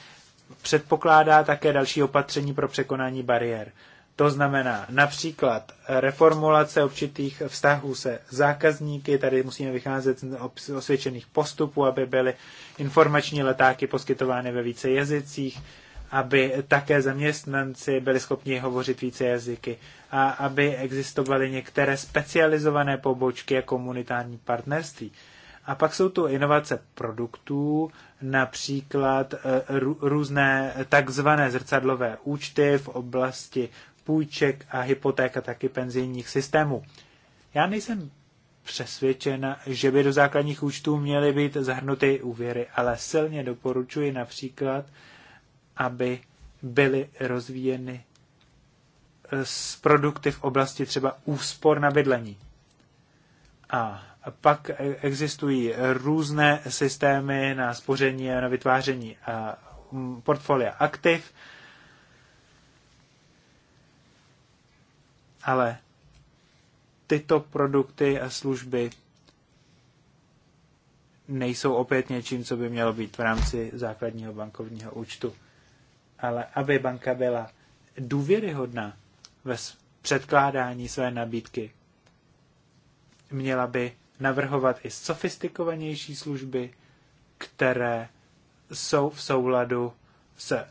Speaker 1: předpokládá také další opatření pro překonání bariér. To znamená například reformulace určitých vztahů se zákazníky, tady musíme vycházet z osvědčených postupů, aby byly informační letáky poskytovány ve více jazycích, aby také zaměstnanci byli schopni hovořit více jazyky a aby existovaly některé specializované pobočky a komunitární partnerství. A pak jsou tu inovace produktů, například eh, různé takzvané zrcadlové účty v oblasti půjček a hypoték a taky penzijních systémů. Já nejsem přesvědčena, že by do základních účtů měly být zahrnuty úvěry, ale silně doporučuji například, aby byly rozvíjeny z eh, produkty v oblasti třeba úspor na bydlení. A pak e, existují různé systémy na spoření a na vytváření portfolia aktiv, ale tyto produkty a služby nejsou opět něčím, co by mělo být v rámci základního bankovního účtu. Ale aby banka byla důvěryhodná ve předkládání své nabídky, měla by navrhovat i sofistikovanější služby, které jsou v souladu s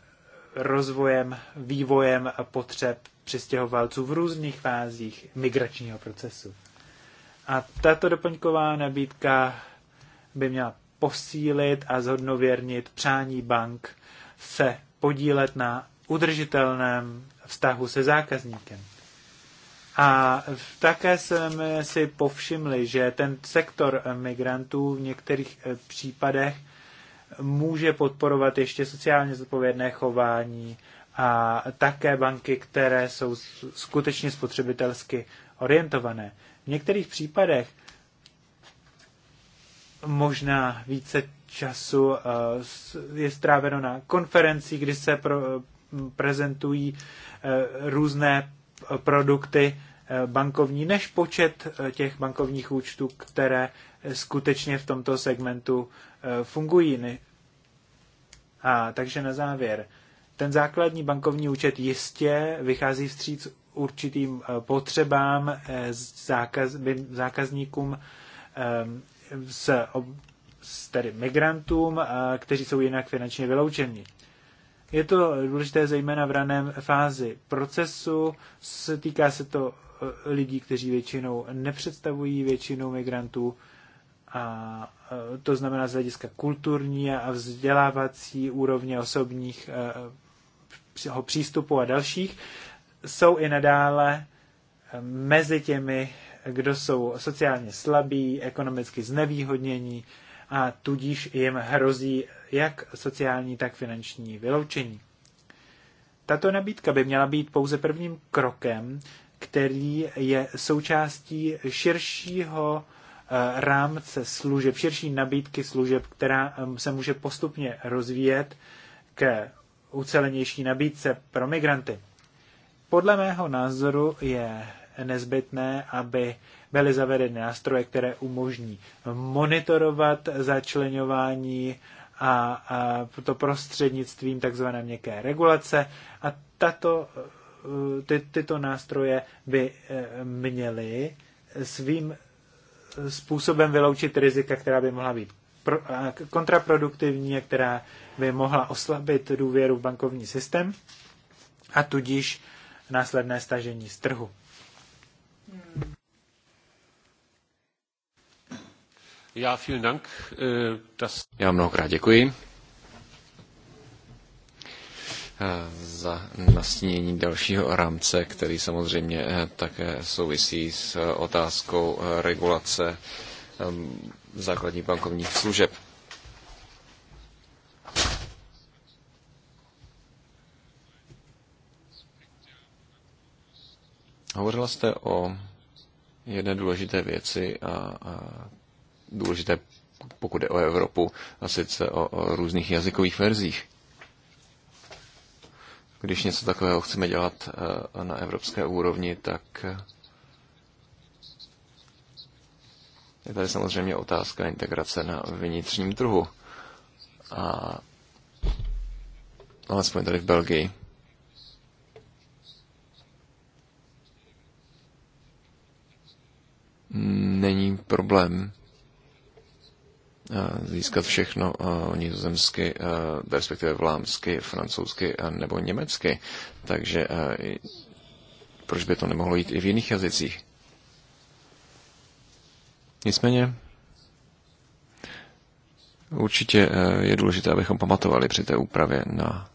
Speaker 1: rozvojem, vývojem a potřeb přistěhovalců v různých fázích migračního procesu. A tato doplňková nabídka by měla posílit a zhodnověrnit přání bank se podílet na udržitelném vztahu se zákazníkem. A také jsme si povšimli, že ten sektor migrantů v některých eh, případech může podporovat ještě sociálně zodpovědné chování a také banky, které jsou skutečně spotřebitelsky orientované. V některých případech možná více času eh, je stráveno na konferenci, kdy se eh, prezentují různé produkty bankovní než počet eh, těch bankovních účtů, které eh, skutečně v tomto segmentu eh, fungují. A takže na závěr. Ten základní bankovní účet jistě vychází vstříc určitým potřebám zákazníkům ehm, z, z tedy migrantům, kteří jsou jinak finančně vyloučeni. Je to důležité zejména v raném fázi procesu, týká se to Eh, lidí, kteří většinou nepředstavují většinou migrantů. A eh, to znamená z hlediska kulturní a vzdělávací úrovně osobních jeho eh, přístupu a dalších, jsou i nadále mezi těmi, kdo jsou sociálně slabí, ekonomicky znevýhodnění a tudíž jim hrozí jak sociální, tak finanční vyloučení. Tato nabídka by měla být pouze prvním krokem který je součástí širšího eh, rámce služeb, širší nabídky služeb, která se může postupně rozvíjet k ucelenější nabídce pro migranty. Podle mého názoru je nezbytné, aby byly zavedeny nástroje, které umožní monitorovat začlenování a, a to prostřednictvím tzv. měkké regulace. A tato ty, tyto nástroje by eh, měly svým způsobem vyloučit rizika, která by mohla být kontraproduktivní, která by mohla oslabit důvěru v bankovní systém a tudíž následné stažení z trhu.
Speaker 3: Já vielen Dank. Eh,
Speaker 2: Já mnohokrát děkuji. Eh, za nastínění dalšího rámce, který samozřejmě eh, také souvisí s eh, otázkou regulace základních bankovních služeb. Hovořila jste o jedné důležité věci a, a důležité, pokud je o Evropu, a sice o, o různých jazykových verzích. Když něco takového chceme dělat eh, na evropské úrovni, tak eh, je tady samozřejmě otázka integrace na vnitřním trhu. A alespoň tady v Belgii. Není problém Eh, získat všechno eh, nizozemsky, eh, respektive vlámsky, francouzsky nebo německy. Takže proč by to nemohlo jít i v jiných jazycích? Nicméně určitě je důležité, abychom pamatovali při té úpravě na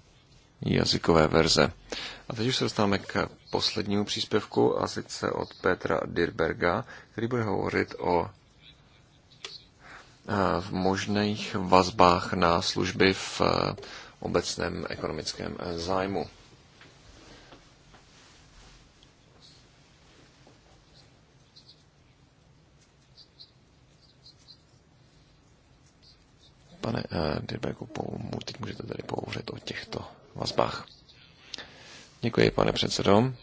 Speaker 2: jazykové verze. A teď už se dostáváme k poslednímu příspěvku, a sice od Petra Dirberga, který bude hovořit o Eh, v možných vazbách na služby v eh, obecném ekonomickém eh, zájmu. Pane Dirbeku, teď můžete tady pouřit o těchto vazbách. Děkuji, pane předsedo.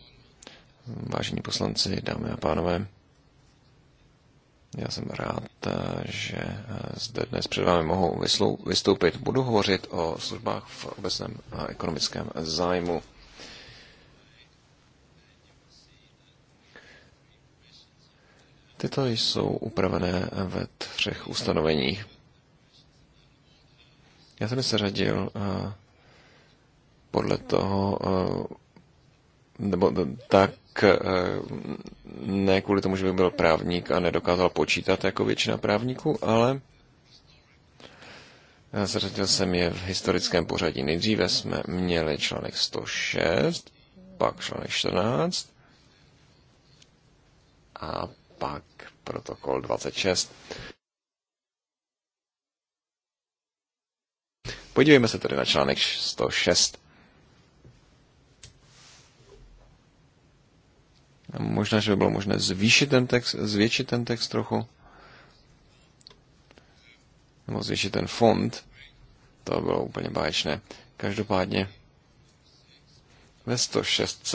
Speaker 2: Vážení poslanci, dámy a pánové. Já jsem rád, eh, že eh, zde dnes před vámi mohu vystoupit. Budu hovořit o službách v obecném a ekonomickém zájmu. Tyto jsou upravené ve třech ustanoveních. Já jsem se řadil eh, podle toho, nebo tak, Eh, ne kvůli tomu, že by byl právník a nedokázal počítat jako většina právníků, ale eh, zařadil jsem je v historickém pořadí. Nejdříve jsme měli článek 106, pak článek 14 a pak protokol 26. Podívejme se tedy na článek 106. Možná, že by bylo možné zvýšit ten text, zvětšit ten text trochu. Nebo zvětšit ten fond. To bylo úplně báječné. Každopádně ve 106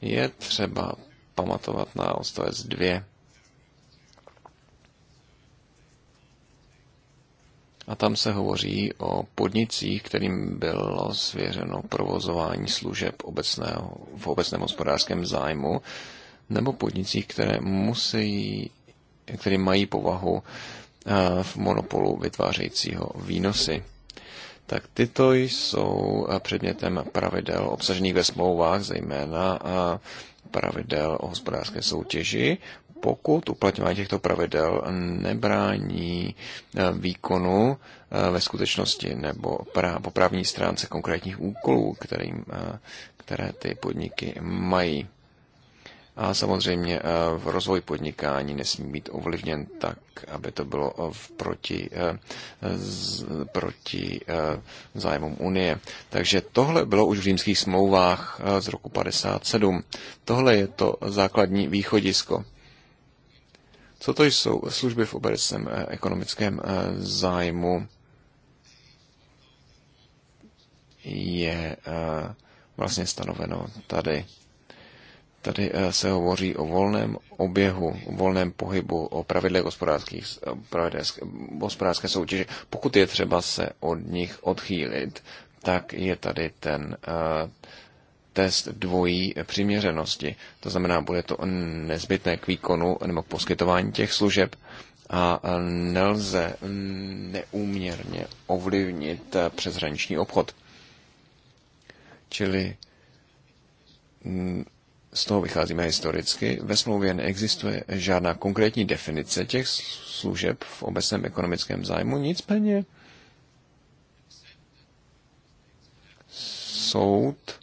Speaker 2: je třeba pamatovat na odstavec 2 a tam se hovoří o podnicích, kterým bylo svěřeno provozování služeb obecného, v obecném hospodářském zájmu, nebo podnicích, které musí, které mají povahu eh, v monopolu vytvářejícího výnosy. Tak tyto jsou eh, předmětem pravidel obsažených ve smlouvách, zejména eh, pravidel o hospodářské soutěži, pokud uplatňování těchto pravidel nebrání eh, výkonu eh, ve skutečnosti nebo po právní stránce konkrétních úkolů, kterým, eh, které ty podniky mají. A samozřejmě v rozvoj podnikání nesmí být ovlivněn tak, aby to bylo v proti, z, proti zájmům Unie. Takže tohle bylo už v římských smlouvách z roku 57. Tohle je to základní východisko. Co to jsou služby v obecném eh, ekonomickém eh, zájmu? Je eh, vlastně stanoveno tady. Tady se hovoří o volném oběhu, o volném pohybu, o pravidlech hospodářských, hospodářské soutěže. Pokud je třeba se od nich odchýlit, tak je tady ten test dvojí přiměřenosti. To znamená, bude to nezbytné k výkonu nebo k poskytování těch služeb a nelze neúměrně ovlivnit přeshraniční obchod. Čili z toho vycházíme historicky. Ve smlouvě neexistuje žádná konkrétní definice těch služeb v obecném ekonomickém zájmu, nicméně soud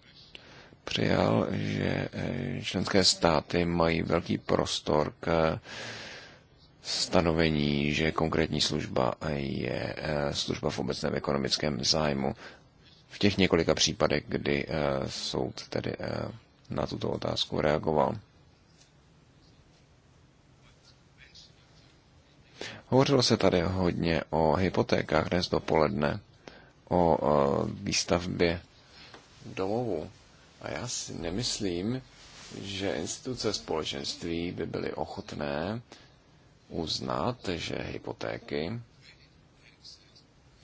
Speaker 2: přijal, že eh, členské státy mají velký prostor k eh, stanovení, že konkrétní služba je eh, služba v obecném ekonomickém zájmu. V těch několika případech, kdy soud tedy na tuto otázku reagoval. Hovořilo se tady hodně o hypotékách dnes dopoledne, o výstavbě domovů. A já si nemyslím, že instituce společenství by byly ochotné uznat, že hypotéky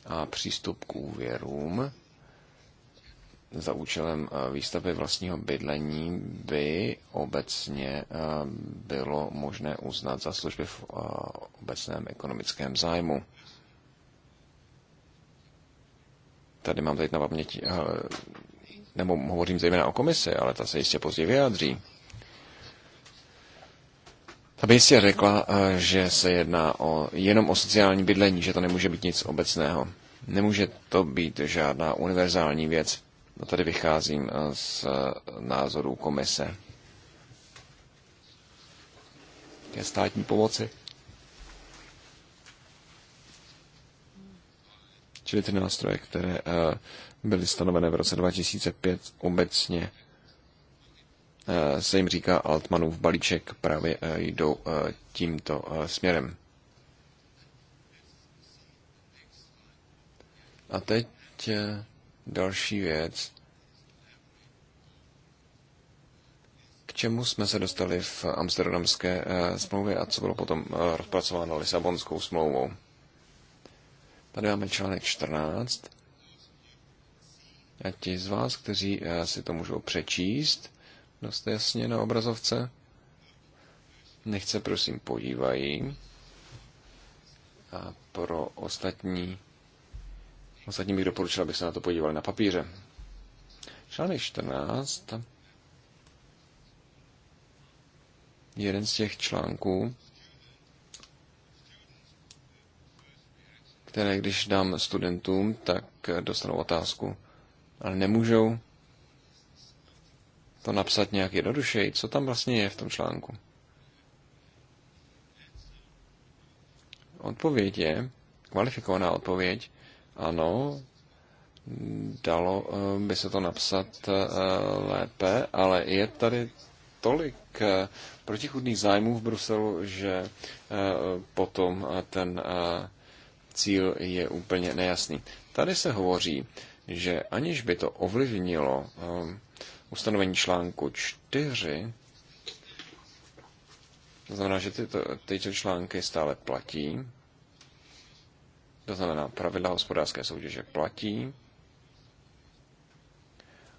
Speaker 2: a přístup k úvěrům za účelem eh, výstavby vlastního bydlení by obecně eh, bylo možné uznat za služby v eh, obecném ekonomickém zájmu. Tady mám teď na paměti nebo hovořím zejména o komisi, ale ta se jistě později vyjádří, by jistě řekla, eh, že se jedná o, jenom o sociální bydlení, že to nemůže být nic obecného. Nemůže to být žádná univerzální věc. No tady vycházím eh, z názorů komise. Ke státní pomoci. čili ty nástroje, které eh, byly stanovené v roce 2005 obecně eh, se jim říká Altmanův balíček, právě eh, jdou tímto směrem. A teď další věc, k čemu jsme se dostali v amsterdamské smlouvě a co bylo potom rozpracováno Lisabonskou smlouvou. Tady máme článek 14. A ti z vás, kteří eh, si to můžou přečíst, dost jasně na obrazovce, nechce prosím podívají. A pro ostatní, ostatní bych doporučil, aby se na to podívali na papíře. Článek 14. Jeden z těch článků které když dám studentům, tak dostanou otázku, ale nemůžou to napsat nějak jednodušeji. Co tam vlastně je v tom článku? Odpověď je, kvalifikovaná odpověď, ano, dalo eh, by se to napsat eh, lépe, ale je tady tolik eh, protichudných zájmů v Bruselu, že potom ten cíl je úplně nejasný. Tady se hovoří, že aniž by to ovlivnilo um, ustanovení článku 4, to znamená, že tyto, tyto články stále platí, to znamená, pravidla hospodářské soutěže platí,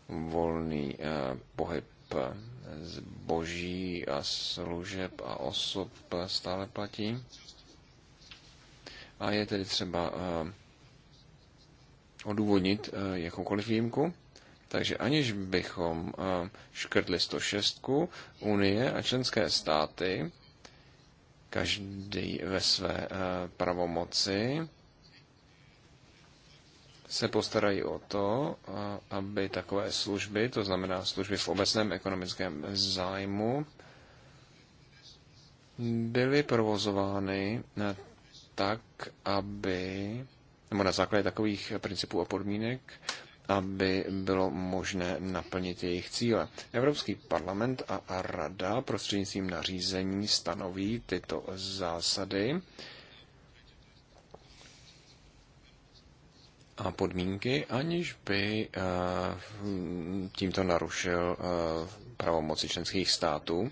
Speaker 2: volný eh, pohyb zboží a služeb a osob stále platí a je tedy třeba eh, odůvodnit eh, jakoukoliv výjimku. Takže aniž bychom eh, škrtli 106, Unie a členské státy, každý ve své pravomoci, se postarají o to, aby takové služby, to znamená služby v obecném ekonomickém zájmu, byly provozovány tak, aby, nebo na základě takových principů a podmínek, aby bylo možné naplnit jejich cíle. Evropský parlament a rada prostřednictvím nařízení stanoví tyto zásady a podmínky, aniž by eh, tímto narušil eh, pravomoci členských států,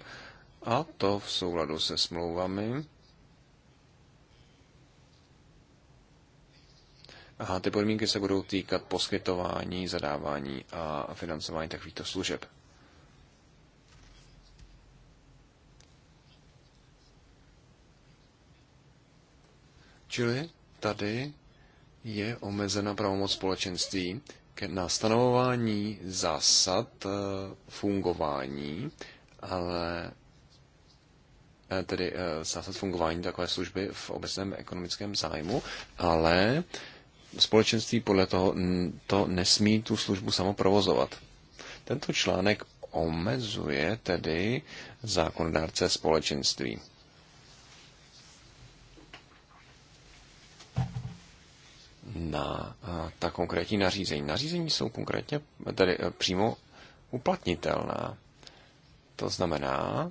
Speaker 2: a to v souladu se smlouvami A ty podmínky se budou týkat poskytování, zadávání a financování takovýchto služeb. Čili tady je omezena pravomoc společenství na stanovování zásad eh, fungování, ale eh, tedy eh, zásad fungování takové služby v obecném ekonomickém zájmu, ale společenství podle toho to nesmí tu službu samoprovozovat. Tento článek omezuje tedy zákonodárce společenství. na ta konkrétní nařízení. Nařízení jsou konkrétně tedy e, přímo uplatnitelná. To znamená,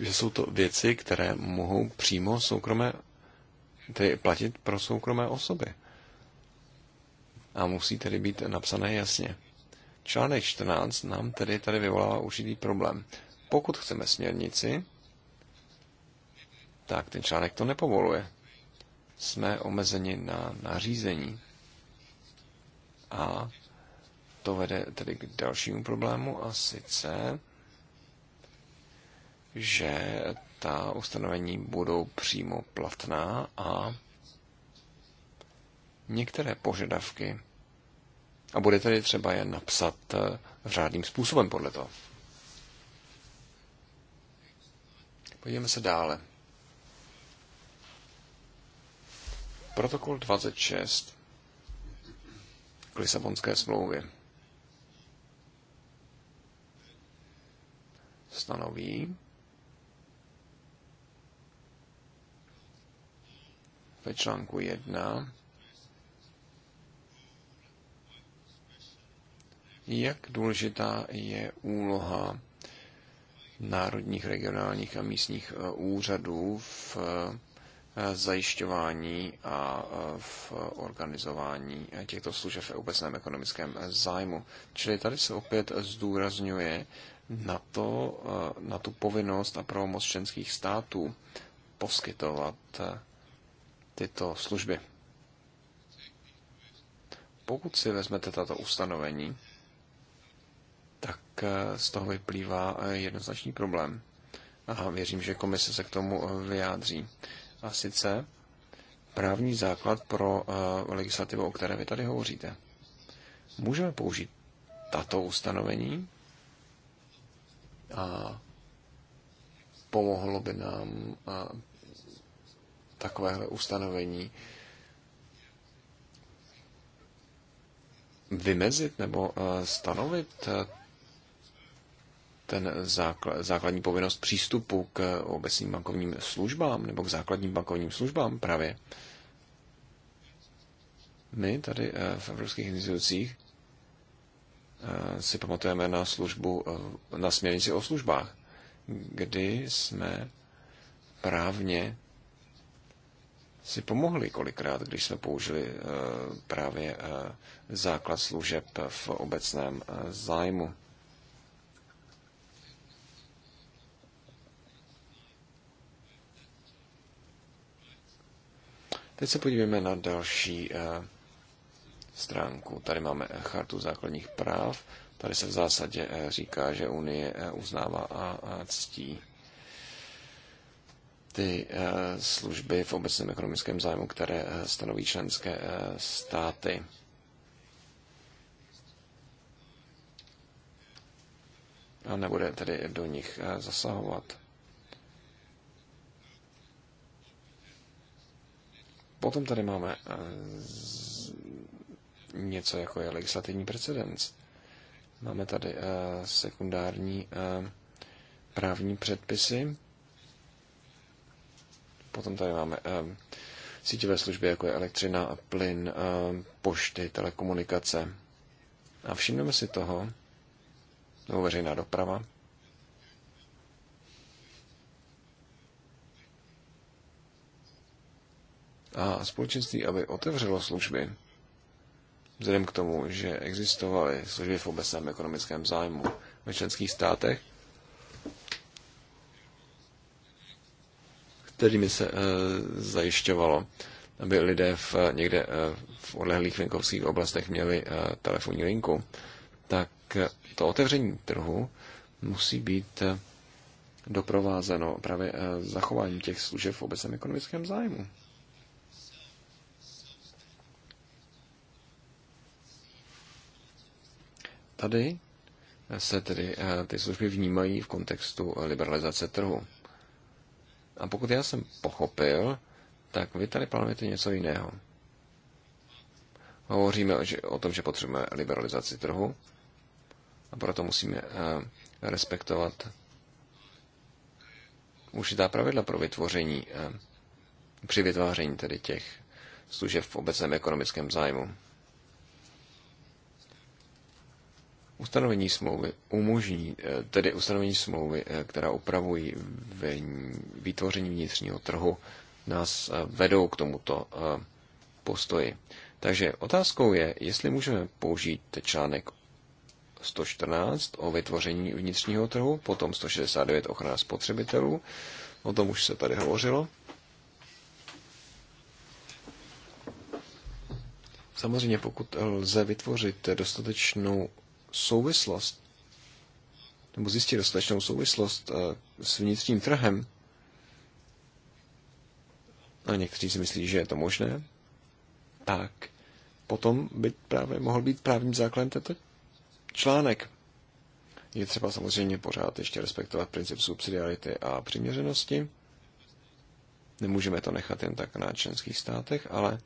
Speaker 2: že jsou to věci, které mohou přímo soukromé, tedy platit pro soukromé osoby. A musí tedy být napsané jasně. Článek 14 nám tedy tady vyvolává určitý problém. Pokud chceme směrnici, tak ten článek to nepovoluje. Jsme omezeni na nařízení. A to vede tedy k dalšímu problému a sice že ta ustanovení budou přímo platná a některé požadavky a bude tedy třeba je napsat eh, řádným způsobem podle toho. Podívejme se dále. Protokol 26 k Lisabonské smlouvě stanoví, ve článku 1, jak důležitá je úloha národních, regionálních a místních e, úřadů v e, zajišťování a e, v organizování těchto služeb v obecném ekonomickém zájmu. Čili tady se opět zdůrazňuje na, to, na tu povinnost a pravomoc členských států poskytovat tyto služby. Pokud si vezmete tato ustanovení, tak eh, z toho vyplývá eh, jednoznačný problém. A věřím, že komise se k tomu eh, vyjádří. A sice právní základ pro legislativu, o které vy tady hovoříte. Můžeme použít tato ustanovení a pomohlo by nám takovéhle ustanovení vymezit nebo eh, stanovit eh, ten základní povinnost přístupu k obecním bankovním službám nebo k základním bankovním službám právě. My tady eh, v evropských institucích si pamatujeme na službu, na směrnici o službách, kdy jsme právně si pomohli kolikrát, když jsme použili eh, právě eh, základ služeb v obecném eh, zájmu. Teď se podívejme na další stránku. Tady máme chartu základních práv. Tady se v zásadě říká, že Unie uznává a ctí ty eh, služby v obecném ekonomickém zájmu, které eh, stanoví členské eh, státy. A nebude tedy do nich zasahovat. Potom tady máme něco jako je legislativní precedens. Máme tady sekundární právní předpisy, Potom tady máme ehm, síťové služby, jako je elektřina, plyn, ehm, pošty, telekomunikace. A všimneme si toho, nebo veřejná doprava, a společenství, aby otevřelo služby, vzhledem k tomu, že existovaly služby v obecném ekonomickém zájmu ve členských státech, kterými se eh, zajišťovalo, aby lidé v, někde eh, v odlehlých venkovských oblastech měli eh, telefonní linku, tak to otevření trhu musí být doprovázeno právě zachováním těch služeb v obecném ekonomickém zájmu. Tady se tedy ty služby vnímají v kontextu liberalizace trhu. A pokud já jsem pochopil, tak vy tady plánujete něco jiného. Hovoříme o tom, že potřebujeme liberalizaci trhu a proto musíme eh, respektovat určitá pravidla pro vytvoření, eh, při vytváření tedy těch služeb v obecném ekonomickém zájmu. Ustanovení smlouvy umožní, eh, tedy ustanovení smlouvy, eh, která upravují vytvoření vnitřního trhu, nás eh, vedou k tomuto postoji. Takže otázkou je, jestli můžeme použít článek 114 o vytvoření vnitřního trhu, potom 169 ochrana spotřebitelů, o tom už se tady hovořilo. Samozřejmě, pokud lze vytvořit dostatečnou souvislost, nebo zjistit dostatečnou souvislost eh, s vnitřním trhem, a někteří si myslí, že je to možné, tak potom by právě mohl být právním základem tento článek. Je třeba samozřejmě pořád ještě respektovat princip subsidiarity a přiměřenosti. Nemůžeme to nechat jen tak na členských státech, ale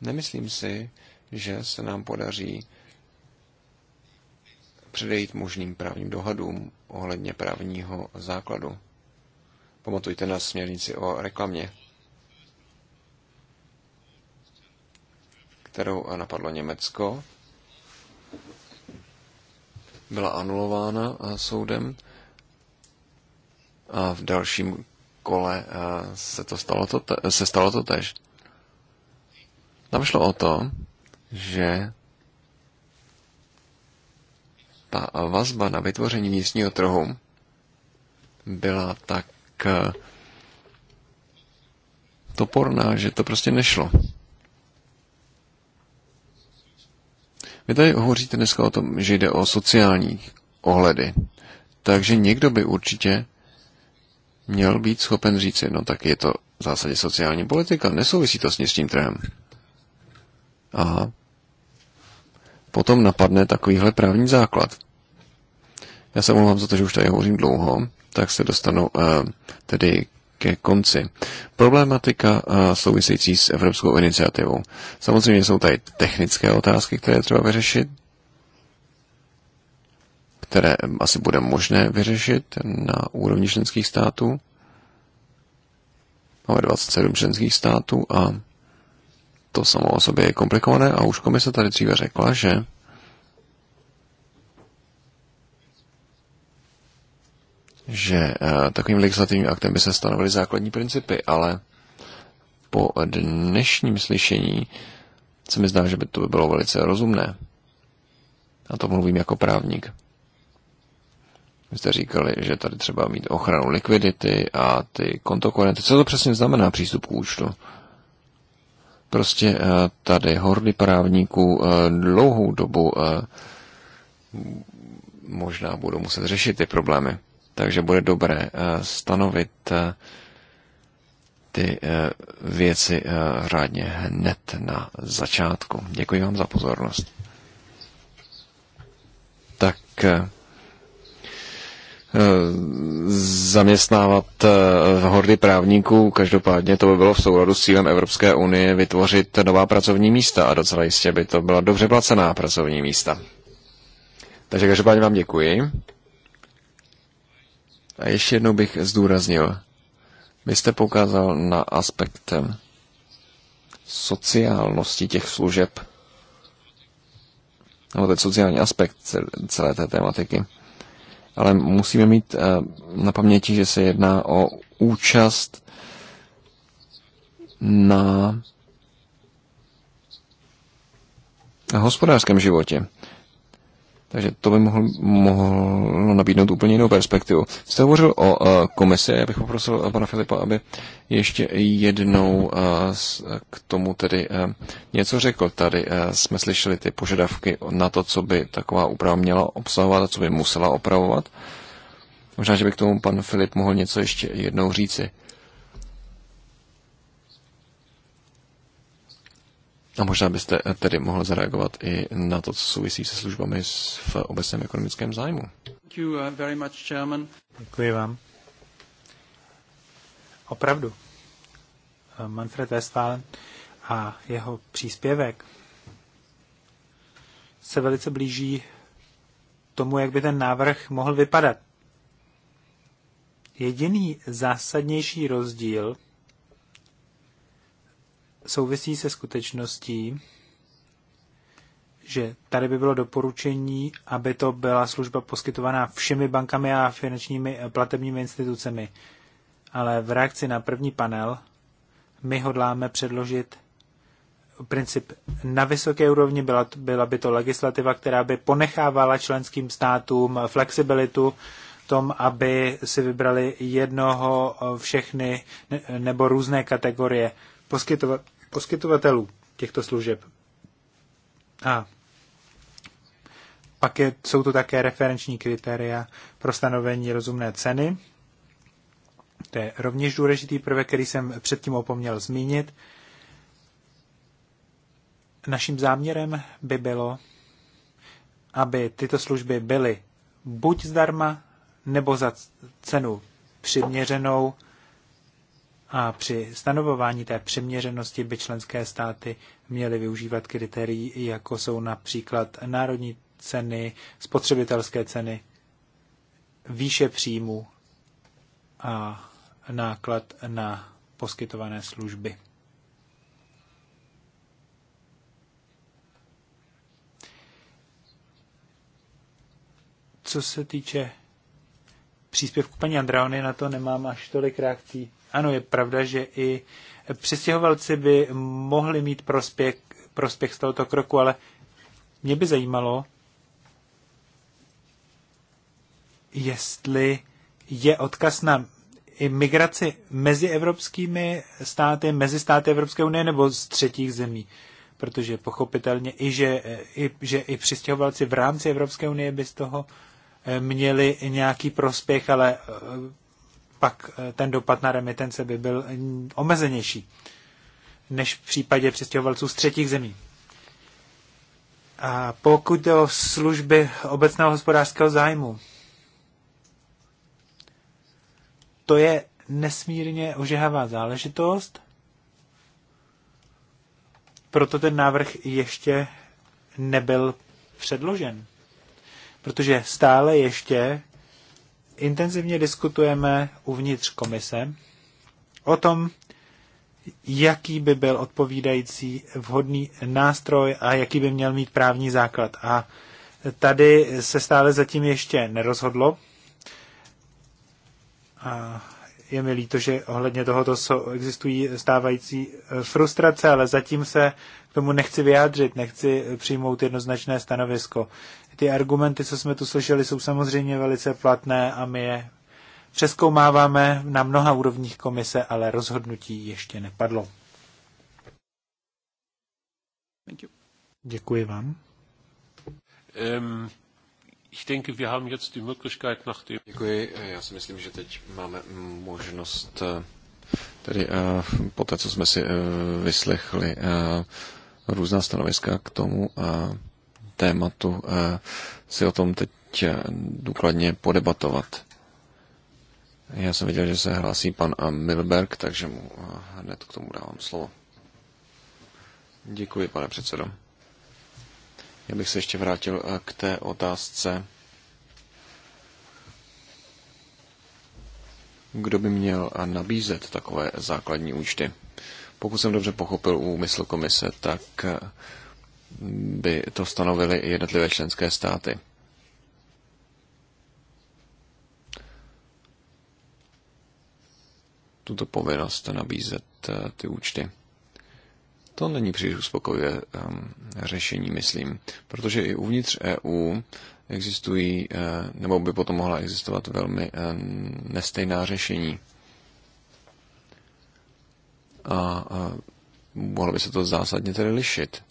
Speaker 2: Nemyslím si, že se nám podaří předejít možným právním dohadům ohledně právního základu. Pamatujte na směrnici o reklamě, kterou napadlo Německo. Byla anulována eh, soudem a v dalším kole eh, se, to stalo to, se stalo to tež. Tam šlo o to, že ta vazba na vytvoření vnitřního trhu byla tak eh, toporná, že to prostě nešlo. Vy tady hovoříte dneska o tom, že jde o sociální ohledy. Takže někdo by určitě měl být schopen říct, no tak je to v zásadě sociální politika, nesouvisí to s tím trhem a potom napadne takovýhle právní základ. Já se omlouvám za to, že už tady hovořím dlouho, tak se dostanu uh, tedy ke konci. Problematika uh, související s Evropskou iniciativou. Samozřejmě jsou tady technické otázky, které třeba vyřešit, které asi bude možné vyřešit na úrovni členských států. Máme 27 členských států a to samo o sobě je komplikované a už komise tady dříve řekla, že že eh, takovým legislativním aktem by se stanovily základní principy, ale po dnešním slyšení se mi zdá, že by to by bylo velice rozumné. A to mluvím jako právník. Vy jste říkali, že tady třeba mít ochranu likvidity a ty kontokorenty. Co to přesně znamená přístup k účtu? Prostě eh, tady hordy právníků eh, dlouhou dobu eh, možná budou muset řešit ty problémy. Takže bude dobré stanovit ty věci řádně hned na začátku. Děkuji vám za pozornost. Tak Eh, zaměstnávat eh, hordy právníků. Každopádně to by bylo v souladu s cílem Evropské unie vytvořit nová pracovní místa a docela jistě by to byla dobře placená pracovní místa. Takže každopádně vám děkuji. A ještě jednou bych zdůraznil, vy jste poukázal na aspekt eh, sociálnosti těch služeb, nebo ten sociální aspekt celé té tematiky ale musíme mít eh, na paměti, že se jedná o účast na hospodářském životě. Takže to by mohlo, mohlo nabídnout úplně jinou perspektivu. Jste hovořil o eh, komisi, já bych poprosil eh, pana Filipa, aby ještě jednou eh, k tomu tedy něco řekl. Tady jsme slyšeli ty požadavky na to, co by taková úprava měla obsahovat a co by musela opravovat. Možná, že by k tomu pan Filip mohl něco ještě jednou říci. A možná byste eh, tedy mohl zareagovat i na to, co souvisí se službami v obecném ekonomickém zájmu. Uh,
Speaker 1: Děkuji vám. Opravdu. Eh, Manfred Westphalen a jeho příspěvek se velice blíží tomu, jak by ten návrh mohl vypadat. Jediný zásadnější rozdíl souvisí se skutečností, že tady by bylo doporučení, aby to byla služba poskytovaná všemi bankami a finančními eh, platebními institucemi. Ale v reakci na první panel my hodláme předložit princip na vysoké úrovni, byla, byla by to legislativa, která by ponechávala členským státům flexibilitu tom, aby si vybrali jednoho, eh, všechny nebo různé kategorie poskytova- poskytovatelů těchto služeb. A pak je, jsou to také referenční kritéria pro stanovení rozumné ceny. To je rovněž důležitý prvek, který jsem předtím opomněl zmínit. Naším záměrem by bylo, aby tyto služby byly buď zdarma, nebo za cenu přiměřenou a při stanovování té přiměřenosti by členské státy měly využívat kritérií, jako jsou například národní ceny, spotřebitelské ceny, výše příjmu a náklad na poskytované služby. Co se týče příspěvku paní Andraony, na to nemám až tolik reakcí ano, je pravda, že i přistěhovalci by mohli mít prospěch, prospěch z tohoto kroku, ale mě by zajímalo, jestli je odkaz na migraci mezi evropskými státy, mezi státy Evropské unie nebo z třetích zemí. Protože pochopitelně i že i, že i přistěhovalci v rámci Evropské unie by z toho eh, měli nějaký prospěch, ale eh, pak eh, ten dopad na remitence by byl eh, omezenější než v případě přestěhovalců z třetích zemí. A pokud jde o služby obecného hospodářského zájmu, to je nesmírně ožehavá záležitost, proto ten návrh ještě nebyl předložen. Protože stále ještě intenzivně diskutujeme uvnitř komise o tom, jaký by byl odpovídající vhodný nástroj a jaký by měl mít právní základ. A tady se stále zatím ještě nerozhodlo. A je mi líto, že ohledně tohoto existují stávající eh, frustrace, ale zatím se k tomu nechci vyjádřit, nechci přijmout jednoznačné stanovisko ty argumenty, co jsme tu slyšeli, jsou samozřejmě velice platné a my je přeskoumáváme na mnoha úrovních komise, ale rozhodnutí ještě nepadlo. Děkuji vám.
Speaker 3: Um, ich denke, wir haben jetzt die Möglichkeit nach dem... Děkuji. Já si myslím, že teď máme
Speaker 2: možnost eh, tedy eh, po té, co jsme si eh, vyslechli různá stanoviska k tomu a tématu eh, si o tom teď eh, důkladně podebatovat. Já jsem viděl, že se hlásí pan eh, Milberg, takže mu hned k tomu dávám slovo. Děkuji, pane předsedo. Já bych se ještě vrátil k té otázce, kdo by měl nabízet takové základní účty. Pokud jsem dobře pochopil úmysl komise, tak by to stanovily jednotlivé členské státy. Tuto povinnost nabízet eh, ty účty. To není příliš uspokojivé ehm, řešení, myslím, protože i uvnitř EU existují, eh, nebo by potom mohla existovat velmi eh, nestejná řešení. A mohlo by se to zásadně tedy lišit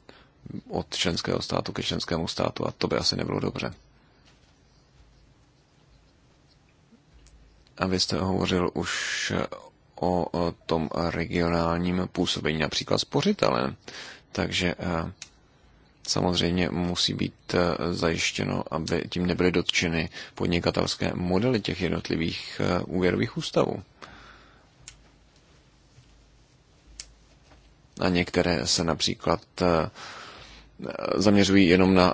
Speaker 2: od členského státu ke členskému státu a to by asi nebylo dobře. A vy jste hovořil už o tom regionálním působení, například spořitelem. Takže eh, samozřejmě musí být eh, zajištěno, aby tím nebyly dotčeny podnikatelské modely těch jednotlivých eh, úvěrových ústavů. A některé se například zaměřují jenom na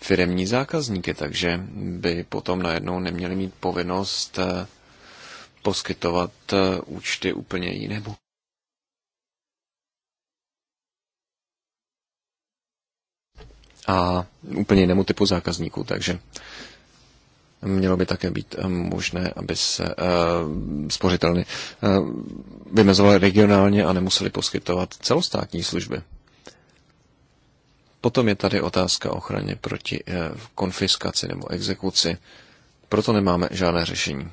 Speaker 2: firemní zákazníky, takže by potom najednou neměli mít povinnost e, poskytovat e, účty úplně jinému. A úplně jinému typu zákazníků, takže mělo by také být e, možné, aby se uh, spořitelny uh, vymezovaly regionálně a nemuseli poskytovat celostátní služby. Potom je tady otázka ochraně proti eh, konfiskaci nebo exekuci. Proto nemáme žádné řešení.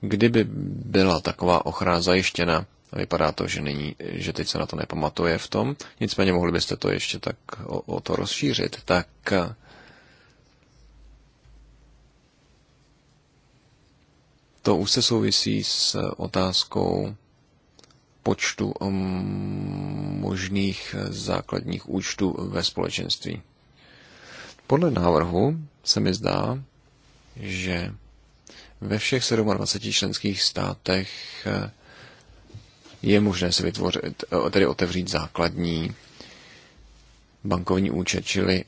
Speaker 2: Kdyby byla taková ochrana zajištěna, a vypadá to, že není, že teď se na to nepamatuje v tom, nicméně mohli byste to ještě tak o, o to rozšířit, tak eh, to už se souvisí s otázkou počtu um, možných eh, základních účtů ve společenství. Podle návrhu se mi zdá, že ve všech 27 členských státech eh, je možné se vytvořit, eh, tedy otevřít základní bankovní účet, čili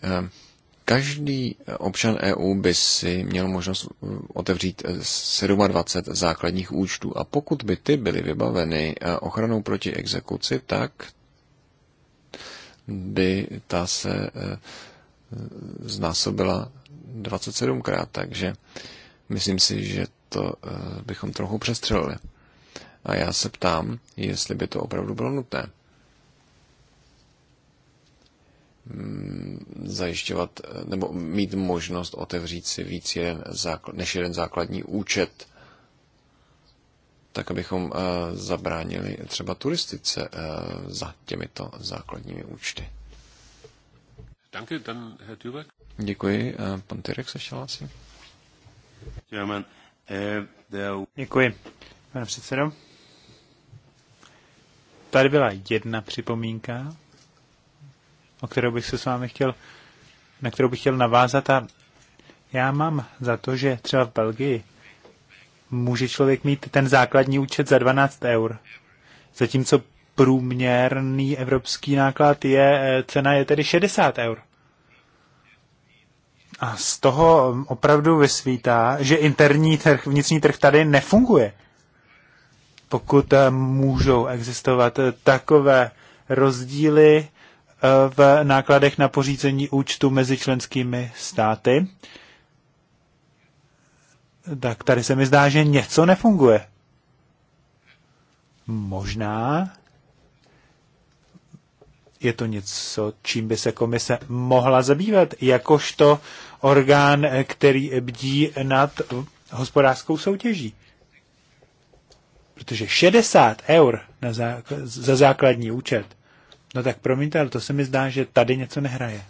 Speaker 2: Každý občan EU by si měl možnost eh, otevřít 27 eh, základních účtů a pokud by ty byly vybaveny eh, ochranou proti exekuci, tak by ta se znásobila 27krát, takže myslím si, že to bychom trochu přestřelili. A já se ptám, jestli by to opravdu bylo nutné. Mm, zajišťovat nebo mít možnost otevřít si víc jeden zákl, než jeden základní účet, tak abychom eh, zabránili třeba turistice eh, za těmito základními účty.
Speaker 3: Danke, dann Herr
Speaker 2: Děkuji. Eh, pan Tyrek se ještě hlásí. Děkuji, pane předsedo.
Speaker 1: Tady byla jedna připomínka o kterou bych se s vámi chtěl, na kterou bych chtěl navázat a já mám za to, že třeba v Belgii může člověk mít ten základní účet za 12 eur, zatímco průměrný evropský náklad je, eh, cena je tedy 60 eur. A z toho mm, opravdu vysvítá, že interní trh, vnitřní trh tady nefunguje. Pokud eh, můžou existovat eh, takové rozdíly v nákladech na pořízení účtu mezi členskými státy, tak tady se mi zdá, že něco nefunguje. Možná je to něco, čím by se komise mohla zabývat, jakožto orgán, který bdí nad hospodářskou soutěží. Protože 60 eur na zá- za základní účet No tak promiňte, ale to se mi zdá, že tady něco nehraje.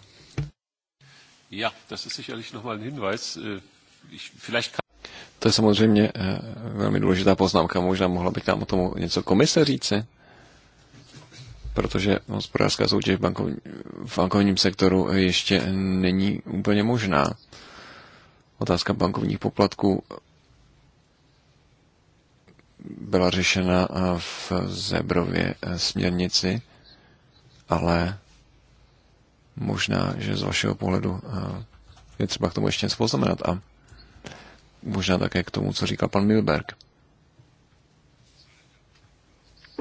Speaker 3: Ja, das ist sicherlich nochmal ein Hinweis. Äh, ich, vielleicht kann...
Speaker 2: To je samozřejmě eh, velmi důležitá poznámka. Možná mohla bych nám o tom něco komise říci? protože hospodářská soutěž v, bankov, v bankovním sektoru ještě není úplně možná. Otázka bankovních poplatků byla řešena v Zebrově směrnici ale možná, že z vašeho pohledu eh, je třeba k tomu ještě něco poznamenat a možná také k tomu, co říkal pan Milberg.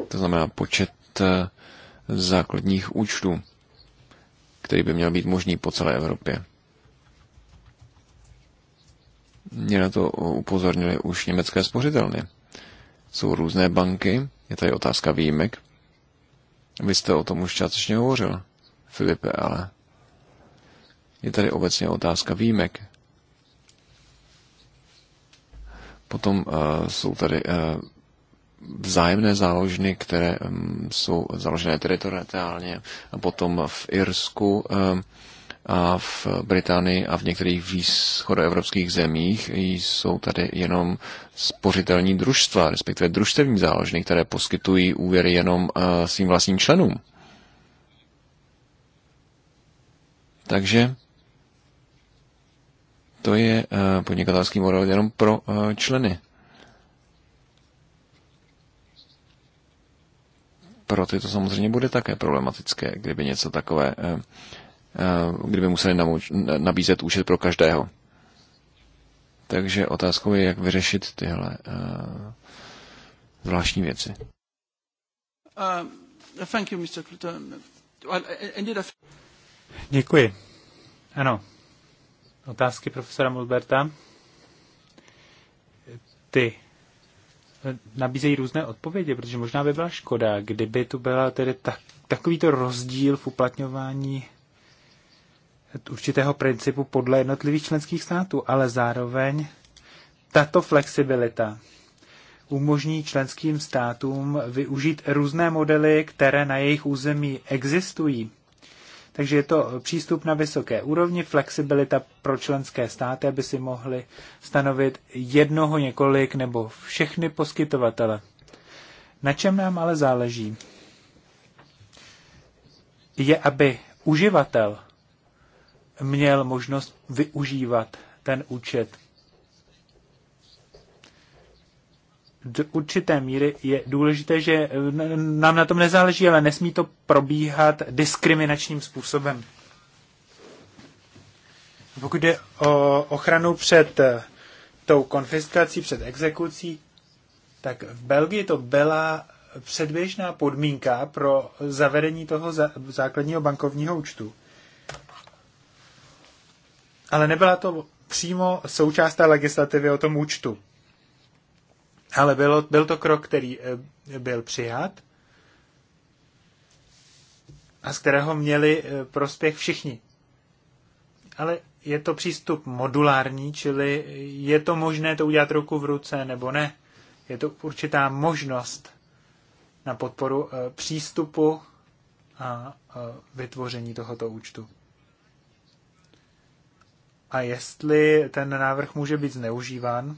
Speaker 2: To znamená počet eh, základních účtů, který by měl být možný po celé Evropě. Mě na to upozornili už německé spořitelny. Jsou různé banky, je tady otázka výjimek, vy jste o tom už částečně hovořil, Filipe, ale je tady obecně otázka výjimek. Potom uh, jsou tady uh, vzájemné záložny, které um, jsou založené teritoriálně a potom v Irsku Uh, a v Británii a v některých východoevropských zemích jsou tady jenom spořitelní družstva, respektive družstevní záložny, které poskytují úvěry jenom eh, svým vlastním členům. Takže to je eh, podnikatelský model jenom pro eh, členy. Pro ty to samozřejmě bude také problematické, kdyby něco takové Eh, kdyby museli nabízet účet pro každého. Takže otázkou je, jak vyřešit tyhle eh, zvláštní věci. Uh,
Speaker 1: Děkuji. Ano. Otázky profesora Mulberta. Ty eh, nabízejí různé odpovědi, protože možná by byla škoda, kdyby tu byla tedy tak, takovýto rozdíl v uplatňování určitého principu podle jednotlivých členských států, ale zároveň tato flexibilita umožní členským státům využít různé modely, které na jejich území existují. Takže je to přístup na vysoké úrovni, flexibilita pro členské státy, aby si mohli stanovit jednoho, několik nebo všechny poskytovatele. Na čem nám ale záleží? Je, aby uživatel měl možnost využívat ten účet. Do určité míry je důležité, že nám na tom nezáleží, ale nesmí to probíhat diskriminačním způsobem. Pokud jde o ochranu před eh, tou konfiskací, před exekucí, tak v Belgii to byla předběžná podmínka pro zavedení toho základního bankovního účtu ale nebyla to přímo součást té legislativy o tom účtu. Ale bylo, byl to krok, který eh, byl přijat a z kterého měli eh, prospěch všichni. Ale je to přístup modulární, čili je to možné to udělat ruku v ruce nebo ne. Je to určitá možnost na podporu eh, přístupu a vytvoření tohoto účtu a jestli ten návrh může být zneužíván,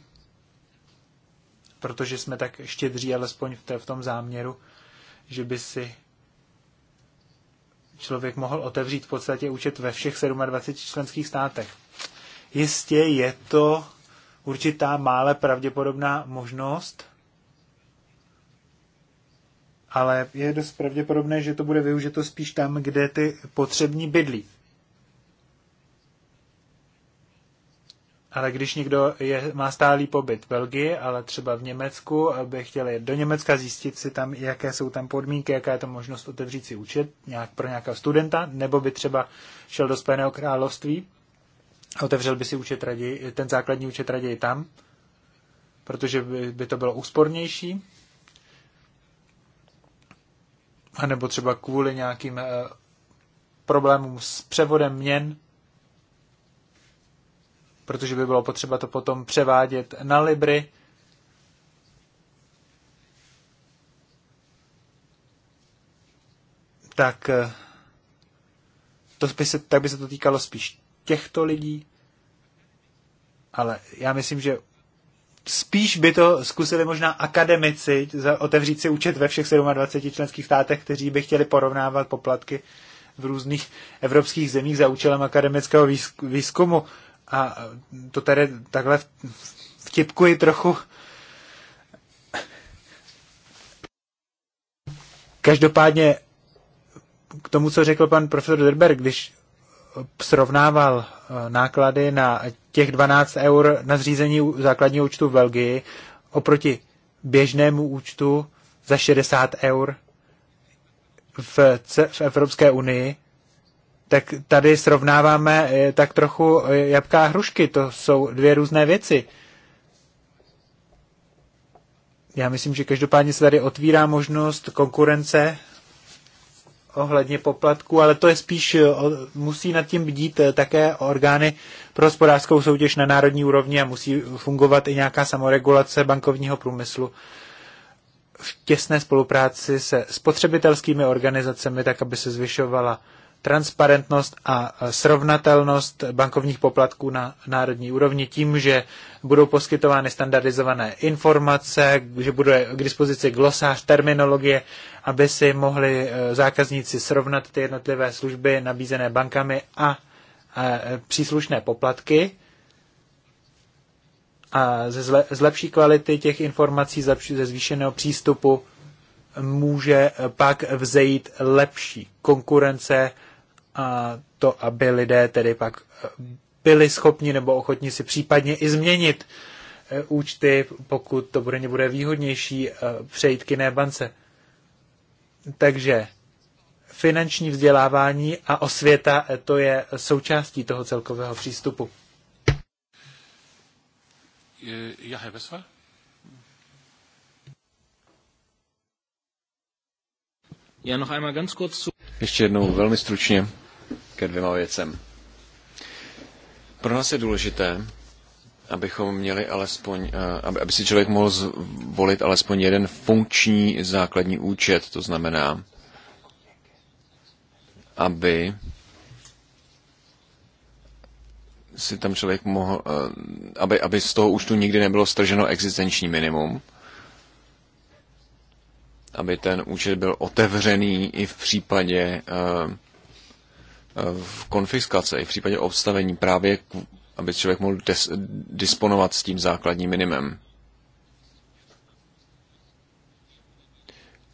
Speaker 1: protože jsme tak štědří, alespoň v, té, v tom záměru, že by si člověk mohl otevřít v podstatě účet ve všech 27 členských státech. Jistě je to určitá mále pravděpodobná možnost, ale je dost pravděpodobné, že to bude využito spíš tam, kde ty potřební bydlí. Ale když někdo je, má stálý pobyt v Belgii, ale třeba v Německu, aby chtěl jít do Německa, zjistit si tam, jaké jsou tam podmínky, jaká je to možnost otevřít si účet nějak pro nějakého studenta, nebo by třeba šel do Spojeného království a otevřel by si účet raději, ten základní účet raději tam, protože by, by to bylo úspornější. A nebo třeba kvůli nějakým e, problémům s převodem měn protože by bylo potřeba to potom převádět na Libry. Tak, eh, to by se, tak by se to týkalo spíš těchto lidí, ale já myslím, že spíš by to zkusili možná akademici otevřít si účet ve všech 27 členských státech, kteří by chtěli porovnávat poplatky v různých evropských zemích za účelem akademického výzkumu a to tady takhle vtipkuji trochu. Každopádně k tomu, co řekl pan profesor Derberg, když srovnával eh, náklady na těch 12 eur na zřízení základního účtu v Belgii oproti běžnému účtu za 60 eur v, v Evropské unii, tak tady srovnáváme eh, tak trochu eh, jabká a hrušky. To jsou dvě různé věci. Já myslím, že každopádně se tady otvírá možnost konkurence ohledně poplatku, ale to je spíš, eh, musí nad tím bdít také orgány pro hospodářskou soutěž na národní úrovni a musí fungovat i nějaká samoregulace bankovního průmyslu v těsné spolupráci se spotřebitelskými organizacemi, tak aby se zvyšovala transparentnost a srovnatelnost bankovních poplatků na národní úrovni tím, že budou poskytovány standardizované informace, že bude k dispozici glosář terminologie, aby si mohli eh, zákazníci srovnat ty jednotlivé služby nabízené bankami a eh, příslušné poplatky a ze, lepší kvality těch informací, ze zvýšeného přístupu může pak vzejít lepší konkurence a to, aby lidé tedy pak eh, byli schopni nebo ochotni si případně i změnit eh, účty, pokud to bude nebude výhodnější eh, přejít k jiné bance. Takže finanční vzdělávání a osvěta, to je součástí toho celkového přístupu.
Speaker 3: Jag är Já noch einmal ganz kurz zu...
Speaker 2: Ještě jednou velmi stručně ke dvěma věcem. Pro nás je důležité, abychom měli alespoň, eh, aby, aby si člověk mohl zvolit alespoň jeden funkční základní účet, to znamená, aby si tam člověk mohl, eh, aby, aby z toho účtu nikdy nebylo strženo existenční minimum, aby ten účet byl otevřený i v případě uh, v konfiskace i v případě obstavení právě, aby člověk mohl des, disponovat s tím základním minimem.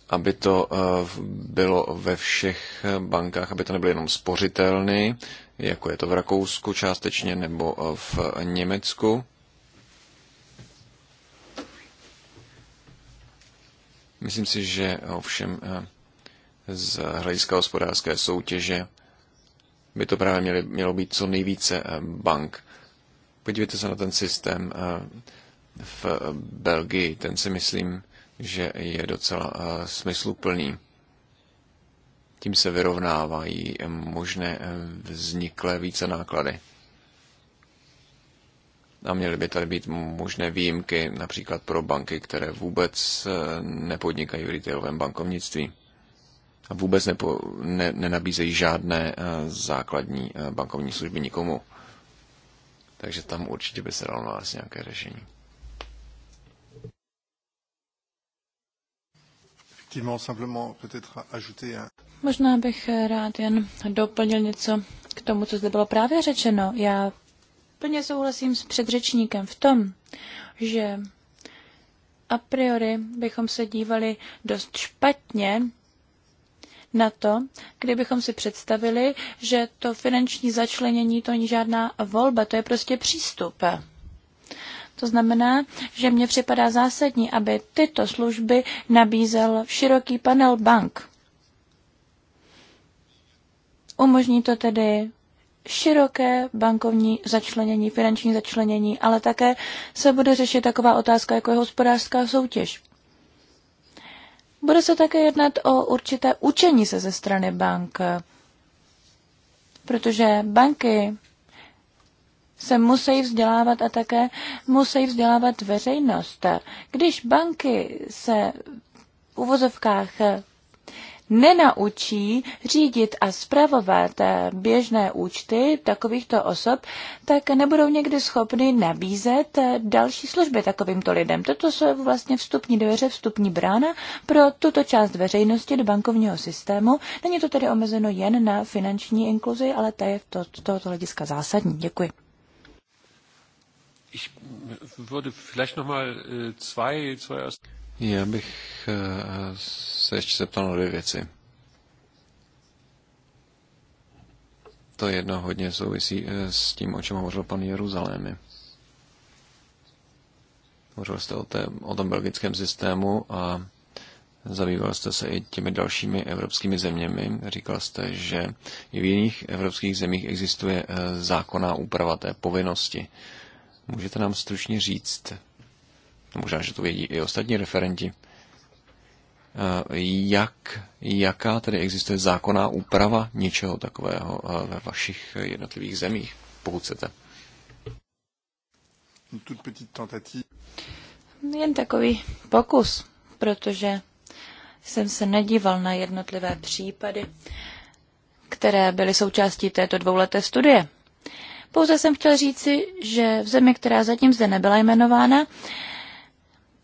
Speaker 2: Aby to eh, bylo ve všech bankách, aby to nebyly jenom spořitelny, jako je to v Rakousku částečně nebo eh, v Německu. Myslím si, že ovšem eh, z hlediska hospodářské soutěže by to právě měly, mělo být co nejvíce eh, bank. Podívejte se na ten systém eh, v eh, Belgii, ten si myslím, že je docela smysluplný. Tím se vyrovnávají možné vzniklé více náklady. A měly by tady být možné výjimky, například pro banky, které vůbec nepodnikají v retailovém bankovnictví vůbec nepo, ne, nenabízejí žádné eh, základní eh, bankovní služby nikomu. Takže tam určitě by se dalo nalézt nějaké řešení.
Speaker 4: Možná bych eh, rád jen doplnil něco k tomu, co zde bylo právě řečeno. Já plně souhlasím s předřečníkem v tom, že a priori bychom se dívali dost špatně na to, kdybychom si představili, že to finanční začlenění to není žádná volba, to je prostě přístup. To znamená, že mně připadá zásadní, aby tyto služby nabízel široký panel bank. Umožní to tedy široké bankovní začlenění, finanční začlenění, ale také se bude řešit taková otázka, jako je hospodářská soutěž. Bude se také jednat o určité učení se ze strany bank, protože banky se musí vzdělávat a také musí vzdělávat veřejnost. Když banky se v uvozovkách nenaučí řídit a spravovat eh, běžné účty takovýchto osob, tak nebudou někdy schopny nabízet eh, další služby takovýmto lidem. Toto jsou vlastně vstupní dveře, vstupní brána pro tuto část veřejnosti do bankovního systému. Není to tedy omezeno jen na finanční inkluzi, ale ta je to, tohoto hlediska zásadní. Děkuji.
Speaker 3: Ich würde vielleicht noch mal äh, zwei, zwei
Speaker 2: já bych eh, se ještě zeptal na dvě věci. To jedno hodně souvisí eh, s tím, o čem hovořil pan Jeruzalémy. Hovořil jste o, té, o tom belgickém systému a zabýval jste se i těmi dalšími evropskými zeměmi. Říkal jste, že i v jiných evropských zemích existuje eh, zákonná úprava té povinnosti. Můžete nám stručně říct, možná, že to vědí i ostatní referenti, eh, jak, jaká tedy existuje zákonná úprava něčeho takového eh, ve vašich jednotlivých zemích, pokud chcete.
Speaker 4: Jen takový pokus, protože jsem se nedíval na jednotlivé případy, které byly součástí této dvouleté studie. Pouze jsem chtěl říci, že v zemi, která zatím zde nebyla jmenována,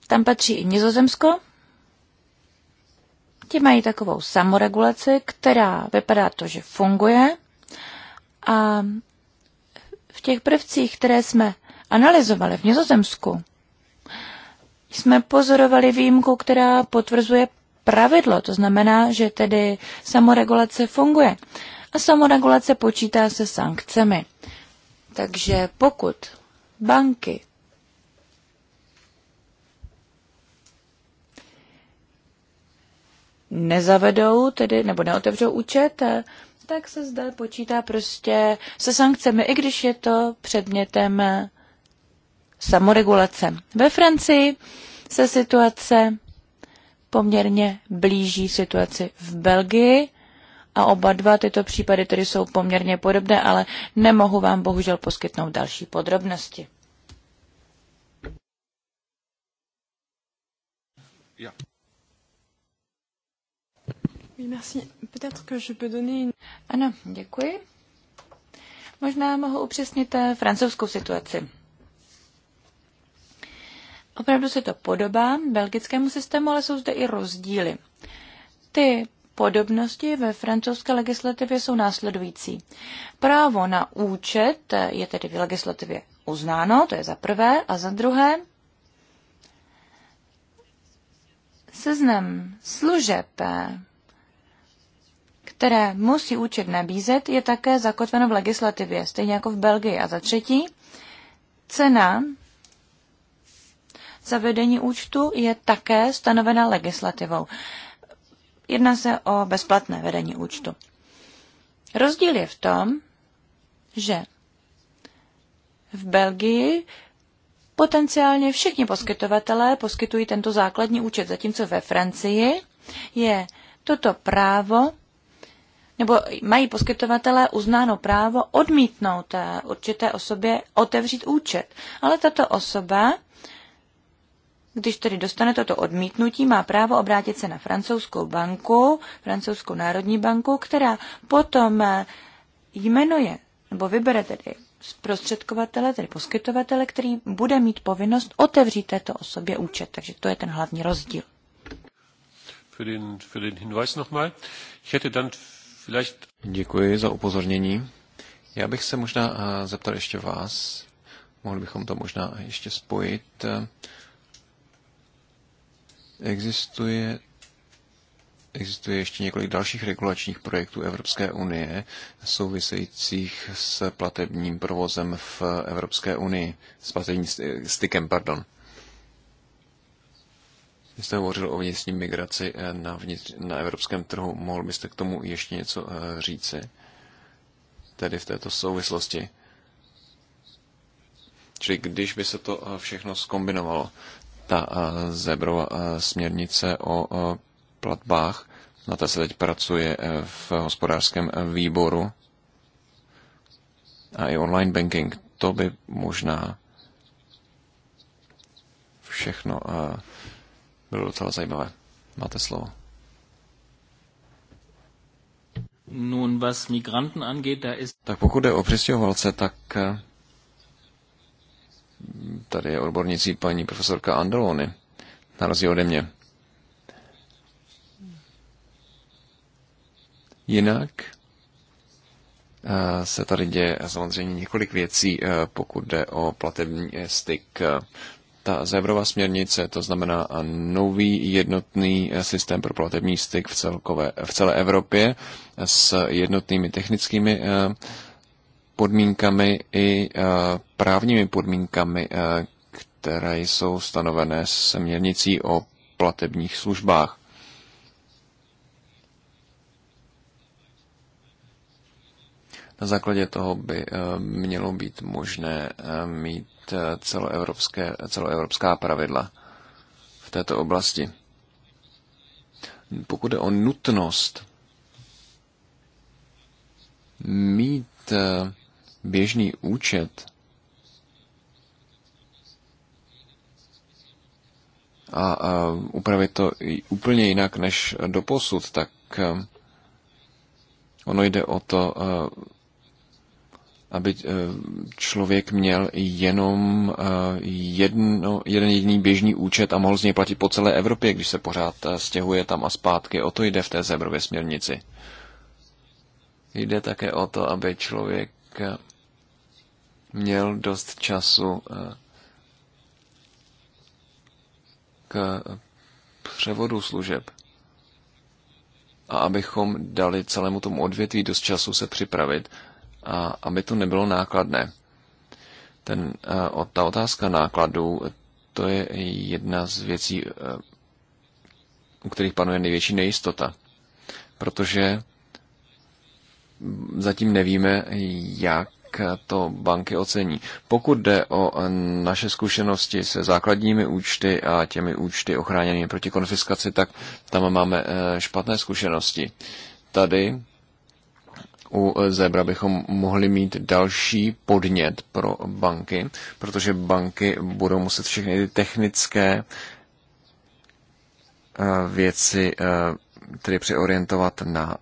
Speaker 4: tam patří i Nizozemsko. Ti mají takovou samoregulaci, která vypadá to, že funguje. A v těch prvcích, které jsme analyzovali v Nizozemsku, jsme pozorovali výjimku, která potvrzuje pravidlo. To znamená, že tedy samoregulace funguje. A samoregulace počítá se sankcemi. Takže pokud banky nezavedou, tedy nebo neotevřou účet, eh, tak se zde počítá prostě se sankcemi, i když je to předmětem eh, samoregulace. Ve Francii se situace poměrně blíží situaci v Belgii a oba dva tyto případy tedy jsou poměrně podobné, ale nemohu vám bohužel poskytnout další podrobnosti. Yeah. Ano, děkuji. Možná mohu upřesnit eh, francouzskou situaci. Opravdu se to podobá belgickému systému, ale jsou zde i rozdíly. Ty podobnosti ve francouzské legislativě jsou následující. Právo na účet eh, je tedy v legislativě uznáno, to je za prvé, a za druhé seznam služeb eh, které musí účet nabízet, je také zakotveno v legislativě, stejně jako v Belgii. A za třetí, cena zavedení účtu je také stanovena legislativou. Jedná se o bezplatné vedení účtu. Rozdíl je v tom, že v Belgii potenciálně všichni poskytovatelé poskytují tento základní účet, zatímco ve Francii je toto právo nebo mají poskytovatelé uznáno právo odmítnout eh, určité osobě otevřít účet. Ale tato osoba, když tedy dostane toto odmítnutí, má právo obrátit se na francouzskou banku, francouzskou národní banku, která potom eh, jmenuje nebo vybere tedy zprostředkovatele, tedy poskytovatele, který bude mít povinnost otevřít této osobě účet. Takže to je ten hlavní rozdíl.
Speaker 3: Für den, für den Hinweis nochmal. Ich hätte dann
Speaker 2: Děkuji za upozornění. Já bych se možná eh, zeptal ještě vás. Mohli bychom to možná ještě spojit. Existuje Existuje ještě několik dalších regulačních projektů Evropské unie souvisejících s platebním provozem v Evropské unii, s platebním stykem, pardon. Vy jste hovořil o vnitřní migraci eh, na, vnitř, na evropském trhu. Mohl byste k tomu ještě něco eh, říci? Tedy v této souvislosti. Čili když by se to eh, všechno skombinovalo, ta zebrova směrnice o platbách, na té se teď pracuje v hospodářském výboru a i online banking, to by možná všechno bylo docela zajímavé. Máte slovo.
Speaker 3: Nun, was Migranten angeht, da ist...
Speaker 2: Tak pokud jde o přistěhovalce, tak eh, tady je odbornicí paní profesorka Andolony, na rozdíl ode mě. Jinak eh, se tady děje samozřejmě několik věcí, eh, pokud jde o platební styk ta zevrová směrnice, to znamená nový jednotný eh, systém pro platební styk v, celkové, v celé Evropě eh, s jednotnými technickými eh, podmínkami i právními podmínkami, které jsou stanovené směrnicí o platebních službách. Na základě toho by mělo být možné mít Eh, celoevropské, celoevropská pravidla v této oblasti. Pokud je o nutnost mít eh, běžný účet a upravit to úplně jinak než doposud, tak eh, ono jde o to aby eh, člověk měl jenom eh, jedno, jeden jediný běžný účet a mohl z něj platit po celé Evropě, když se pořád eh, stěhuje tam a zpátky. O to jde v té Zebrově směrnici. Jde také o to, aby člověk měl dost času k převodu služeb a abychom dali celému tomu odvětví dost času se připravit a aby to nebylo nákladné. Ten, ta otázka nákladů, to je jedna z věcí, e, u kterých panuje největší nejistota. Protože zatím nevíme, jak to banky ocení. Pokud jde o e, naše zkušenosti se základními účty a těmi účty ochráněnými proti konfiskaci, tak tam máme e, špatné zkušenosti. Tady u eh, Zebra bychom mohli mít další podnět pro banky, protože banky budou muset všechny ty technické eh, věci eh, tedy přeorientovat na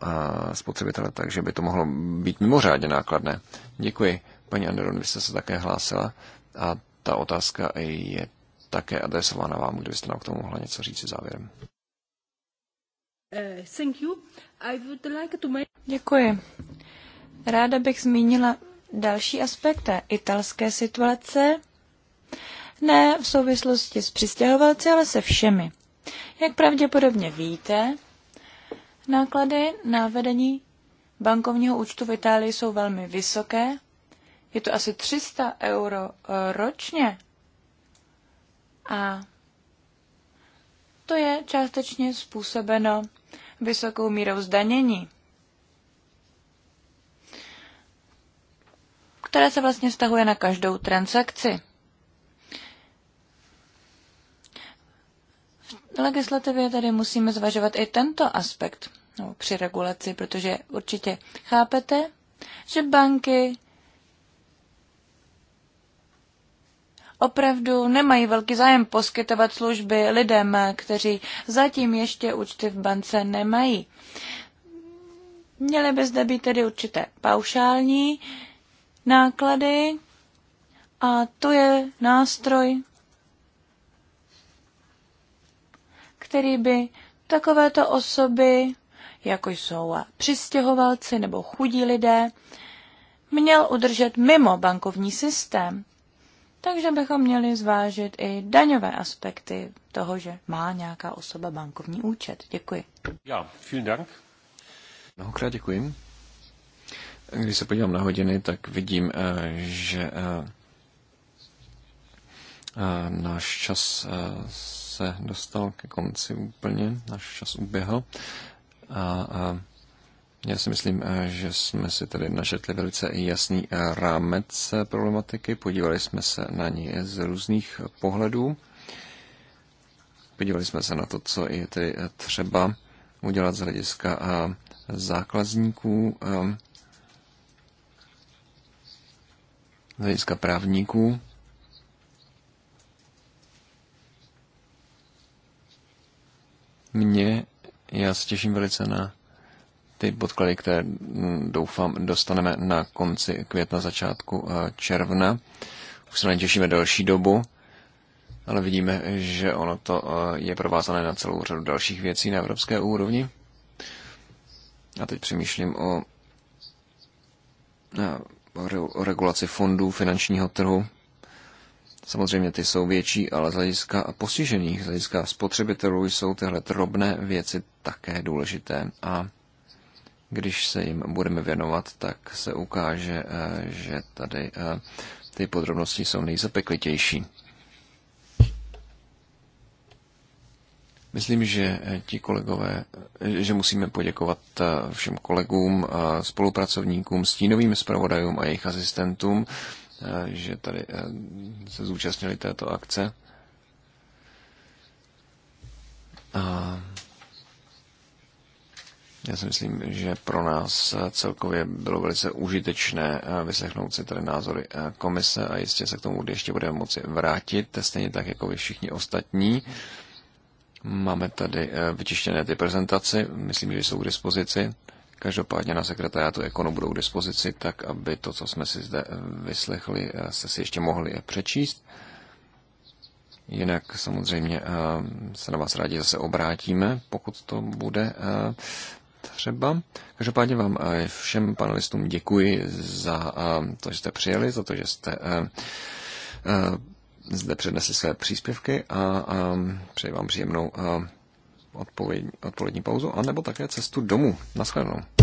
Speaker 2: spotřebitele, takže by to mohlo být mimořádně nákladné. Děkuji. Paní Anderon, vy jste se také hlásila a ta otázka je také adresována vám, kdybyste nám k tomu mohla něco říct závěrem.
Speaker 4: Eh, Děkuji. Ráda bych zmínila další aspekt italské situace. Ne v souvislosti s přistěhovalci, ale se všemi. Jak pravděpodobně víte, náklady na vedení bankovního účtu v Itálii jsou velmi vysoké. Je to asi 300 euro eh, ročně. A to je částečně způsobeno vysokou mírou zdanění, které se vlastně stahuje na každou transakci. V legislativě tady musíme zvažovat i tento aspekt no, při regulaci, protože určitě chápete, že banky opravdu nemají velký zájem poskytovat služby lidem, kteří zatím ještě účty v bance nemají. Měly by zde být tedy určité paušální náklady a to je nástroj, který by takovéto osoby, jako jsou přistěhovalci nebo chudí lidé, měl udržet mimo bankovní systém. Takže bychom měli zvážit i daňové aspekty toho, že má nějaká osoba bankovní účet. Děkuji.
Speaker 3: Já, vielen Dank.
Speaker 2: Mnohokrát děkuji. Když se podívám na hodiny, tak vidím, eh, že eh, eh, náš čas se dostal ke konci úplně, náš čas uběhl. A, a já si myslím, eh, že jsme si tady našetli velice jasný eh, rámec eh, problematiky, podívali jsme se na ní z různých pohledů. Podívali jsme se na to, co je tedy třeba udělat z hlediska základníků, z hlediska právníků. Mně, já se těším velice na ty podklady, které mm, doufám dostaneme na konci května, začátku eh, června. Už se na ně těšíme další dobu, ale vidíme, že ono to eh, je provázané na celou řadu dalších věcí na evropské úrovni. A teď přemýšlím o, eh, o regulaci fondů finančního trhu. Samozřejmě ty jsou větší, ale z hlediska postižených, z hlediska spotřebitelů jsou tyhle drobné věci také důležité a když se jim budeme věnovat, tak se ukáže, eh, že tady eh, ty podrobnosti jsou nejzapeklitější. Myslím, že eh, ti kolegové, že musíme poděkovat všem kolegům, spolupracovníkům, stínovým zpravodajům a jejich asistentům, že tady se zúčastnili této akce. Já si myslím, že pro nás celkově bylo velice užitečné eh, vyslechnout si tady názory eh, komise a jistě se k tomu ještě budeme moci vrátit, stejně tak jako vy všichni ostatní. Máme tady eh, vytištěné ty prezentaci, myslím, že jsou k dispozici. Každopádně na sekretariátu Ekonu budou k dispozici, tak aby to, co jsme si zde vyslechli, se si ještě mohli přečíst. Jinak samozřejmě se na vás rádi zase obrátíme, pokud to bude třeba. Každopádně vám eh, všem panelistům děkuji za eh, to, že jste přijeli, za to, že jste eh, zde přednesli své příspěvky a přeji vám příjemnou odpolední pauzu, anebo také cestu domů. Naschledanou.